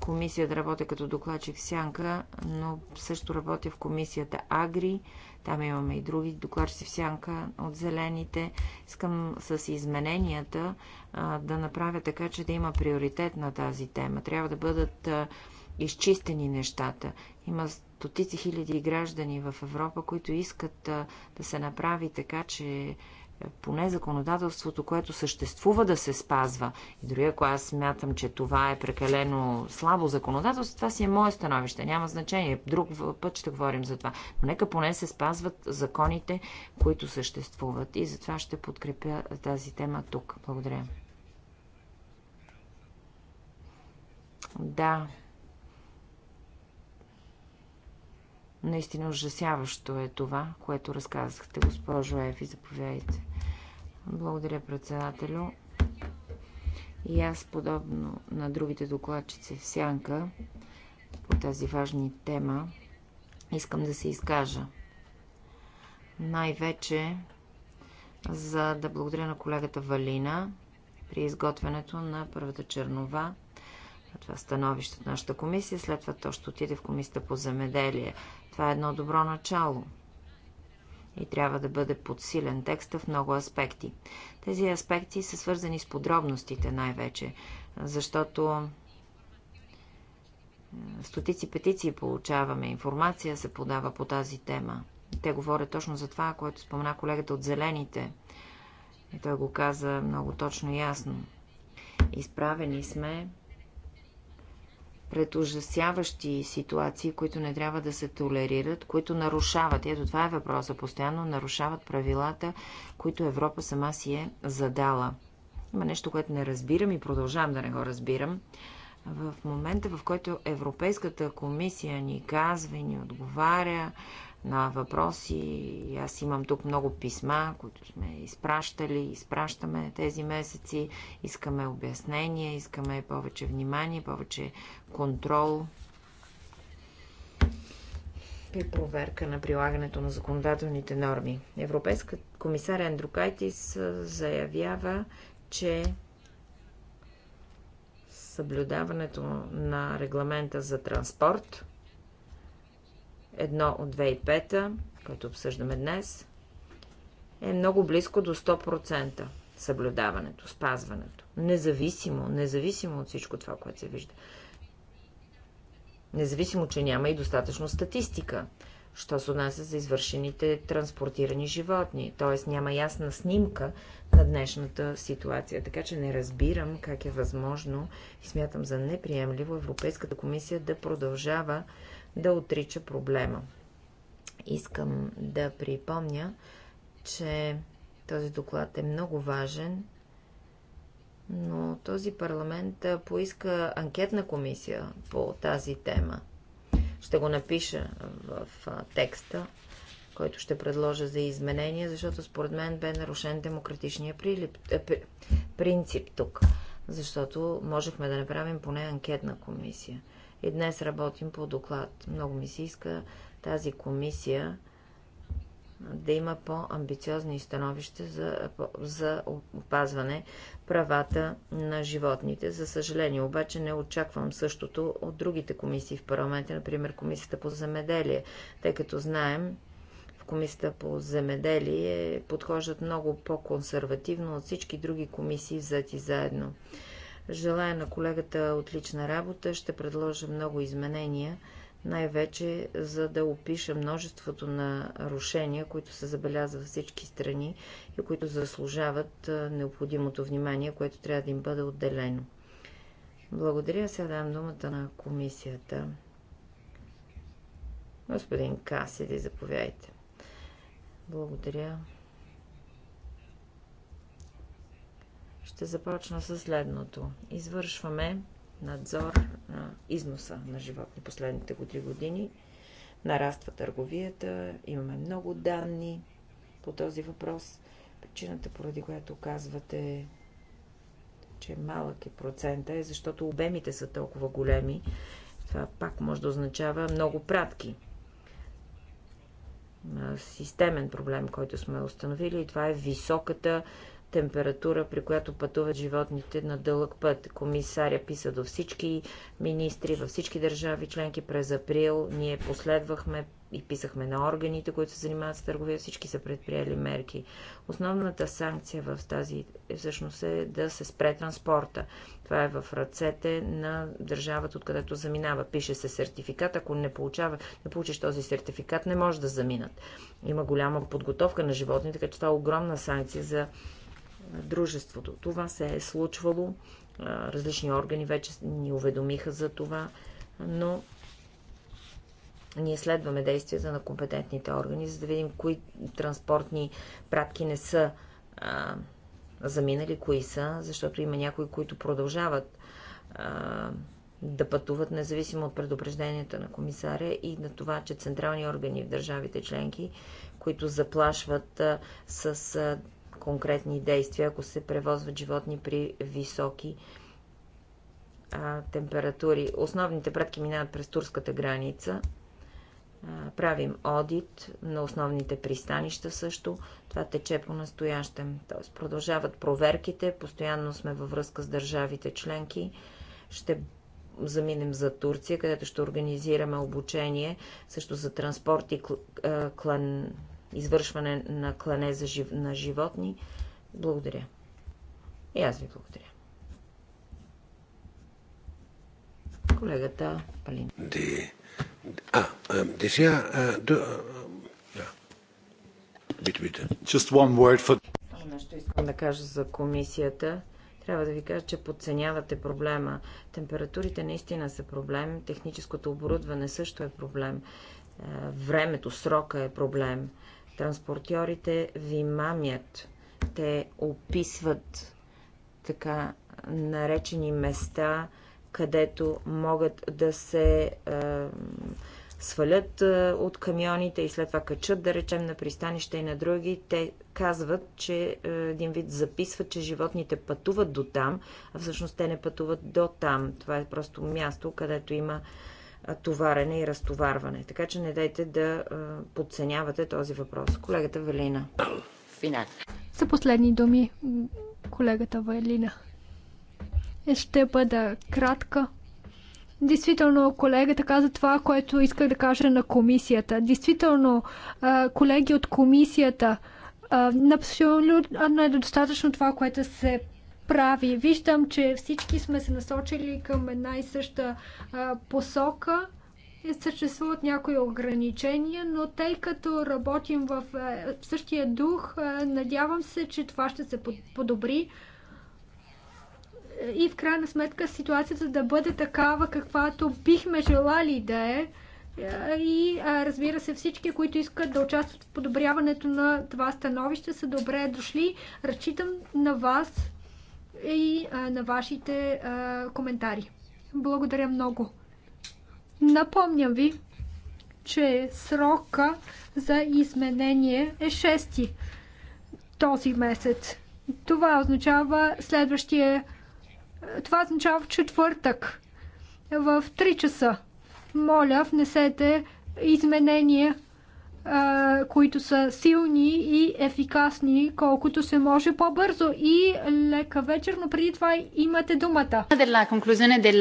Комисията да работя като докладчик в Сянка, но също работя в комисията Агри. Там имаме и други докладчици в Сянка от зелените. Искам с измененията а, да направя така, че да има приоритет на тази тема. Трябва да бъдат а, изчистени нещата. Има стотици хиляди граждани в Европа, които искат а, да се направи така, че поне законодателството, което съществува да се спазва. И дори ако аз смятам, че това е прекалено слабо законодателство, това си е мое становище. Няма значение. Друг път ще говорим за това. Но нека поне се спазват законите, които съществуват. И затова ще подкрепя тази тема тук. Благодаря. Да. Наистина ужасяващо е това, което разказахте, госпожо Ефи. Заповядайте. Благодаря, председателю. И аз, подобно на другите докладчици в Сянка, по тази важна тема, искам да се изкажа. Най-вече за да благодаря на колегата Валина при изготвянето на първата чернова. Това е становище от нашата комисия. След това то ще отиде в комисията по земеделие. Това е едно добро начало – и трябва да бъде подсилен текста в много аспекти. Тези аспекти са свързани с подробностите най-вече, защото стотици петиции получаваме, информация се подава по тази тема. Те говорят точно за това, което спомена колегата от Зелените. И той го каза много точно и ясно. Изправени сме пред ужасяващи ситуации, които не трябва да се толерират, които нарушават, ето това е въпроса постоянно, нарушават правилата, които Европа сама си е задала. Има нещо, което не разбирам и продължавам да не го разбирам. В момента, в който Европейската комисия ни казва и ни отговаря на въпроси. аз имам тук много писма, които сме изпращали, изпращаме тези месеци. Искаме обяснения, искаме повече внимание, повече контрол при проверка на прилагането на законодателните норми. Европейска комисар Кайтис заявява, че съблюдаването на регламента за транспорт едно от 2005, който обсъждаме днес, е много близко до 100% съблюдаването, спазването. Независимо, независимо от всичко това, което се вижда. Независимо, че няма и достатъчно статистика, що се отнася за извършените транспортирани животни. Т.е. няма ясна снимка на днешната ситуация. Така че не разбирам как е възможно и смятам за неприемливо Европейската комисия да продължава да отрича проблема. Искам да припомня, че този доклад е много важен, но този парламент поиска анкетна комисия по тази тема. Ще го напиша в текста, който ще предложа за изменение, защото според мен бе нарушен демократичния прилип, е, принцип тук. Защото можехме да направим поне анкетна комисия и днес работим по доклад. Много ми се иска тази комисия да има по-амбициозни становища за, за опазване правата на животните. За съжаление, обаче не очаквам същото от другите комисии в парламента, например Комисията по земеделие, тъй като знаем, в Комисията по земеделие подхождат много по-консервативно от всички други комисии взети заедно. Желая на колегата отлична работа. Ще предложа много изменения, най-вече за да опиша множеството нарушения, които се забелязва във всички страни и които заслужават необходимото внимание, което трябва да им бъде отделено. Благодаря. Сега давам думата на комисията. Господин Касиди, заповядайте. Благодаря. Ще започна с следното. Извършваме надзор на износа на животни последните години години. Нараства търговията, имаме много данни по този въпрос. Причината, поради която казвате, че малък е процента, е защото обемите са толкова големи. Това пак може да означава много пратки. Системен проблем, който сме установили, и това е високата температура, при която пътуват животните на дълъг път. Комисаря писа до всички министри във всички държави членки през април. Ние последвахме и писахме на органите, които се занимават с търговия, всички са предприели мерки. Основната санкция в тази всъщност е да се спре транспорта. Това е в ръцете на държавата, откъдето заминава. Пише се сертификат. Ако не, получава, не получиш този сертификат, не може да заминат. Има голяма подготовка на животните, като това е огромна санкция за дружеството. Това се е случвало. Различни органи вече ни уведомиха за това, но ние следваме действията на компетентните органи, за да видим кои транспортни пратки не са а, заминали, кои са, защото има някои, които продължават а, да пътуват, независимо от предупрежденията на комисаря и на това, че централни органи в държавите членки, които заплашват а, с а, конкретни действия, ако се превозват животни при високи а, температури. Основните пратки минават през турската граница. А, правим одит на основните пристанища също. Това тече по настоящем. Тоест продължават проверките. Постоянно сме във връзка с държавите членки. Ще заминем за Турция, където ще организираме обучение също за транспорт и клан извършване на клане за жив... на животни. Благодаря. И аз ви благодаря. Колегата Палин. Де... А, десия... Just one word for... нещо искам да кажа за комисията трябва да ви кажа, че подценявате проблема. Температурите наистина са проблем, техническото оборудване също е проблем, е, времето, срока е проблем. Транспортьорите ви мамят. Те описват така наречени места, където могат да се е, свалят е, от камионите и след това качат, да речем, на пристанища и на други. Те казват, че е, един вид записват, че животните пътуват до там, а всъщност те не пътуват до там. Това е просто място, където има товарене и разтоварване. Така че не дайте да подценявате този въпрос. Колегата Велина. За последни думи, колегата Велина. Е, ще бъда кратка. Действително, колегата каза това, което исках да кажа на комисията. Действително, колеги от комисията, абсолютно е достатъчно това, което се прави. Виждам, че всички сме се насочили към една и съща а, посока. Е, съществуват някои ограничения, но тъй като работим в а, същия дух, а, надявам се, че това ще се подобри и в крайна сметка ситуацията да бъде такава, каквато бихме желали да е. И разбира се, всички, които искат да участват в подобряването на това становище, са добре дошли. Разчитам на вас и а, на вашите а, коментари. Благодаря много. Напомням ви, че срока за изменение е 6 този месец. Това означава следващия. Това означава четвъртък в 3 часа. Моля, внесете изменения които са силни и ефикасни, колкото се може по-бързо. И лека вечер, но преди това имате думата. Е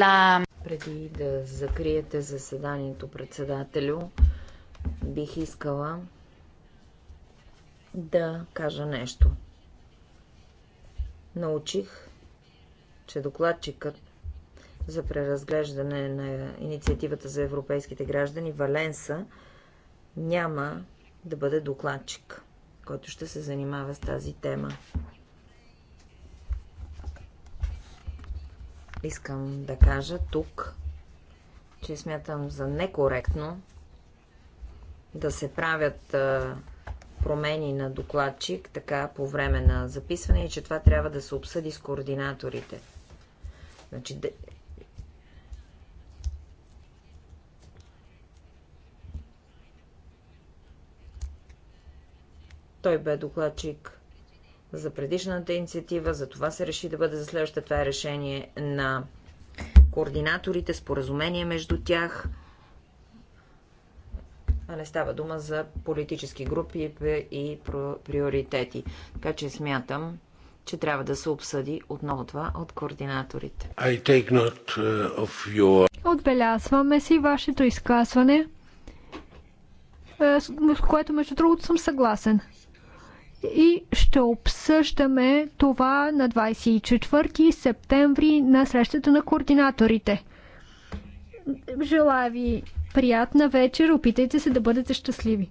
преди да закриете заседанието, председателю, бих искала да кажа нещо. Научих, че докладчикът за преразглеждане на инициативата за европейските граждани Валенса – няма да бъде докладчик, който ще се занимава с тази тема. Искам да кажа тук, че смятам за некоректно да се правят промени на докладчик така по време на записване и че това трябва да се обсъди с координаторите. Значи, Той бе докладчик за предишната инициатива, за това се реши да бъде за следващата. Това е решение на координаторите, споразумение между тях. А не става дума за политически групи и приоритети. Така че смятам, че трябва да се обсъди отново това от координаторите. I take note uh, of your... Отбелязваме си вашето изказване, е, с което между другото съм съгласен и ще обсъждаме това на 24 септември на срещата на координаторите. Желая ви приятна вечер, опитайте се да бъдете щастливи.